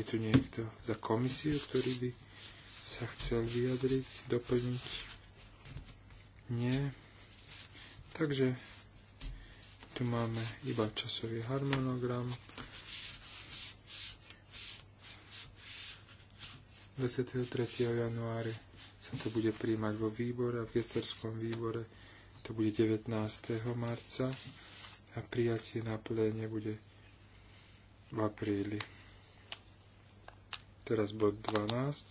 je tu niekto za komisiu, ktorý by sa chcel vyjadriť, doplniť? Nie. Takže tu máme iba časový harmonogram, 23. januári sa to bude príjmať vo výbore, v gestorskom výbore to bude 19. marca a prijatie na pléne bude v apríli. Teraz bod 12.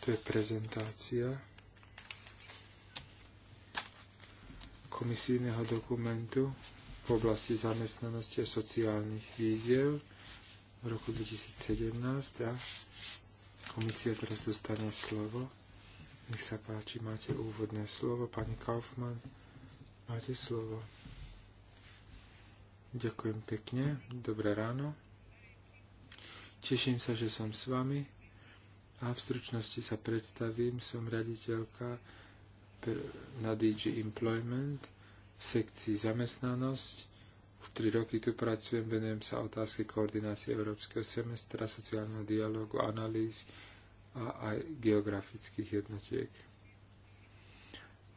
To je prezentácia komisijného dokumentu v oblasti zamestnanosti a sociálnych víziev v roku 2017 a komisia teraz dostane slovo. Nech sa páči, máte úvodné slovo. Pani Kaufmann, máte slovo. Ďakujem pekne. Dobré ráno. Teším sa, že som s vami a v stručnosti sa predstavím. Som raditeľka na DG Employment v sekcii zamestnanosť už tri roky tu pracujem, venujem sa otázky koordinácie Európskeho semestra, sociálneho dialogu, analýz a aj geografických jednotiek.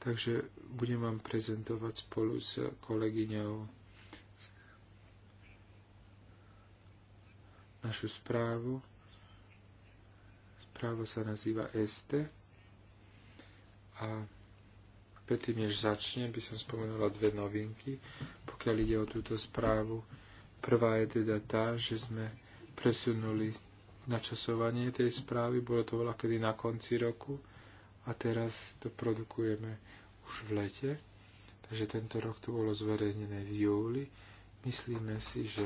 Takže budem vám prezentovať spolu s kolegyňou našu správu. Správa sa nazýva ESTE. A predtým, než začnem, by som spomenula dve novinky pokiaľ ide o túto správu. Prvá je teda tá, že sme presunuli načasovanie tej správy, bolo to veľa kedy na konci roku a teraz to produkujeme už v lete. Takže tento rok to bolo zverejnené v júli. Myslíme si, že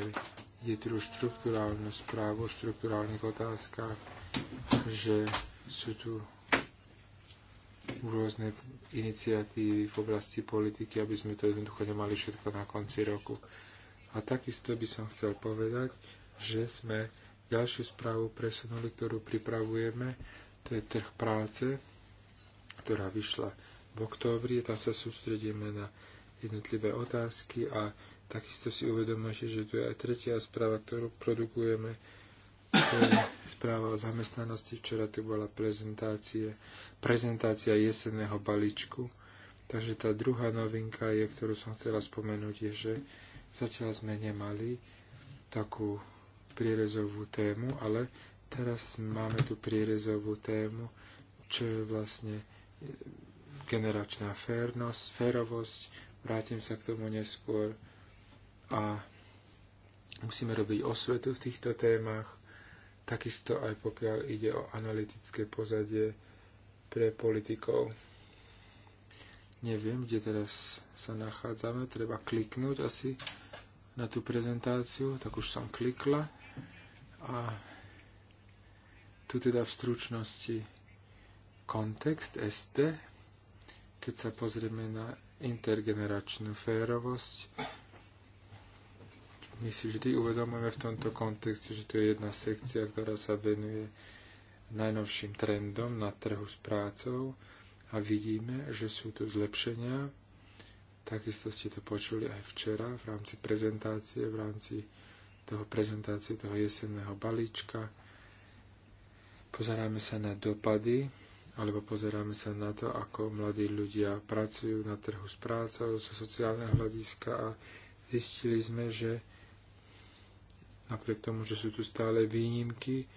je tu štruktúrálnu správu o štruktúrálnych otázkach, že sú tu rôzne iniciatívy v oblasti politiky, aby sme to jednoducho nemali všetko na konci roku. A takisto by som chcel povedať, že sme ďalšiu správu presunuli, ktorú pripravujeme. To je trh práce, ktorá vyšla v októbri. Tam sa sústredíme na jednotlivé otázky a takisto si uvedomujete, že tu je aj tretia správa, ktorú produkujeme to je správa o zamestnanosti. Včera tu bola prezentácia, prezentácia jesenného balíčku. Takže tá druhá novinka, je, ktorú som chcela spomenúť, je, že zatiaľ sme nemali takú prierezovú tému, ale teraz máme tu prierezovú tému, čo je vlastne e, generačná férnosť, férovosť, vrátim sa k tomu neskôr a musíme robiť osvetu v týchto témach takisto aj pokiaľ ide o analytické pozadie pre politikov. Neviem, kde teraz sa nachádzame. Treba kliknúť asi na tú prezentáciu. Tak už som klikla. A tu teda v stručnosti kontext ST, keď sa pozrieme na intergeneračnú férovosť, my si vždy uvedomujeme v tomto kontexte, že tu je jedna sekcia, ktorá sa venuje najnovším trendom na trhu s prácou a vidíme, že sú tu zlepšenia. Takisto ste to počuli aj včera v rámci prezentácie, v rámci toho prezentácie toho jesenného balíčka. Pozeráme sa na dopady, alebo pozeráme sa na to, ako mladí ľudia pracujú na trhu s prácou, zo sociálneho hľadiska a zistili sme, že napriek tomu, že sú tu stále výnimky,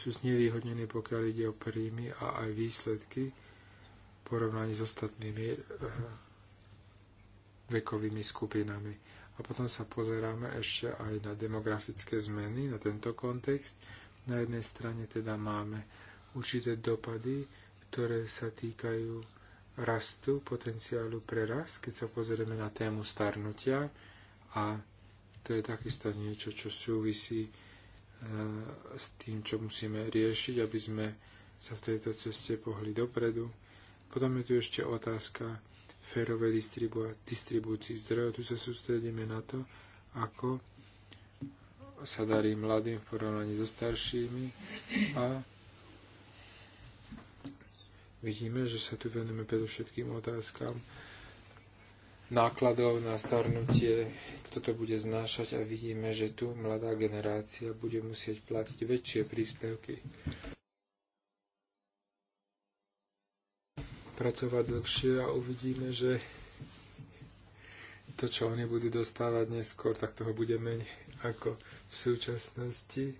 sú znevýhodnení, pokiaľ ide o príjmy a aj výsledky v porovnaní s ostatnými eh, vekovými skupinami. A potom sa pozeráme ešte aj na demografické zmeny, na tento kontext. Na jednej strane teda máme určité dopady, ktoré sa týkajú rastu, potenciálu pre rast, keď sa pozrieme na tému starnutia a to je takisto niečo, čo súvisí e, s tým, čo musíme riešiť, aby sme sa v tejto ceste pohli dopredu. Potom je tu ešte otázka férovej distribúcii zdrojov. Tu sa sústredíme na to, ako sa darí mladým v porovnaní so staršími a vidíme, že sa tu venujeme predovšetkým otázkam nákladov na starnutie toto bude znášať a vidíme, že tu mladá generácia bude musieť platiť väčšie príspevky. Pracovať dlhšie a uvidíme, že to, čo oni budú dostávať neskôr, tak toho bude menej ako v súčasnosti.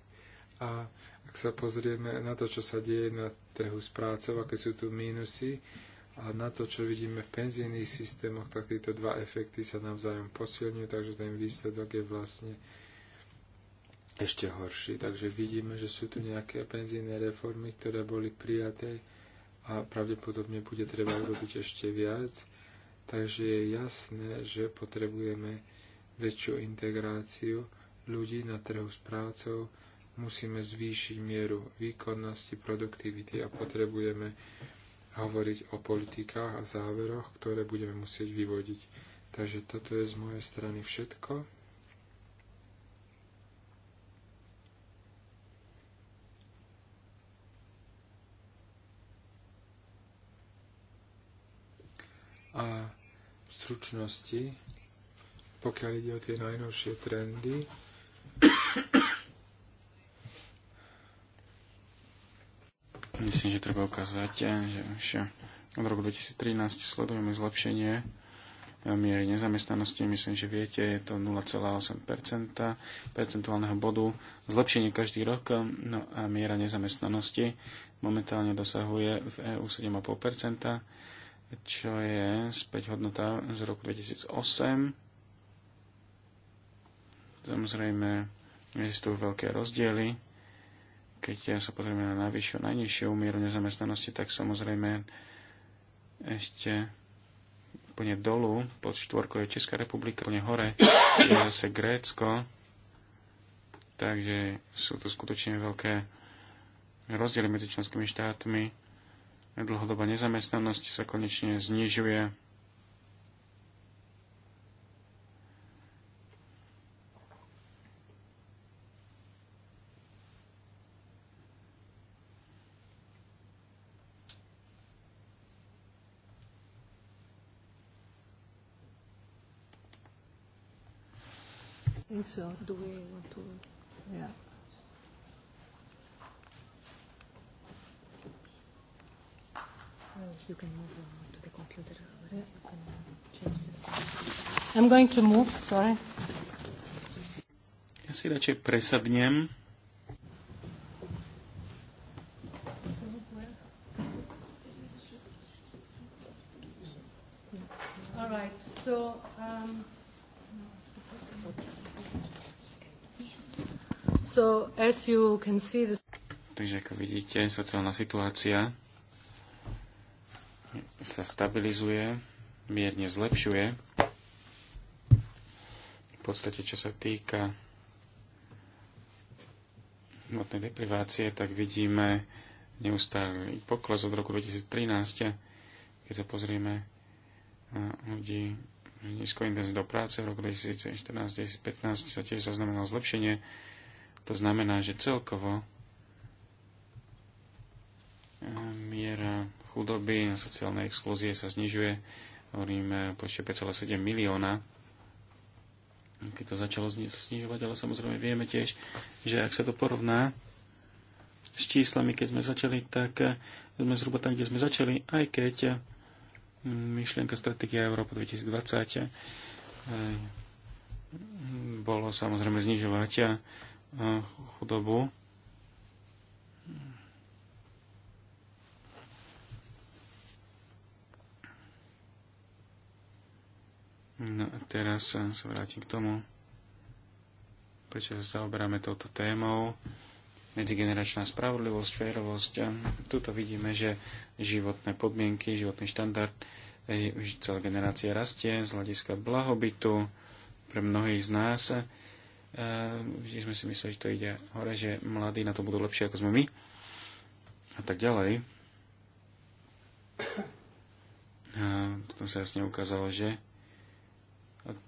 A ak sa pozrieme na to, čo sa deje na trhu s prácou, aké sú tu mínusy, a na to, čo vidíme v penzijných systémoch, tak tieto dva efekty sa navzájom posilňujú, takže ten výsledok je vlastne ešte horší. Takže vidíme, že sú tu nejaké penzijné reformy, ktoré boli prijaté a pravdepodobne bude treba urobiť ešte viac. Takže je jasné, že potrebujeme väčšiu integráciu ľudí na trhu s prácou, musíme zvýšiť mieru výkonnosti, produktivity a potrebujeme hovoriť o politikách a záveroch, ktoré budeme musieť vyvodiť. Takže toto je z mojej strany všetko. A v stručnosti, pokiaľ ide o tie najnovšie trendy, Myslím, že treba ukázať, eh, že už eh, od roku 2013 sledujeme zlepšenie eh, miery nezamestnanosti. Myslím, že viete, je to 0,8 percentuálneho bodu. Zlepšenie každý rok. No a miera nezamestnanosti momentálne dosahuje v EU 7,5 čo je späť hodnota z roku 2008. Samozrejme, existujú veľké rozdiely keď sa pozrieme na najvyššiu, najnižšiu mieru nezamestnanosti, tak samozrejme ešte úplne dolu, pod štvorkou je Česká republika, úplne hore je zase Grécko, takže sú to skutočne veľké rozdiely medzi členskými štátmi. Dlhodobá nezamestnanosť sa konečne znižuje So, do we want to? Yeah. You can move on to the computer. Yeah. You can change this. I'm going to move. Sorry. Ja si radšej presadnem. Takže ako vidíte, sociálna situácia sa stabilizuje, mierne zlepšuje. V podstate, čo sa týka hmotnej deprivácie, tak vidíme neustály pokles od roku 2013. Keď sa pozrieme na ľudí nízko intenzitou práce v roku 2014-2015 sa tiež zaznamenalo zlepšenie to znamená, že celkovo eh, miera chudoby a sociálnej exklúzie sa znižuje. Hovoríme o počte 5,7 milióna, keď to začalo znižovať, ale samozrejme vieme tiež, že ak sa to porovná s číslami, keď sme začali, tak eh, sme zhruba tam, kde sme začali, aj keď eh, myšlienka stratégia Európa 2020 bolo samozrejme znižovať chudobu. No a teraz sa vrátim k tomu, prečo sa zaoberáme touto témou. Medzigeneračná spravodlivosť, férovosť. Tuto vidíme, že životné podmienky, životný štandard e, už celá generácia rastie z hľadiska blahobytu pre mnohých z nás Ehm, vždy sme si mysleli, že to ide hore, že mladí na to budú lepšie ako sme my a tak ďalej. A ehm, potom sa jasne ukázalo, že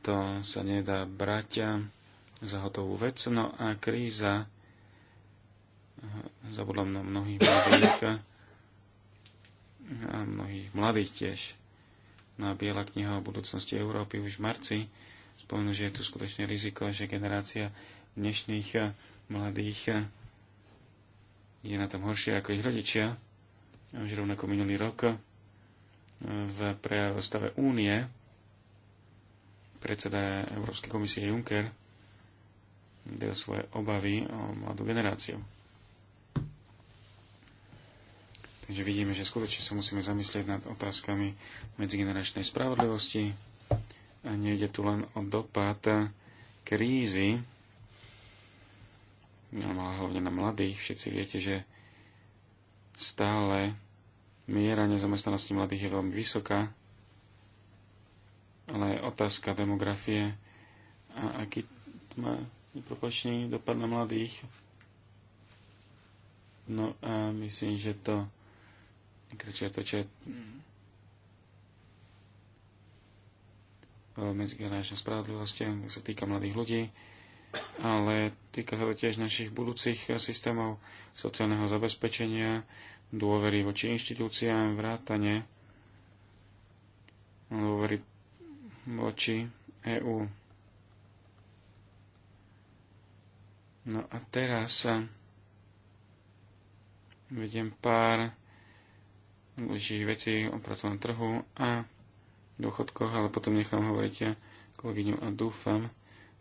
to sa nedá brať ehm, za hotovú vec. No a kríza zabudla na mnohých mladých a mnohých mladých tiež. Na no Biela kniha o budúcnosti Európy už v marci spomenul, že je tu skutočne riziko, že generácia dnešných eh, mladých eh, je na tom horšie ako ich rodičia. Už rovnako minulý rok eh, v prejavostave únie predseda Európskej komisie Juncker del svoje obavy o mladú generáciu. Takže vidíme, že skutočne sa musíme zamyslieť nad otázkami medzigeneračnej spravodlivosti, a nejde tu len o dopad krízy, ale hlavne na mladých. Všetci viete, že stále miera nezamestnanosti mladých je veľmi vysoká, ale otázka demografie a aký má nepropočný dopad na mladých. No a myslím, že to, to čo je spravodlivosti, ak sa týka mladých ľudí, ale týka sa to tiež našich budúcich systémov sociálneho zabezpečenia, dôvery voči inštitúciám, vrátane dôvery voči EÚ. No a teraz vediem pár dôležitých vecí o pracovnom trhu a dôchodkoch, ale potom nechám hovoriť ja kolegyňu a dúfam,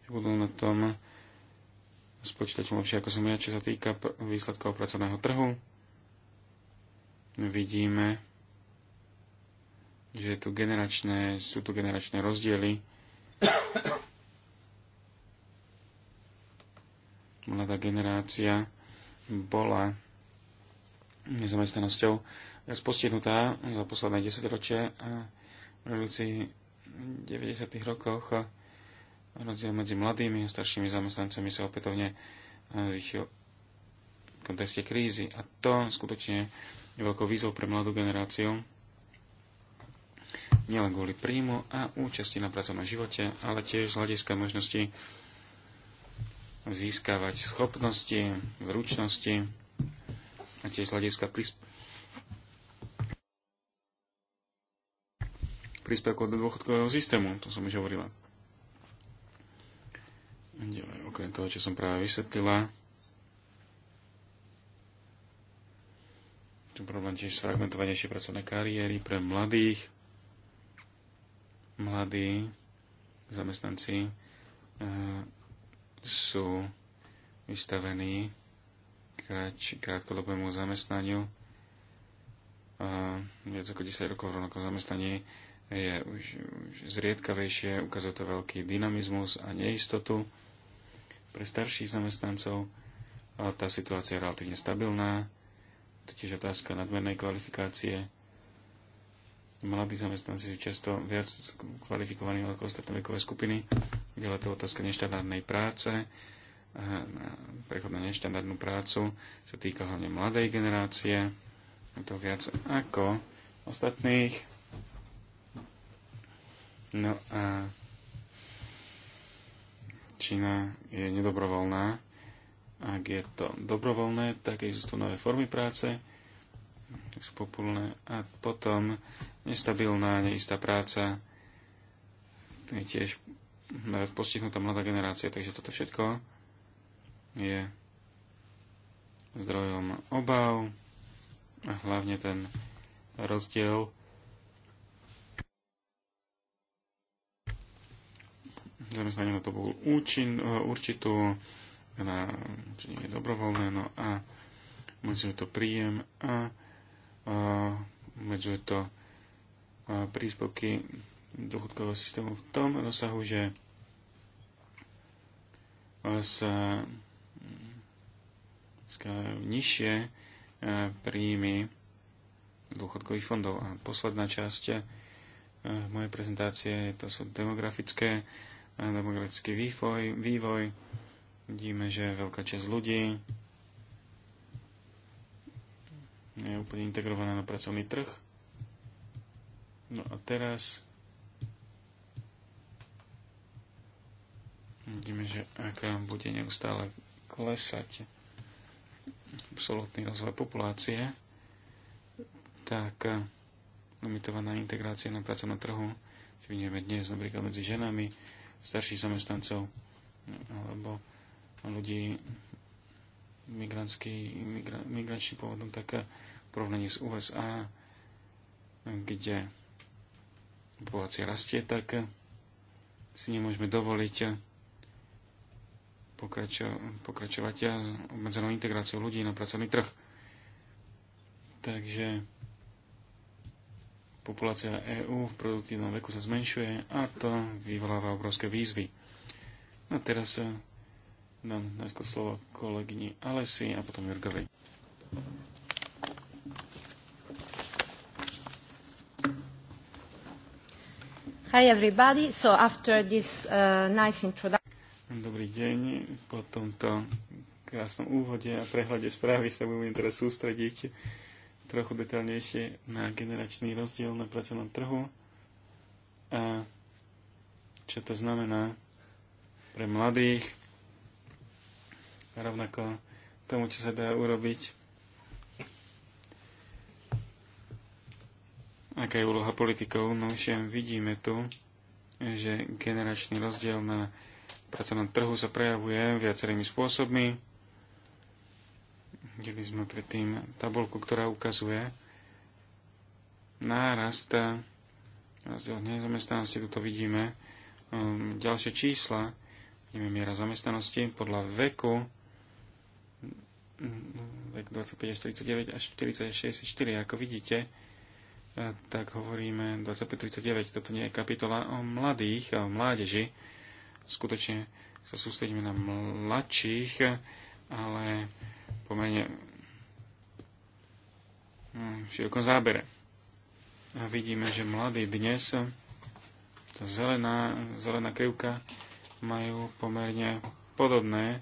že budú na tom s počítačom lepšie ako som ja, čo sa týka výsledkov pracovného trhu. Vidíme, že tu generačné, sú tu generačné rozdiely. Mladá generácia bola nezamestnanosťou postihnutá za posledné 10 ročie a revolúcii 90. rokoch rozdiel medzi mladými a staršími zamestnancami sa opätovne eh, zvýšil v kontexte krízy. A to skutočne je veľkou výzvou pre mladú generáciu, nielen kvôli príjmu a účasti na pracovnom živote, ale tiež z hľadiska možnosti získavať schopnosti, zručnosti a tiež z hľadiska príspevkov do dôchodkového systému. To som už hovorila. Ďalej, okrem toho, čo som práve vysvetlila, tu problém tiež fragmentovanejšie pracovné kariéry pre mladých. Mladí zamestnanci e, sú vystavení kráč, krátkodobému zamestnaniu e, viac ako 10 rokov v rovnakom zamestnaní je už, už zriedkavejšie, ukazuje to veľký dynamizmus a neistotu. Pre starších zamestnancov tá situácia je relatívne stabilná, totiž otázka nadmernej kvalifikácie. Mladí zamestnanci sú často viac kvalifikovaní ako ostatné vekové skupiny, kde je to otázka neštandardnej práce, prechod na neštandardnú prácu sa týka hlavne mladej generácie, je to viac ako ostatných No a Čína je nedobrovoľná. Ak je to dobrovoľné, tak existujú nové formy práce, sú populné. A potom nestabilná, neistá práca, to je tiež postihnutá mladá generácia. Takže toto všetko je zdrojom obav a hlavne ten rozdiel zamestnanie na to bol účin, e, určitú, na, či je dobrovoľné, no a medzuje to príjem a, a to a príspevky dochodkového systému v tom rozsahu, že sa nižšie e, príjmy dôchodkových fondov. A posledná časť e, mojej prezentácie to sú demografické demografický vývoj, vývoj. Vidíme, že veľká časť ľudí je úplne integrovaná na pracovný trh. No a teraz vidíme, že ak bude neustále klesať absolútny rozvoj populácie, tak limitovaná integrácia na pracovnom trhu, čo vidíme dnes napríklad medzi ženami, starších zamestnancov alebo ľudí migrantský, migra, migrančným pôvodom, no tak eh, porovnaní s USA, kde populácia rastie, tak eh, si nemôžeme dovoliť eh, pokračo, pokračovať obmedzenou integráciou ľudí na pracovný trh. Takže Populácia EÚ v produktívnom veku sa zmenšuje a to vyvoláva obrovské výzvy. A teraz dám najskôr slovo kolegyni Alesi a potom Jurgovej. Hi everybody, so after this uh, nice introduction... Dobrý deň, po tomto krásnom úvode a prehľade správy sa budeme teraz sústrediť trochu detaľnejšie na generačný rozdiel na pracovnom trhu a čo to znamená pre mladých, a rovnako tomu, čo sa dá urobiť, aká je úloha politikov. No už vidíme tu, že generačný rozdiel na pracovnom trhu sa prejavuje viacerými spôsobmi Videli sme predtým tabulku, ktorá ukazuje nárast nezamestnanosti. Tuto vidíme um, ďalšie čísla. Vidíme miera zamestnanosti podľa veku. Vek 25 až 49 až 40 až 64. Ako vidíte, eh, tak hovoríme 25-39, toto nie je kapitola o mladých a o mládeži. Skutočne sa sústredíme na mladších, ale pomene v hm, širokom zábere. A vidíme, že mladí dnes, tá zelená, zelená krivka, majú pomerne podobné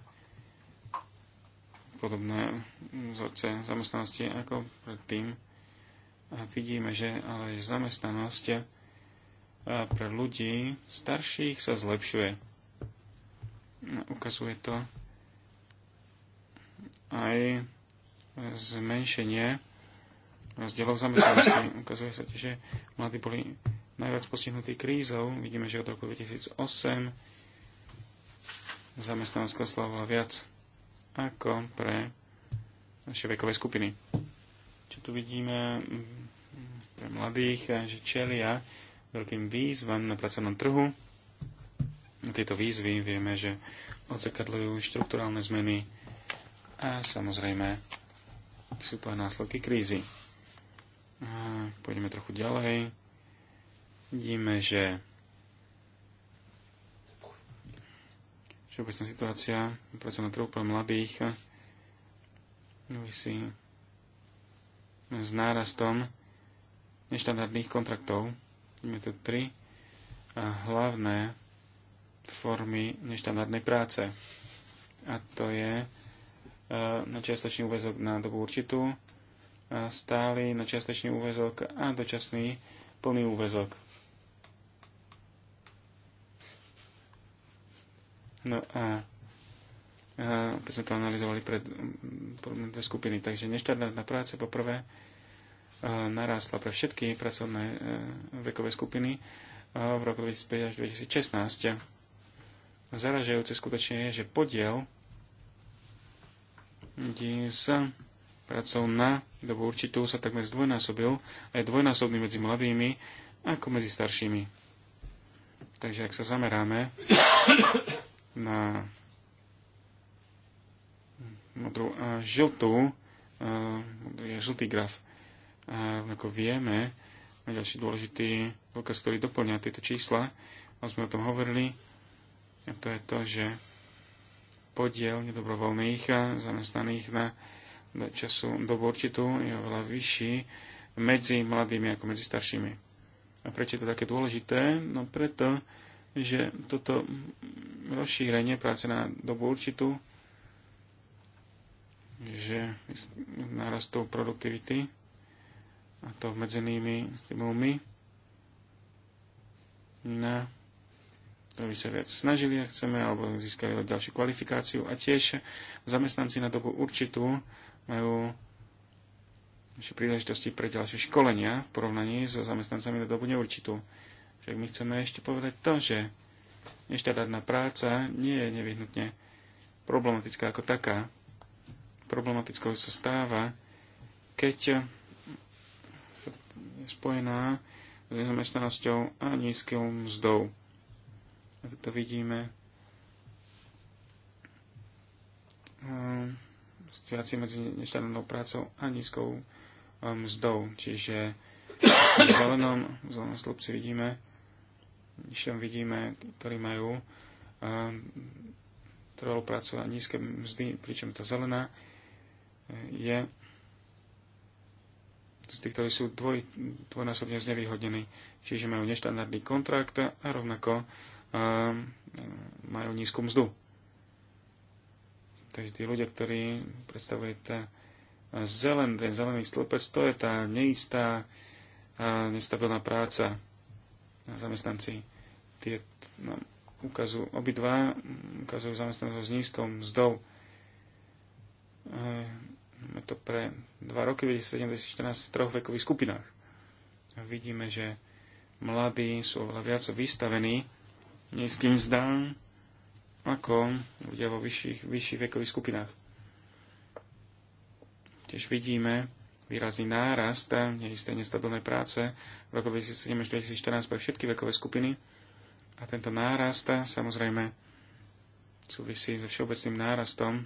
podobné vzorce zamestnanosti ako predtým. A vidíme, že ale zamestnanosť eh, pre ľudí starších sa zlepšuje. No, ukazuje to aj zmenšenie rozdielov zamestnanosti. Ukazuje sa, že mladí boli najviac postihnutí krízou. Vidíme, že od roku 2008 zamestnanosť oslovovala viac ako pre naše vekové skupiny. Čo tu vidíme mm, pre mladých, že čelia veľkým výzvam na pracovnom trhu. Tieto výzvy vieme, že odzakadľujú štruktúrálne zmeny a samozrejme sú to aj následky krízy. A pôjdeme trochu ďalej. Vidíme, že všeobecná situácia pracovného trhu pre mladých si s nárastom neštandardných kontraktov. Vidíme tu tri hlavné formy neštandardnej práce. A to je na čiastočný úvezok na dobu určitú, stály na čiastočný úvezok a dočasný plný úvezok. No a keď sme to analyzovali pred, dve skupiny, takže neštandardná práca poprvé narástla pre všetky pracovné e, vekové skupiny v roku 2005 až 2016. Zaražajúce skutočne je, že podiel kde sa na dobu určitú sa takmer zdvojnásobil a je dvojnásobný medzi mladými ako medzi staršími. Takže ak sa zameráme na modrú a žltú, je žltý graf. A rovnako vieme, a ďalší dôležitý dôkaz, ktorý doplňa tieto čísla, a sme o tom hovorili, a to je to, že podiel nedobrovoľných eh, zamestnaných na času dobu určitú je oveľa vyšší medzi mladými ako medzi staršími. A prečo je to také dôležité? No preto, že toto rozšírenie práce na dobu určitú, že narastú produktivity a to medzenými stimulmi na ktorí sa viac snažili a chceme, alebo získali ďalšiu kvalifikáciu. A tiež zamestnanci na dobu určitú majú ešte príležitosti pre ďalšie školenia v porovnaní so zamestnancami na dobu neurčitú. Však my chceme ešte povedať to, že neštandardná práca nie je nevyhnutne problematická ako taká. Problematickou sa stáva, keď je spojená s nezamestnanosťou a nízkou mzdou. Ako to vidíme, ehm, asociácie medzi neštandardnou prácou a nízkou ehm, mzdou. Čiže v zelenom, v zelenom slupci vidíme, nižšom vidíme, ktorí majú ehm, trvalú prácu a nízke mzdy, pričom tá zelená je z tých, ktorí sú dvoj, dvojnásobne znevýhodnení, čiže majú neštandardný kontrakt a rovnako majú nízku mzdu. Takže tí ľudia, ktorí predstavuje tá zelen, ten zelený stĺpec, to je tá neistá a nestabilná práca na zamestnanci. Tie nám no, ukazujú, obidva ukazujú zamestnancov s nízkou mzdou. Máme to pre dva roky 2017 2014 v troch vekových skupinách. A vidíme, že mladí sú oveľa viac vystavení nízkym vzdám ako ľudia vo vyšších, vyšších vekových skupinách. Tiež vidíme výrazný nárast neisté nestabilnej práce v roku 2007 2014 pre všetky vekové skupiny. A tento nárast samozrejme súvisí so všeobecným nárastom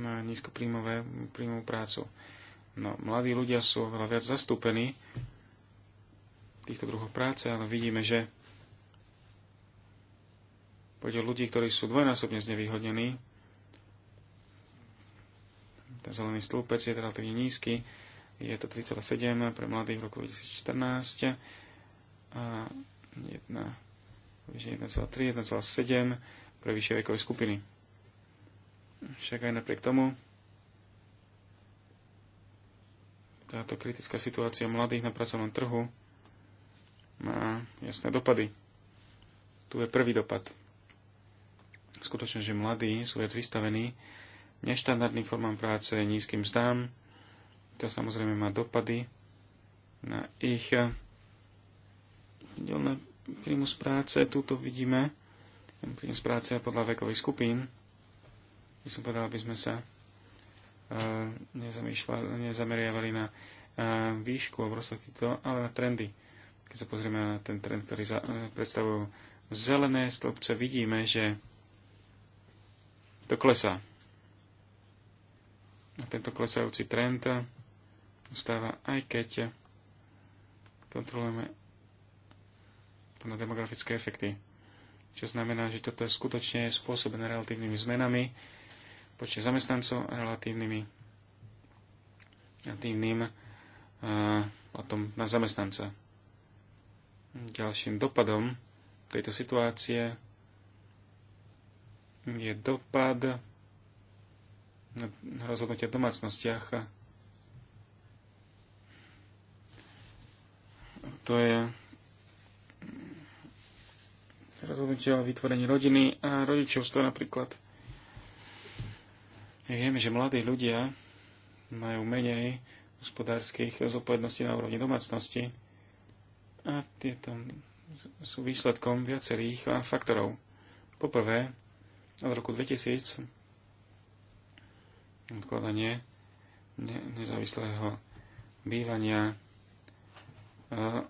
na nízkoprímovú prácu. No, mladí ľudia sú oveľa viac zastúpení týchto druhov práce, ale vidíme, že pôjde ľudí, ktorí sú dvojnásobne znevýhodnení. Ten zelený stĺpec je relatívne nízky, je to 3,7 pre mladých v roku 2014 a 1,3, 1,7 pre vyššie vekové skupiny. Však aj napriek tomu táto kritická situácia mladých na pracovnom trhu má jasné dopady. Tu je prvý dopad. Skutočne, že mladí sú viac vystavení neštandardným formám práce, nízkym zdám. To samozrejme má dopady na ich eh, delné príjmu z práce. Tuto vidíme príjem z práce podľa vekových skupín. by som povedal, aby sme sa nezameriavali na výšku a to, ale na trendy. Keď sa pozrieme na ten trend, ktorý za, e, predstavujú zelené stĺpce, vidíme, že to klesá. A tento klesajúci trend ustáva aj keď kontrolujeme to na demografické efekty. Čo znamená, že toto je skutočne spôsobené relatívnymi zmenami, počte zamestnancov a relatívnymi relatívnym eh, potom na zamestnanca. Ďalším dopadom tejto situácie je dopad na rozhodnutia v domácnostiach. To je rozhodnutie o vytvorení rodiny a rodičovstva napríklad. Viem, vieme, že mladí ľudia majú menej hospodárskych zodpovedností na úrovni domácnosti a tieto sú výsledkom viacerých faktorov. Poprvé, od roku 2000 odkladanie nezávislého bývania eh,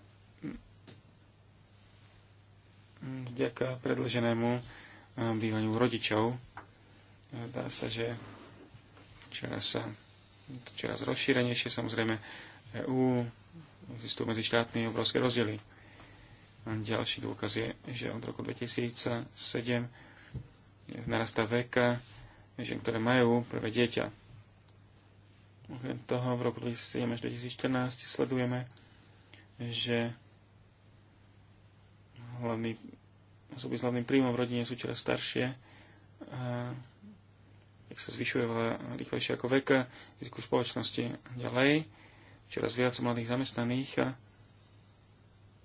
vďaka predlženému eh, bývaniu rodičov. Zdá sa, že čoraz, čoraz rozšírenejšie. Samozrejme, EÚ existujú medzi štátmi obrovské rozdiely. A ďalší dôkaz je, že od roku 2007 narastá veka žien, ktoré majú prvé dieťa. Okrem toho v roku 2007 až 2014 sledujeme, že hlavný, osoby s hlavným príjmom v rodine sú čoraz staršie a ak sa zvyšuje oveľa rýchlejšie ako vek, riziku spoločnosti ďalej, čoraz viac mladých zamestnaných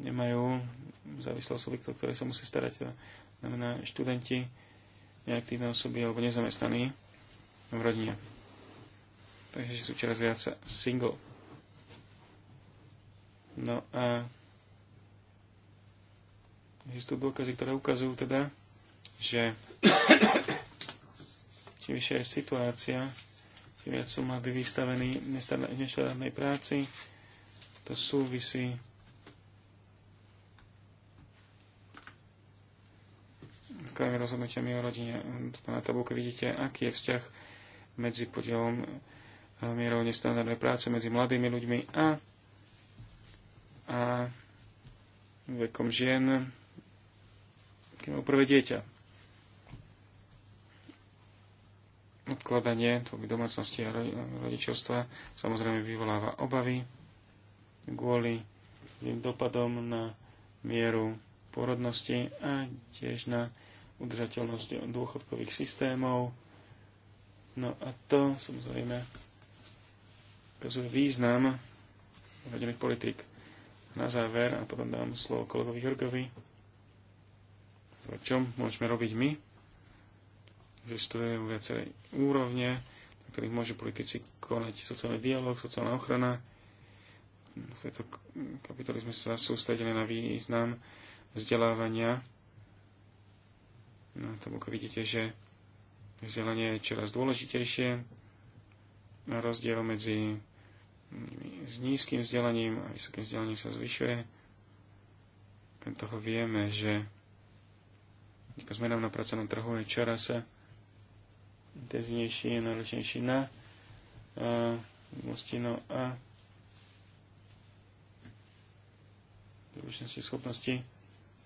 nemajú závislé osoby, ktoré sa musí starať. Znamená študenti, neaktívne osoby alebo nezamestnaní v rodine. Takže sú čoraz viac single. No a existujú dôkazy, ktoré ukazujú teda, že Čím vyššia je situácia, tým viac sú mladí vystavení neštandardnej práci. To súvisí krajmi rozhodnutiami o rodine. Na tabulke vidíte, aký je vzťah medzi podielom eh, mierou nestandardnej práce medzi mladými ľuďmi a, a vekom žien, keď prvé dieťa. odkladanie tvorby domácnosti a rodičovstva samozrejme vyvoláva obavy kvôli tým dopadom na mieru porodnosti a tiež na udržateľnosť dôchodkových systémov. No a to samozrejme ukazuje význam rodinných politik. Na záver, a potom dám slovo kolegovi Jurgovi, o čom môžeme robiť my, existuje viaceré úrovne, na ktorých môžu politici konať sociálny dialog, sociálna ochrana. V tejto kapitoli sme sa sústredili na význam vzdelávania. Na tabulke vidíte, že vzdelanie je čoraz dôležitejšie. A rozdiel medzi s nízkym vzdelaním a vysokým vzdelaním sa zvyšuje. Toho vieme, že zmenám na pracovnom trhu je čoraz intenzívnejší, náročnejší na e, mostino a zručnosti, schopnosti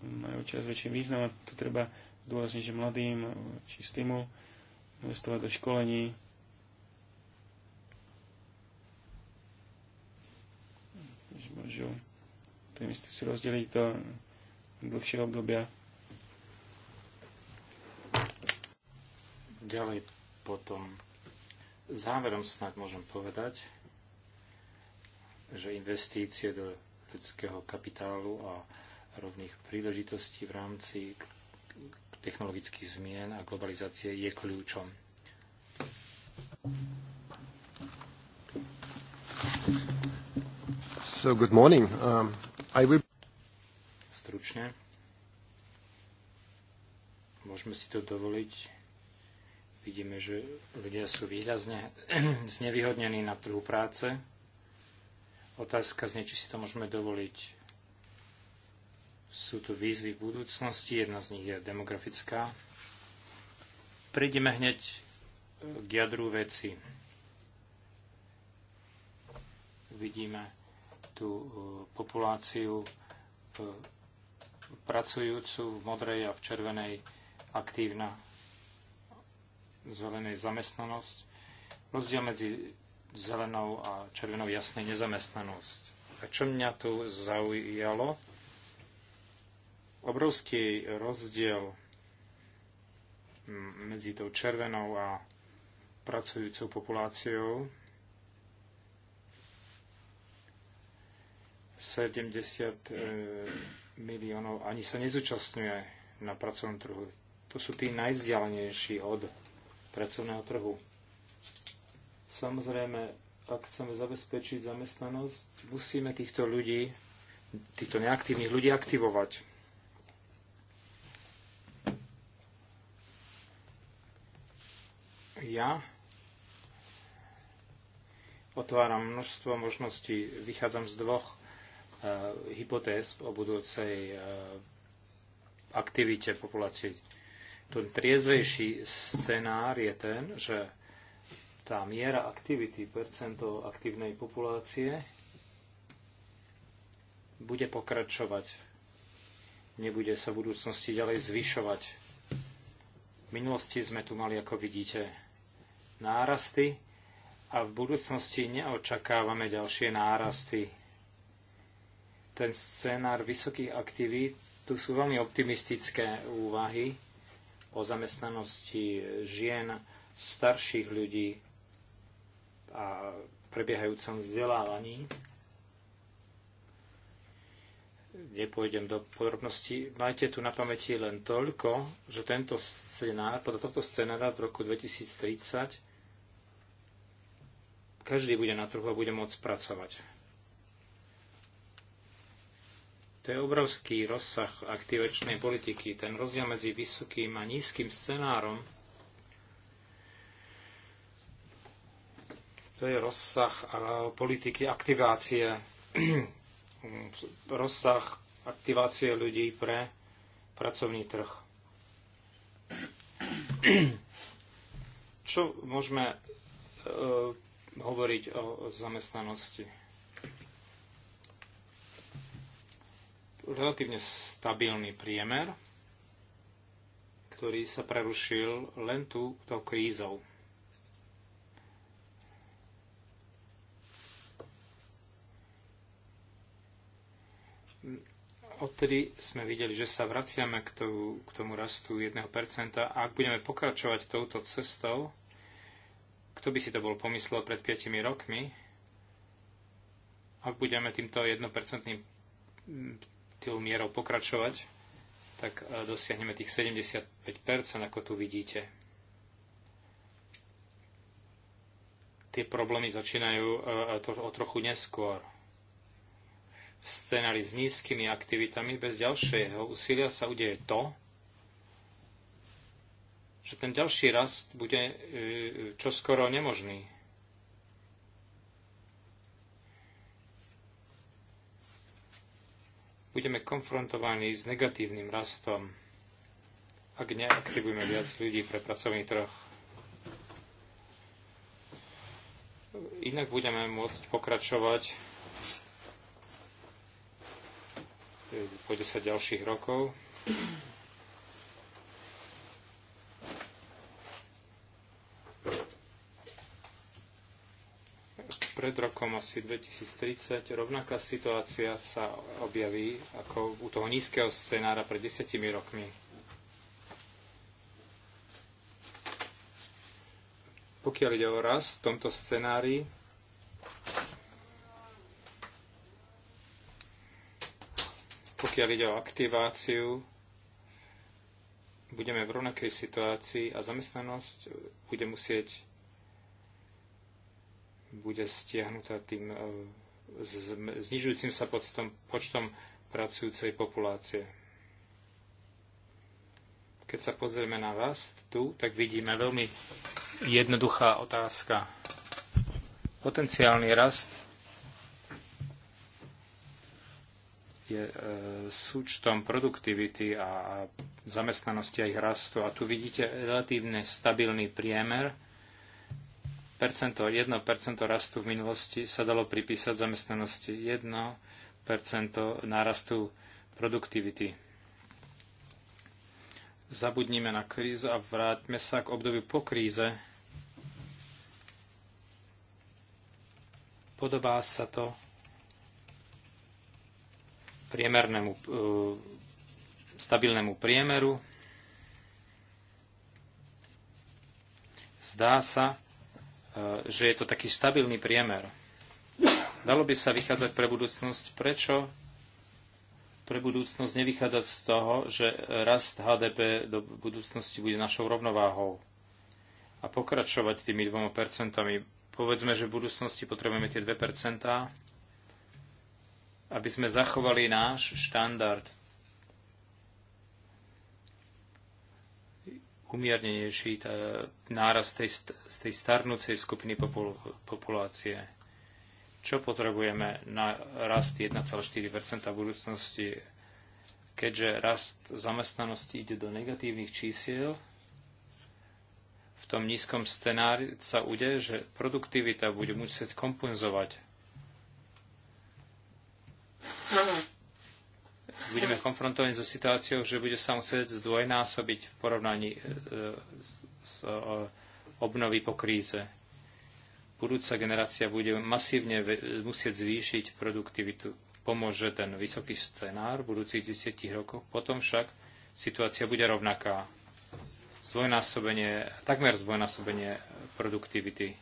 majú čas väčší význam a tu treba dôrazniť, že mladým či stimul investovať do školení, že môžu tú investíciu rozdeliť do dlhšieho obdobia. Ďalej potom záverom snad môžem povedať, že investície do ľudského kapitálu a rovných príležitostí v rámci technologických zmien a globalizácie je kľúčom. So good morning. Um, I will... Stručne. Môžeme si to dovoliť Vidíme, že ľudia sú výrazne znevýhodnení na trhu práce. Otázka znie, či si to môžeme dovoliť. Sú tu výzvy v budúcnosti, jedna z nich je demografická. Prejdeme hneď eh, k jadru veci. Vidíme tú eh, populáciu eh, pracujúcu v modrej a v červenej aktívna zelenej zamestnanosť. Rozdiel medzi zelenou a červenou jasnej nezamestnanosť. A čo mňa tu zaujalo? Obrovský rozdiel medzi tou červenou a pracujúcou populáciou 70 e, miliónov ani sa nezúčastňuje na pracovnom trhu. To sú tí najzdialenejší od pracovného trhu. Samozrejme, ak chceme zabezpečiť zamestnanosť, musíme týchto ľudí, týchto neaktívnych ľudí aktivovať. Ja otváram množstvo možností, vychádzam z dvoch eh, hypotéz o budúcej eh, aktivite populácie ten triezvejší scenár je ten, že tá miera aktivity, percento aktívnej populácie bude pokračovať. Nebude sa v budúcnosti ďalej zvyšovať. V minulosti sme tu mali, ako vidíte, nárasty a v budúcnosti neočakávame ďalšie nárasty. Ten scenár vysokých aktivít, tu sú veľmi optimistické úvahy, o zamestnanosti žien, starších ľudí a prebiehajúcom vzdelávaní. Nepôjdem do podrobností. Majte tu na pamäti len toľko, že tento scenár, podľa tohto scenára v roku 2030 každý bude na trhu a bude môcť pracovať to je obrovský rozsah aktivačnej politiky. Ten rozdiel medzi vysokým a nízkym scenárom to je rozsah politiky aktivácie, rozsah aktivácie ľudí pre pracovný trh. Čo môžeme e, hovoriť o zamestnanosti? relatívne stabilný priemer, ktorý sa prerušil len tu tou krízou. Odtedy sme videli, že sa vraciame k, tomu, k tomu rastu 1%. A ak budeme pokračovať touto cestou, kto by si to bol pomyslel pred 5 rokmi, ak budeme týmto 1% tou mierou pokračovať, tak e, dosiahneme tých 75%, ako tu vidíte. Tie problémy začínajú e, e, o trochu neskôr. V scénári s nízkymi aktivitami bez ďalšieho úsilia sa udeje to, že ten ďalší rast bude čoskoro nemožný. budeme konfrontovaní s negatívnym rastom, ak neaktivujeme viac ľudí pre pracovný trh. Inak budeme môcť pokračovať po 10 ďalších rokov. pred rokom asi 2030 rovnaká situácia sa objaví ako u toho nízkeho scenára pred desiatimi rokmi. Pokiaľ ide o raz v tomto scenári, pokiaľ ide o aktiváciu, budeme v rovnakej situácii a zamestnanosť bude musieť bude stiahnutá tým e, znižujúcim sa počtom, počtom pracujúcej populácie. Keď sa pozrieme na rast tu, tak vidíme veľmi jednoduchá otázka. Potenciálny rast je e, súčtom produktivity a, a zamestnanosti a ich rastu. A tu vidíte relatívne stabilný priemer percento, 1% rastu v minulosti sa dalo pripísať zamestnanosti, 1% nárastu produktivity. Zabudnime na krízu a vráťme sa k obdobiu po kríze. Podobá sa to priemernému e, stabilnému priemeru. Zdá sa, Eh, že je to taký stabilný priemer. Dalo by sa vychádzať pre budúcnosť. Prečo pre budúcnosť nevychádzať z toho, že rast HDP do budúcnosti bude našou rovnováhou a pokračovať tými dvoma percentami. Povedzme, že v budúcnosti potrebujeme tie 2 percentá, aby sme zachovali náš štandard umiernenejší náraz tej, z tej starnúcej skupiny popul, populácie. Čo potrebujeme na rast 1,4 v budúcnosti, keďže rast zamestnanosti ide do negatívnych čísiel? V tom nízkom scenári sa ude, že produktivita bude musieť kompenzovať budeme konfrontovaní so situáciou, že bude sa musieť zdvojnásobiť v porovnaní e, e, s e, obnovy po kríze. Budúca generácia bude masívne musieť zvýšiť produktivitu. Pomôže ten vysoký scenár v budúcich 10 rokoch, potom však situácia bude rovnaká. Zdvojnásobenie, takmer zdvojnásobenie produktivity.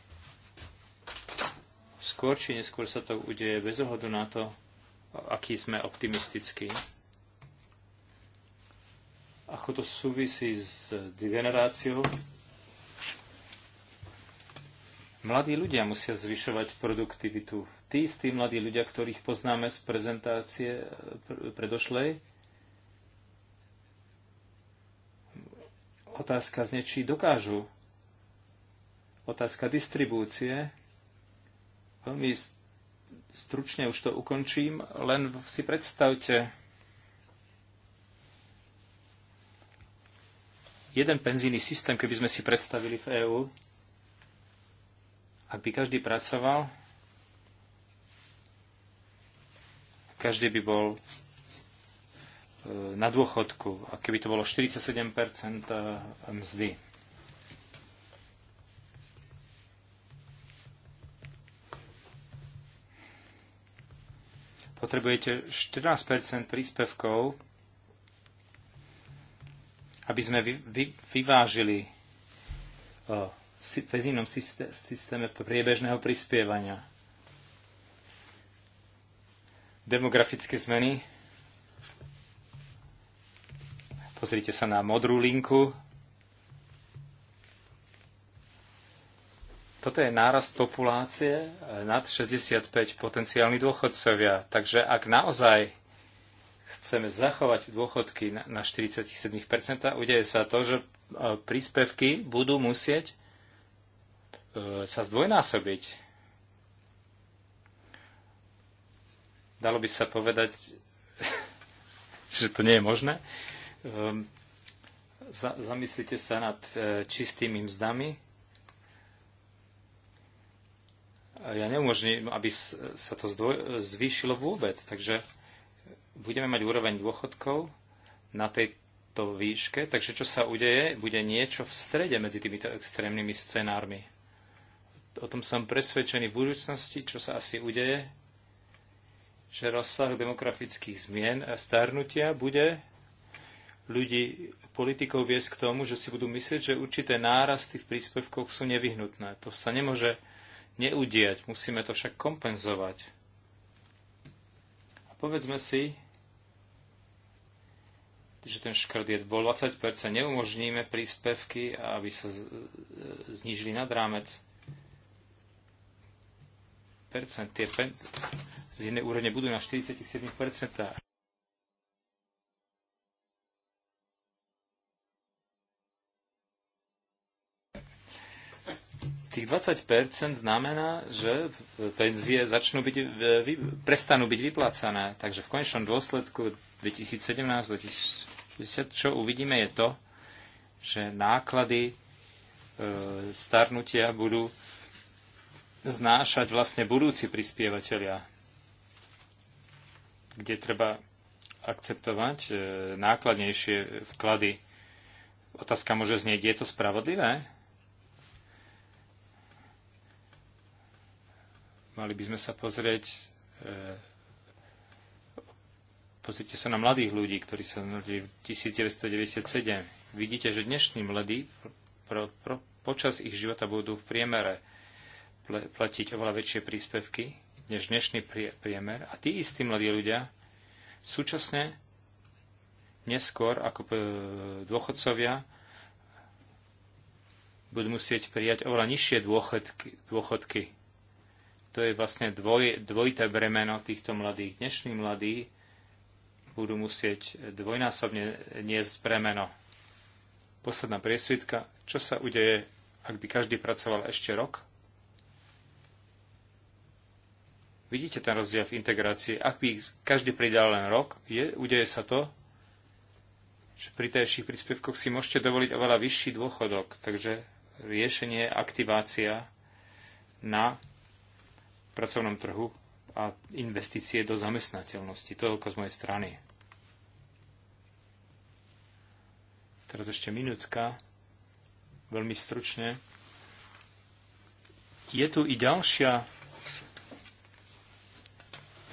Skôr či neskôr sa to udeje bez ohľadu na to, aký sme optimistickí ako to súvisí s degeneráciou. Mladí ľudia musia zvyšovať produktivitu. Tí istí mladí ľudia, ktorých poznáme z prezentácie predošlej, otázka znie, či dokážu. Otázka distribúcie. Veľmi stručne už to ukončím, len si predstavte, jeden penzíny systém, keby sme si predstavili v EÚ, ak by každý pracoval, každý by bol e, na dôchodku, a keby to bolo 47 e, mzdy. Potrebujete 14 príspevkov aby sme vy, vy, vyvážili o, si, inom systé, systéme priebežného prispievania. Demografické zmeny. Pozrite sa na modrú linku. Toto je nárast populácie e, nad 65 potenciálni dôchodcovia. Takže ak naozaj chceme zachovať dôchodky na 47%, udeje sa to, že e, príspevky budú musieť e, sa zdvojnásobiť. Dalo by sa povedať, že to nie je možné. Ehm, zamyslite sa nad e, čistými mzdami. Ja neumožním, aby sa to zvýšilo vôbec, takže budeme mať úroveň dôchodkov na tejto výške, takže čo sa udeje, bude niečo v strede medzi týmito extrémnymi scenármi. O tom som presvedčený v budúcnosti, čo sa asi udeje, že rozsah demografických zmien a starnutia bude ľudí, politikov viesť k tomu, že si budú myslieť, že určité nárasty v príspevkoch sú nevyhnutné. To sa nemôže neudiať, musíme to však kompenzovať. A povedzme si, že ten škrt je 20%, neumožníme príspevky, aby sa e, znížili nad rámec percent. Tie pen, z jednej úrovne budú na 47%. Tých 20% znamená, že penzie začnú byť, e, prestanú byť vyplácané. Takže v konečnom dôsledku 2017-2060, čo uvidíme je to, že náklady e, starnutia budú znášať vlastne budúci prispievateľia, kde treba akceptovať e, nákladnejšie vklady. Otázka môže znieť, je to spravodlivé? Mali by sme sa pozrieť e, Pozrite sa na mladých ľudí, ktorí sa narodili v 1997. Vidíte, že dnešní mladí pro, pro, počas ich života budú v priemere platiť oveľa väčšie príspevky než dnešný priemer. A tí istí mladí ľudia súčasne neskôr ako e, dôchodcovia budú musieť prijať oveľa nižšie dôchodky. dôchodky. To je vlastne dvoj, dvojité bremeno týchto mladých. Dnešní mladí budú musieť dvojnásobne niesť bremeno. Posledná priesvitka. Čo sa udeje, ak by každý pracoval ešte rok? Vidíte ten rozdiel v integrácii. Ak by každý pridal len rok, je, udeje sa to, že pri tejších príspevkoch si môžete dovoliť oveľa vyšší dôchodok. Takže riešenie je aktivácia na pracovnom trhu a investície do zamestnateľnosti. Toľko z mojej strany. Teraz ešte minútka, veľmi stručne. Je tu i ďalšia,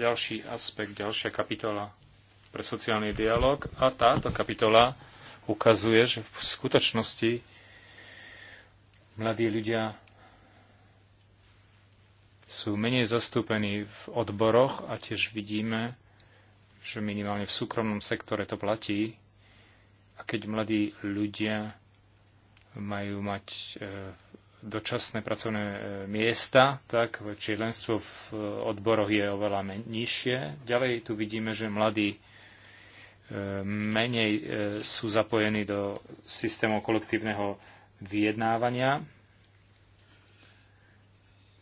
ďalší aspekt, ďalšia kapitola pre sociálny dialog a táto kapitola ukazuje, že v skutočnosti mladí ľudia sú menej zastúpení v odboroch a tiež vidíme, že minimálne v súkromnom sektore to platí. A keď mladí ľudia majú mať e, dočasné pracovné e, miesta, tak členstvo v odboroch je oveľa nižšie. Ďalej tu vidíme, že mladí e, menej sú zapojení do systému kolektívneho vyjednávania.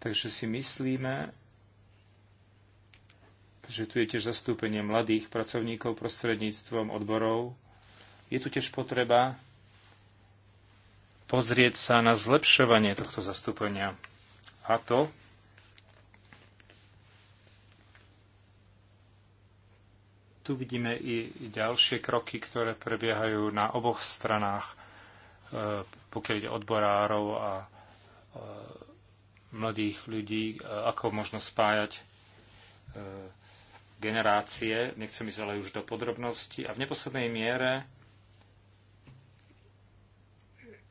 Takže si myslíme, že tu je tiež zastúpenie mladých pracovníkov prostredníctvom odborov je tu tiež potreba pozrieť sa na zlepšovanie tohto zastúpenia. A to tu vidíme i ďalšie kroky, ktoré prebiehajú na oboch stranách, e, pokiaľ ide odborárov a e, mladých ľudí, e, ako možno spájať generácie, nechcem ísť ale už do podrobností, a v neposlednej miere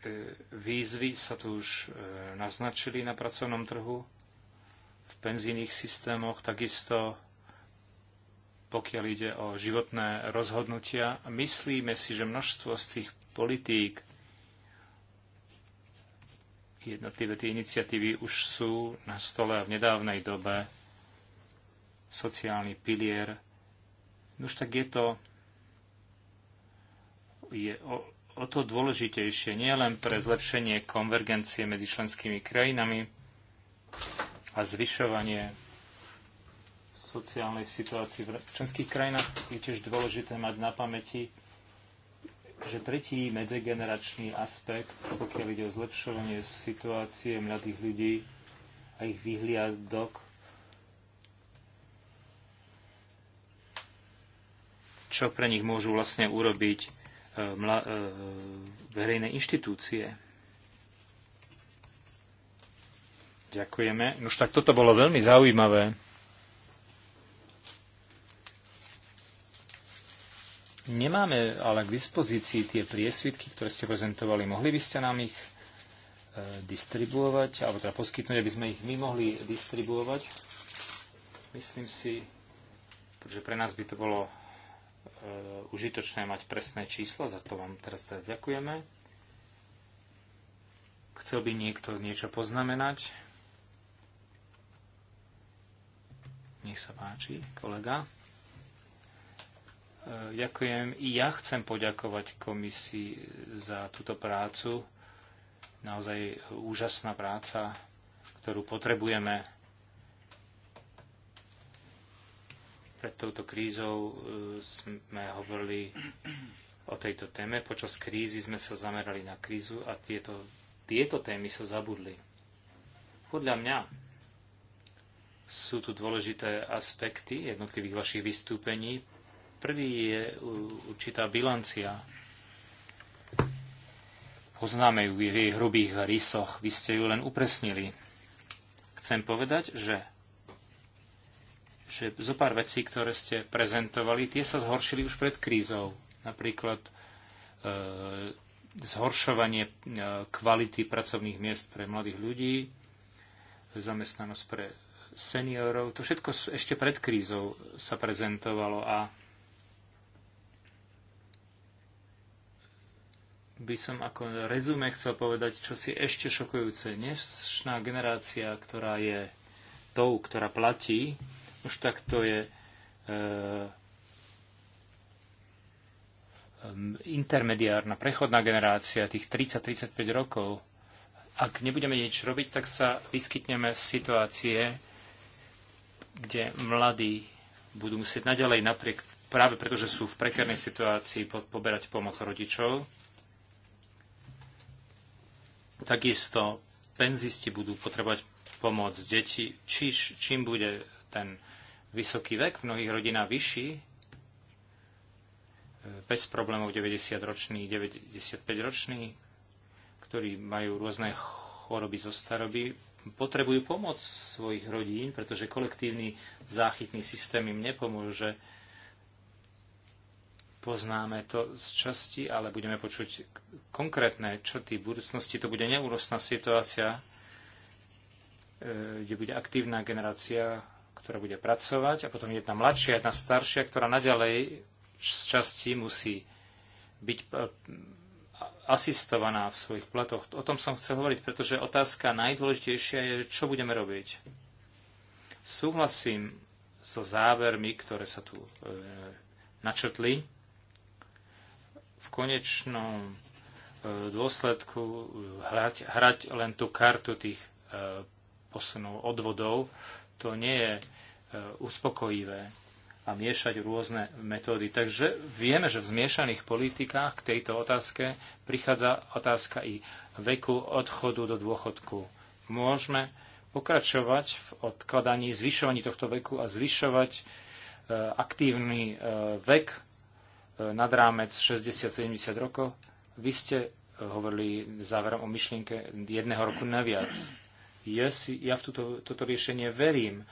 E, výzvy sa tu už e, naznačili na pracovnom trhu, v penzijných systémoch, takisto pokiaľ ide o životné rozhodnutia. Myslíme si, že množstvo z tých politík, jednotlivé tie iniciatívy už sú na stole a v nedávnej dobe sociálny pilier. No už tak je to je o, o to dôležitejšie nielen pre zlepšenie konvergencie medzi členskými krajinami a zvyšovanie sociálnej situácii v členských krajinách, je tiež dôležité mať na pamäti, že tretí medzigeneračný aspekt, pokiaľ ide o zlepšovanie situácie mladých ľudí a ich vyhliadok, čo pre nich môžu vlastne urobiť E, verejné inštitúcie. Ďakujeme. Nož tak toto bolo veľmi zaujímavé. Nemáme ale k dispozícii tie priesvitky, ktoré ste prezentovali. Mohli by ste nám ich e, distribuovať, alebo teda poskytnúť, aby sme ich my mohli distribuovať. Myslím si, že pre nás by to bolo E, užitočné mať presné číslo, za to vám teraz teda ďakujeme. Chcel by niekto niečo poznamenať? Nech sa páči, kolega. E, ďakujem. I ja chcem poďakovať komisii za túto prácu. Naozaj úžasná práca, ktorú potrebujeme Pred touto krízou e, sme hovorili o tejto téme. Počas krízy sme sa zamerali na krízu a tieto, tieto témy sa zabudli. Podľa mňa sú tu dôležité aspekty jednotlivých vašich vystúpení. Prvý je určitá bilancia. Poznáme ju v jej hrubých rysoch. Vy ste ju len upresnili. Chcem povedať, že že zo pár vecí, ktoré ste prezentovali, tie sa zhoršili už pred krízou. Napríklad e, zhoršovanie e, kvality pracovných miest pre mladých ľudí, zamestnanosť pre seniorov. To všetko ešte pred krízou sa prezentovalo a by som ako rezume chcel povedať, čo si ešte šokujúce. Dnešná generácia, ktorá je tou, ktorá platí, už tak to je e, intermediárna, prechodná generácia tých 30-35 rokov, ak nebudeme nič robiť, tak sa vyskytneme v situácie, kde mladí budú musieť naďalej napriek, práve preto, že sú v prekernej situácii, poberať pomoc rodičov. Takisto penzisti budú potrebovať pomoc deti, či, čím bude ten vysoký vek, v mnohých rodinách vyšší, e, bez problémov 90 ročný 95 ročný ktorí majú rôzne choroby zo staroby, potrebujú pomoc svojich rodín, pretože kolektívny záchytný systém im nepomôže. Poznáme to z časti, ale budeme počuť konkrétne črty v budúcnosti. To bude neúrostná situácia, e, kde bude aktívna generácia ktorá bude pracovať a potom jedna mladšia, jedna staršia, ktorá naďalej z časti musí byť e, asistovaná v svojich platoch. O tom som chcel hovoriť, pretože otázka najdôležitejšia je, čo budeme robiť. Súhlasím so závermi, ktoré sa tu e, načrtli. V konečnom e, dôsledku e, hrať, hrať len tú kartu tých e, posunov odvodov to nie je e, uspokojivé a miešať rôzne metódy. Takže vieme, že v zmiešaných politikách k tejto otázke prichádza otázka i veku odchodu do dôchodku. Môžeme pokračovať v odkladaní, zvyšovaní tohto veku a zvyšovať e, aktívny e, vek nad rámec 60-70 rokov. Vy ste hovorili záverom o myšlienke jedného roku naviac ja, si, ja v túto, toto riešenie verím.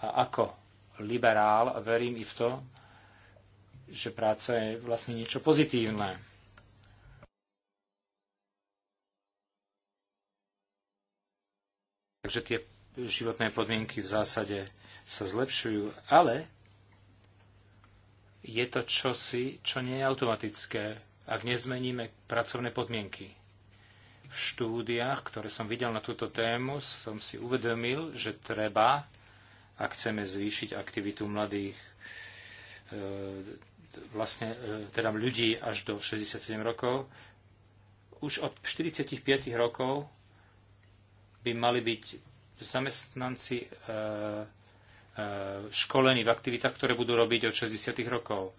A ako liberál verím i v to, že práca je vlastne niečo pozitívne. Takže tie životné podmienky v zásade sa zlepšujú, ale je to čosi, čo nie je automatické, ak nezmeníme pracovné podmienky štúdiách, ktoré som videl na túto tému, som si uvedomil, že treba, ak chceme zvýšiť aktivitu mladých, e, vlastne e, teda ľudí až do 67 rokov, už od 45 rokov by mali byť zamestnanci e, školení v aktivitách, ktoré budú robiť od 60 rokov.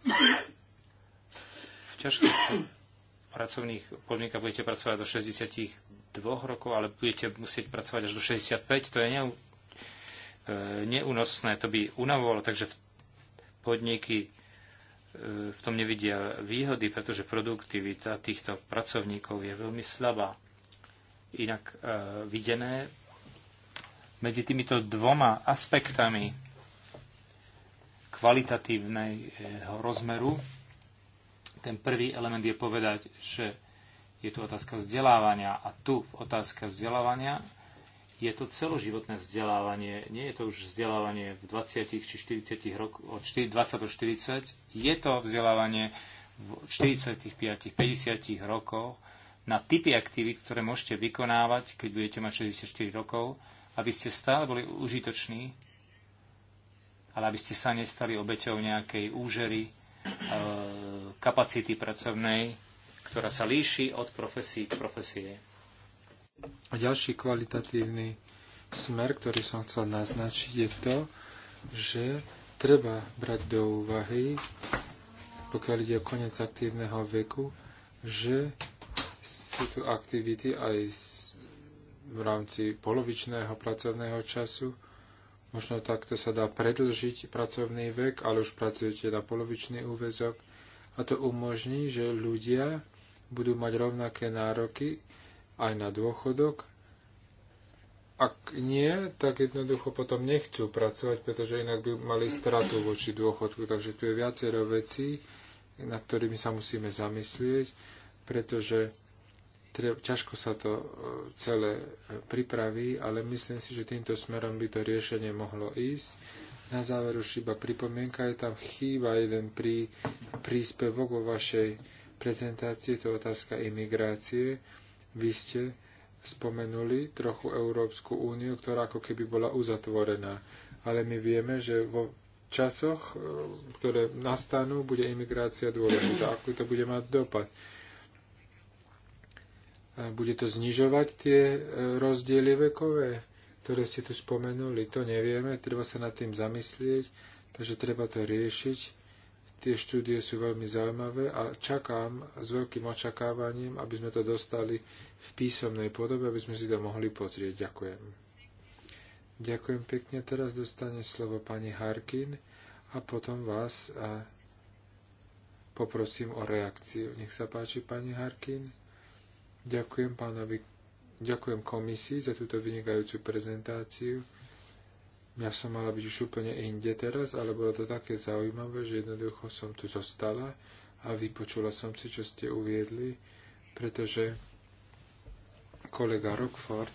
V ťažkých pracovných podmienkach budete pracovať do 62 rokov, ale budete musieť pracovať až do 65, to je e, neúnosné, to by unavovalo, takže podniky e, v tom nevidia výhody, pretože produktivita týchto pracovníkov je veľmi slabá. Inak e, videné medzi týmito dvoma aspektami kvalitatívneho rozmeru ten prvý element je povedať, že je tu otázka vzdelávania a tu otázka vzdelávania je to celoživotné vzdelávanie. Nie je to už vzdelávanie v 20 či 40 rokoch, od 20 do 40. Je to vzdelávanie v 45, 50 rokoch na typy aktivít, ktoré môžete vykonávať, keď budete mať 64 rokov, aby ste stále boli užitoční, ale aby ste sa nestali obeťou nejakej úžery, Eh, kapacity pracovnej, ktorá sa líši od profesí k profesie. A ďalší kvalitatívny smer, ktorý som chcel naznačiť, je to, že treba brať do úvahy, pokiaľ ide o koniec aktívneho veku, že sú tu aktivity aj v rámci polovičného pracovného času, Možno takto sa dá predlžiť pracovný vek, ale už pracujete na polovičný úvezok a to umožní, že ľudia budú mať rovnaké nároky aj na dôchodok. Ak nie, tak jednoducho potom nechcú pracovať, pretože inak by mali stratu voči dôchodku. Takže tu je viacero vecí, na ktorými sa musíme zamyslieť, pretože ťažko sa to e, celé e, pripraví, ale myslím si, že týmto smerom by to riešenie mohlo ísť. Na záver už iba pripomienka, je tam chýba jeden prí, príspevok vo vašej prezentácii, to je otázka imigrácie. Vy ste spomenuli trochu Európsku úniu, ktorá ako keby bola uzatvorená. Ale my vieme, že vo časoch, e, ktoré nastanú, bude imigrácia dôležitá, ako to bude mať dopad. Bude to znižovať tie e, rozdiely vekové, ktoré ste tu spomenuli? To nevieme, treba sa nad tým zamyslieť, takže treba to riešiť. Tie štúdie sú veľmi zaujímavé a čakám s veľkým očakávaním, aby sme to dostali v písomnej podobe, aby sme si to mohli pozrieť. Ďakujem. Ďakujem pekne. Teraz dostane slovo pani Harkin a potom vás a poprosím o reakciu. Nech sa páči, pani Harkin. Ďakujem pánovi, ďakujem komisii za túto vynikajúcu prezentáciu. Ja som mala byť už úplne inde teraz, ale bolo to také zaujímavé, že jednoducho som tu zostala a vypočula som si, čo ste uviedli, pretože kolega Rockford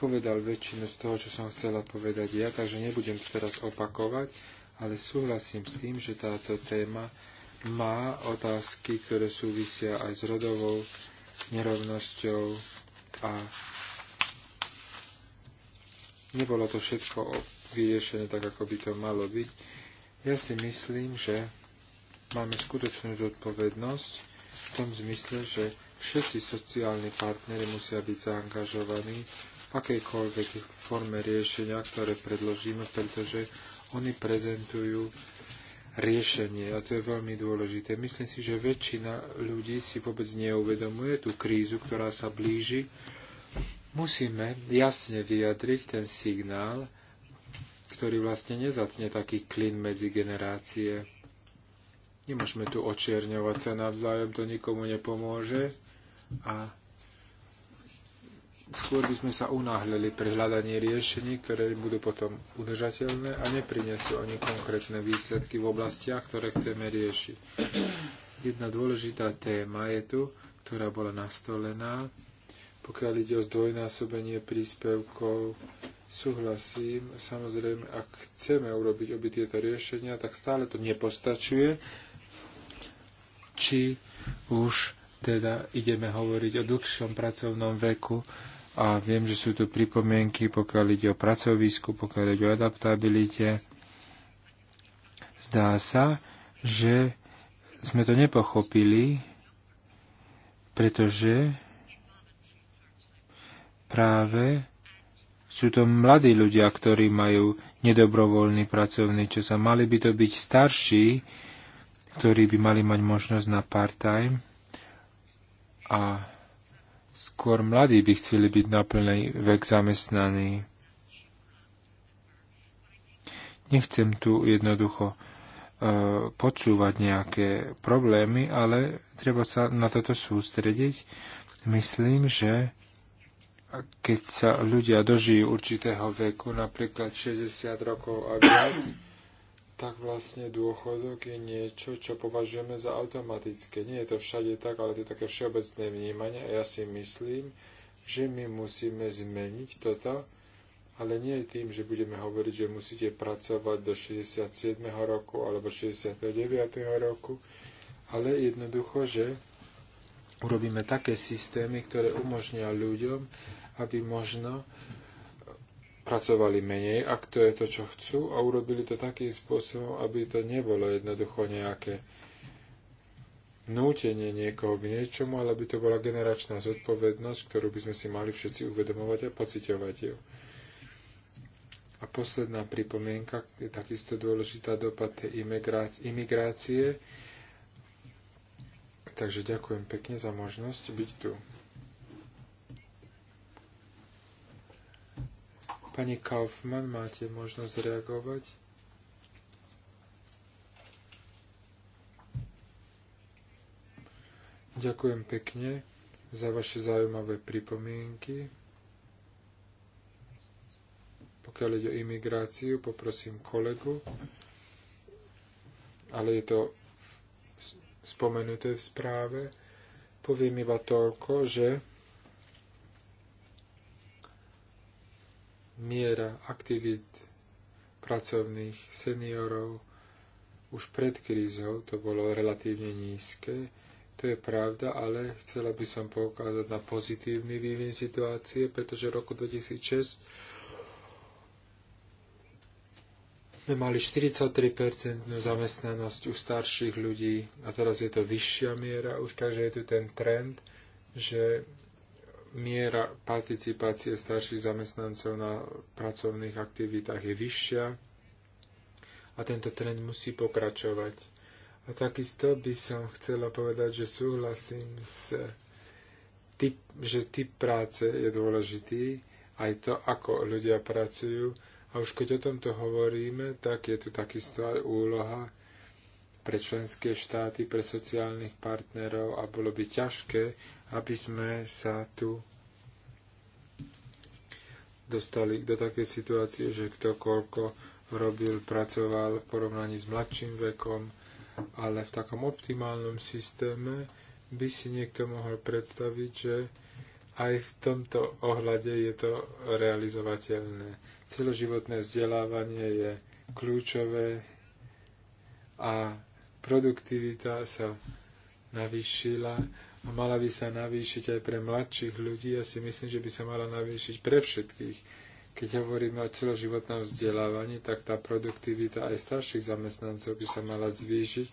povedal väčšinu z toho, čo som chcela povedať ja, takže nebudem to teraz opakovať, ale súhlasím s tým, že táto téma má otázky, ktoré súvisia aj s rodovou nerovnosťou a nebolo to všetko vyriešené tak, ako by to malo byť. Ja si myslím, že máme skutočnú zodpovednosť v tom zmysle, že všetci sociálni partnery musia byť zaangažovaní v akejkoľvek forme riešenia, ktoré predložíme, pretože oni prezentujú riešenie a to je veľmi dôležité. Myslím si, že väčšina ľudí si vôbec neuvedomuje tú krízu, ktorá sa blíži. Musíme jasne vyjadriť ten signál, ktorý vlastne nezatne taký klin medzi generácie. Nemôžeme tu očierňovať sa navzájom, to nikomu nepomôže a skôr by sme sa unáhľali pre hľadanie riešení, ktoré budú potom udržateľné a neprinesú ani konkrétne výsledky v oblastiach, ktoré chceme riešiť. Jedna dôležitá téma je tu, ktorá bola nastolená. Pokiaľ ide o zdvojnásobenie príspevkov, súhlasím. Samozrejme, ak chceme urobiť obi tieto riešenia, tak stále to nepostačuje. Či už teda ideme hovoriť o dlhšom pracovnom veku, a viem, že sú tu pripomienky, pokiaľ ide o pracovisku, pokiaľ ide o adaptabilite. Zdá sa, že sme to nepochopili, pretože práve sú to mladí ľudia, ktorí majú nedobrovoľný pracovný čas a mali by to byť starší, ktorí by mali mať možnosť na part-time a Skôr mladí by chceli byť na plný vek zamestnaní. Nechcem tu jednoducho e, počúvať nejaké problémy, ale treba sa na toto sústrediť. Myslím, že keď sa ľudia dožijú určitého veku, napríklad 60 rokov a viac, tak vlastne dôchodok je niečo, čo považujeme za automatické. Nie je to všade tak, ale to je také všeobecné vnímanie a ja si myslím, že my musíme zmeniť toto, ale nie tým, že budeme hovoriť, že musíte pracovať do 67. roku alebo 69. roku, ale jednoducho, že urobíme také systémy, ktoré umožnia ľuďom, aby možno pracovali menej, ak to je to, čo chcú, a urobili to takým spôsobom, aby to nebolo jednoducho nejaké nútenie niekoho k niečomu, ale aby to bola generačná zodpovednosť, ktorú by sme si mali všetci uvedomovať a pocitovať ju. A posledná pripomienka je takisto dôležitá dopad tej imigrácie. Takže ďakujem pekne za možnosť byť tu. Pani Kaufmann, máte možnosť reagovať? Ďakujem pekne za vaše zaujímavé pripomienky. Pokiaľ ide o imigráciu, poprosím kolegu, ale je to spomenuté v správe. Poviem iba toľko, že miera aktivít pracovných seniorov už pred krízou to bolo relatívne nízke. To je pravda, ale chcela by som poukázať na pozitívny vývin situácie, pretože v roku 2006 sme mali 43% zamestnanosť u starších ľudí a teraz je to vyššia miera už, takže je tu ten trend, že miera participácie starších zamestnancov na pracovných aktivitách je vyššia a tento trend musí pokračovať. A takisto by som chcela povedať, že súhlasím s typ, že typ práce je dôležitý, aj to, ako ľudia pracujú. A už keď o tomto hovoríme, tak je tu takisto aj úloha pre členské štáty, pre sociálnych partnerov a bolo by ťažké aby sme sa tu dostali do takej situácie, že kto koľko robil, pracoval v porovnaní s mladším vekom, ale v takom optimálnom systéme by si niekto mohol predstaviť, že aj v tomto ohľade je to realizovateľné. Celoživotné vzdelávanie je kľúčové a produktivita sa navýšila mala by sa navýšiť aj pre mladších ľudí. Ja si myslím, že by sa mala navýšiť pre všetkých. Keď hovoríme o celoživotnom vzdelávaní, tak tá produktivita aj starších zamestnancov by sa mala zvýšiť.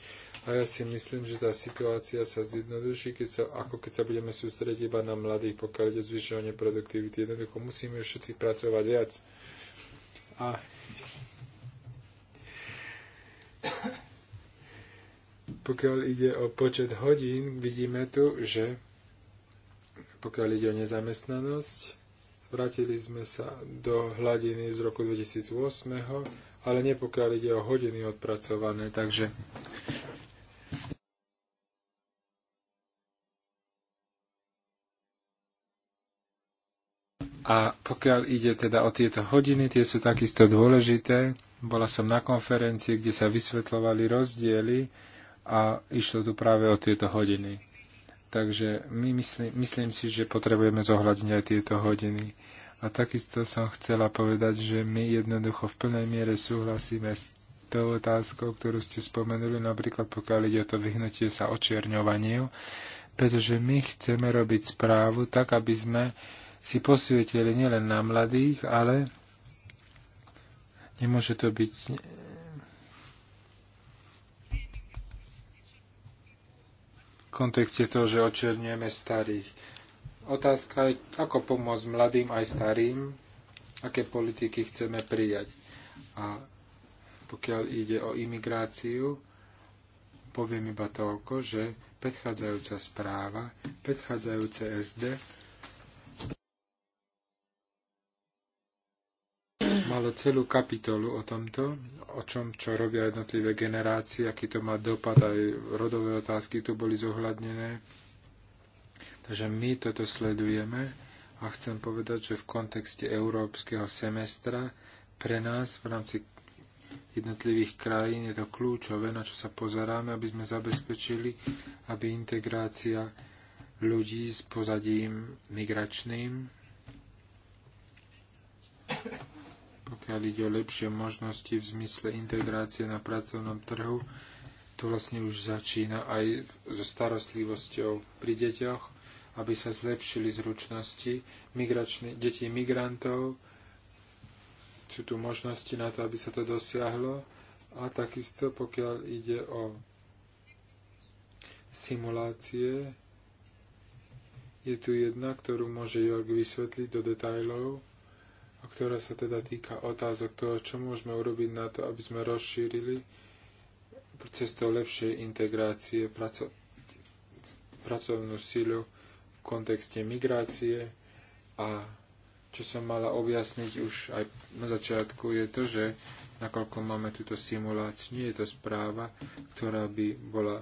A ja si myslím, že tá situácia sa zjednoduší, keď sa, ako keď sa budeme sústrediť iba na mladých, pokiaľ ide zvyšovanie produktivity. Jednoducho musíme všetci pracovať viac. A pokiaľ ide o počet hodín, vidíme tu, že pokiaľ ide o nezamestnanosť, vrátili sme sa do hladiny z roku 2008, ale nie pokiaľ ide o hodiny odpracované, takže A pokiaľ ide teda o tieto hodiny, tie sú takisto dôležité. Bola som na konferencii, kde sa vysvetľovali rozdiely a išlo tu práve o tieto hodiny. Takže my myslím, myslím si, že potrebujeme zohľadniť aj tieto hodiny. A takisto som chcela povedať, že my jednoducho v plnej miere súhlasíme s tou otázkou, ktorú ste spomenuli, napríklad pokiaľ ide o to vyhnutie sa očierňovaniu, pretože my chceme robiť správu tak, aby sme si posvietili nielen na mladých, ale nemôže to byť kontexte toho, že očerňujeme starých. Otázka je, ako pomôcť mladým aj starým, aké politiky chceme prijať. A pokiaľ ide o imigráciu, poviem iba toľko, že predchádzajúca správa, predchádzajúce SD celú kapitolu o tomto, o čom, čo robia jednotlivé generácie, aký to má dopad, aj rodové otázky tu boli zohľadnené. Takže my toto sledujeme a chcem povedať, že v kontexte európskeho semestra pre nás v rámci jednotlivých krajín je to kľúčové, na čo sa pozeráme, aby sme zabezpečili, aby integrácia ľudí s pozadím migračným pokiaľ ide o lepšie možnosti v zmysle integrácie na pracovnom trhu, to vlastne už začína aj so starostlivosťou pri deťoch, aby sa zlepšili zručnosti detí migrantov. Sú tu možnosti na to, aby sa to dosiahlo. A takisto, pokiaľ ide o simulácie, je tu jedna, ktorú môže Jörg vysvetliť do detajlov ktorá sa teda týka otázok toho, čo môžeme urobiť na to, aby sme rozšírili cestou lepšej integrácie praco- pracovnú sílu v kontexte migrácie a čo som mala objasniť už aj na začiatku je to, že nakoľko máme túto simuláciu, nie je to správa, ktorá by bola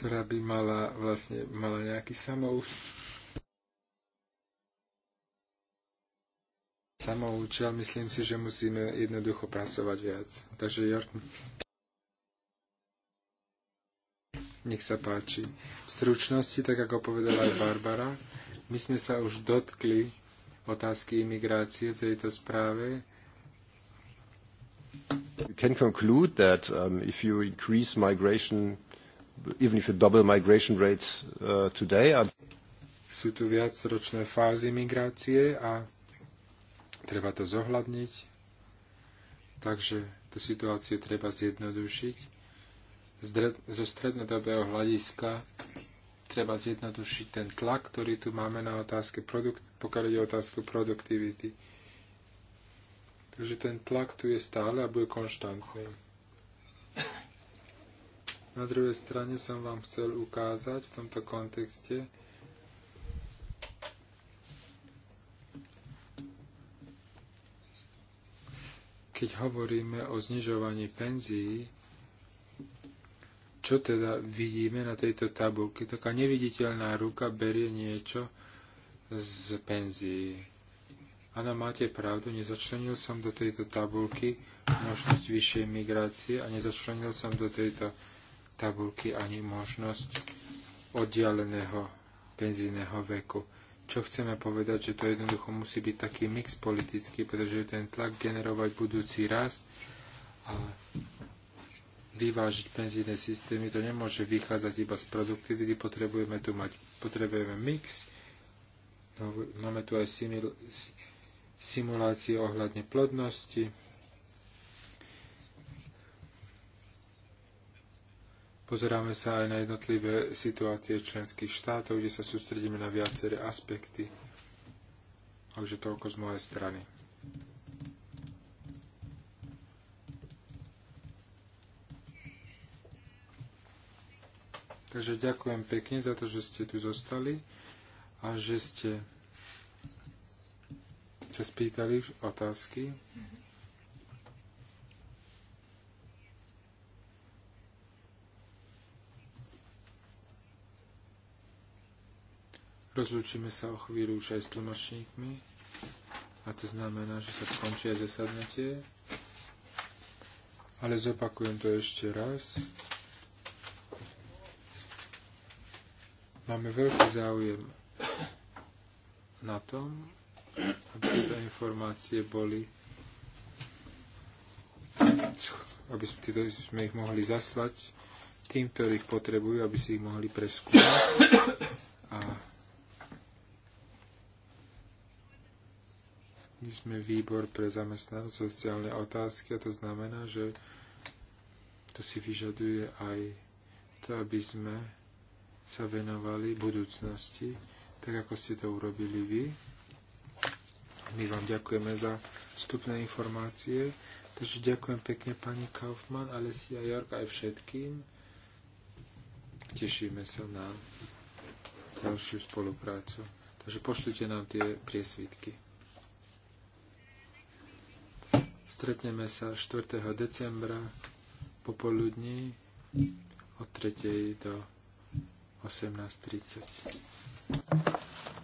ktorá by mala vlastne mala nejaký samou samoučel, myslím si, že musíme jednoducho pracovať viac. Takže Jork, nech sa páči. V stručnosti, tak ako povedala aj Barbara, my sme sa už dotkli otázky imigrácie v tejto správe. You can conclude that um, if you increase migration even if you double migration rates uh, today. Are... Uh, Sú tu viacročné fázy migrácie a treba to zohľadniť. Takže tú situáciu treba zjednodušiť. Zdre, zo strednodobého hľadiska treba zjednodušiť ten tlak, ktorý tu máme na otázke produkt, pokiaľ ide otázku produktivity. Takže ten tlak tu je stále a bude konštantný. Na druhej strane som vám chcel ukázať v tomto kontexte, keď hovoríme o znižovaní penzií, čo teda vidíme na tejto tabulke? Taká neviditeľná ruka berie niečo z penzií. Áno, máte pravdu, nezačlenil som do tejto tabulky možnosť vyššej migrácie a nezačlenil som do tejto tabulky ani možnosť oddialeného penzijného veku. Čo chceme povedať, že to jednoducho musí byť taký mix politický, pretože ten tlak generovať budúci rast a vyvážiť penzijné systémy, to nemôže vychádzať iba z produktivity, potrebujeme tu mať, potrebujeme mix, no, máme tu aj simulácie ohľadne plodnosti, Pozeráme sa aj na jednotlivé situácie členských štátov, kde sa sústredíme na viaceré aspekty. Takže toľko z mojej strany. Takže ďakujem pekne za to, že ste tu zostali a že ste sa spýtali otázky. Mhm. Rozlúčime sa o chvíľu už aj s tlmočníkmi. A to znamená, že sa skončí aj zasadnutie. Ale zopakujem to ešte raz. Máme veľký záujem na tom, aby tieto informácie boli aby sme, tieto, sme ich mohli zaslať tým, ktorých potrebujú, aby si ich mohli preskúmať. A My sme výbor pre zamestnanosť, sociálne otázky a to znamená, že to si vyžaduje aj to, aby sme sa venovali budúcnosti, tak ako ste to urobili vy. My vám ďakujeme za vstupné informácie. Takže ďakujem pekne pani Kaufmann, Alessia Jork aj všetkým. Tešíme sa na ďalšiu spoluprácu. Takže pošlite nám tie priesvitky. Stretneme sa 4. decembra popoludní od 3. do 18.30.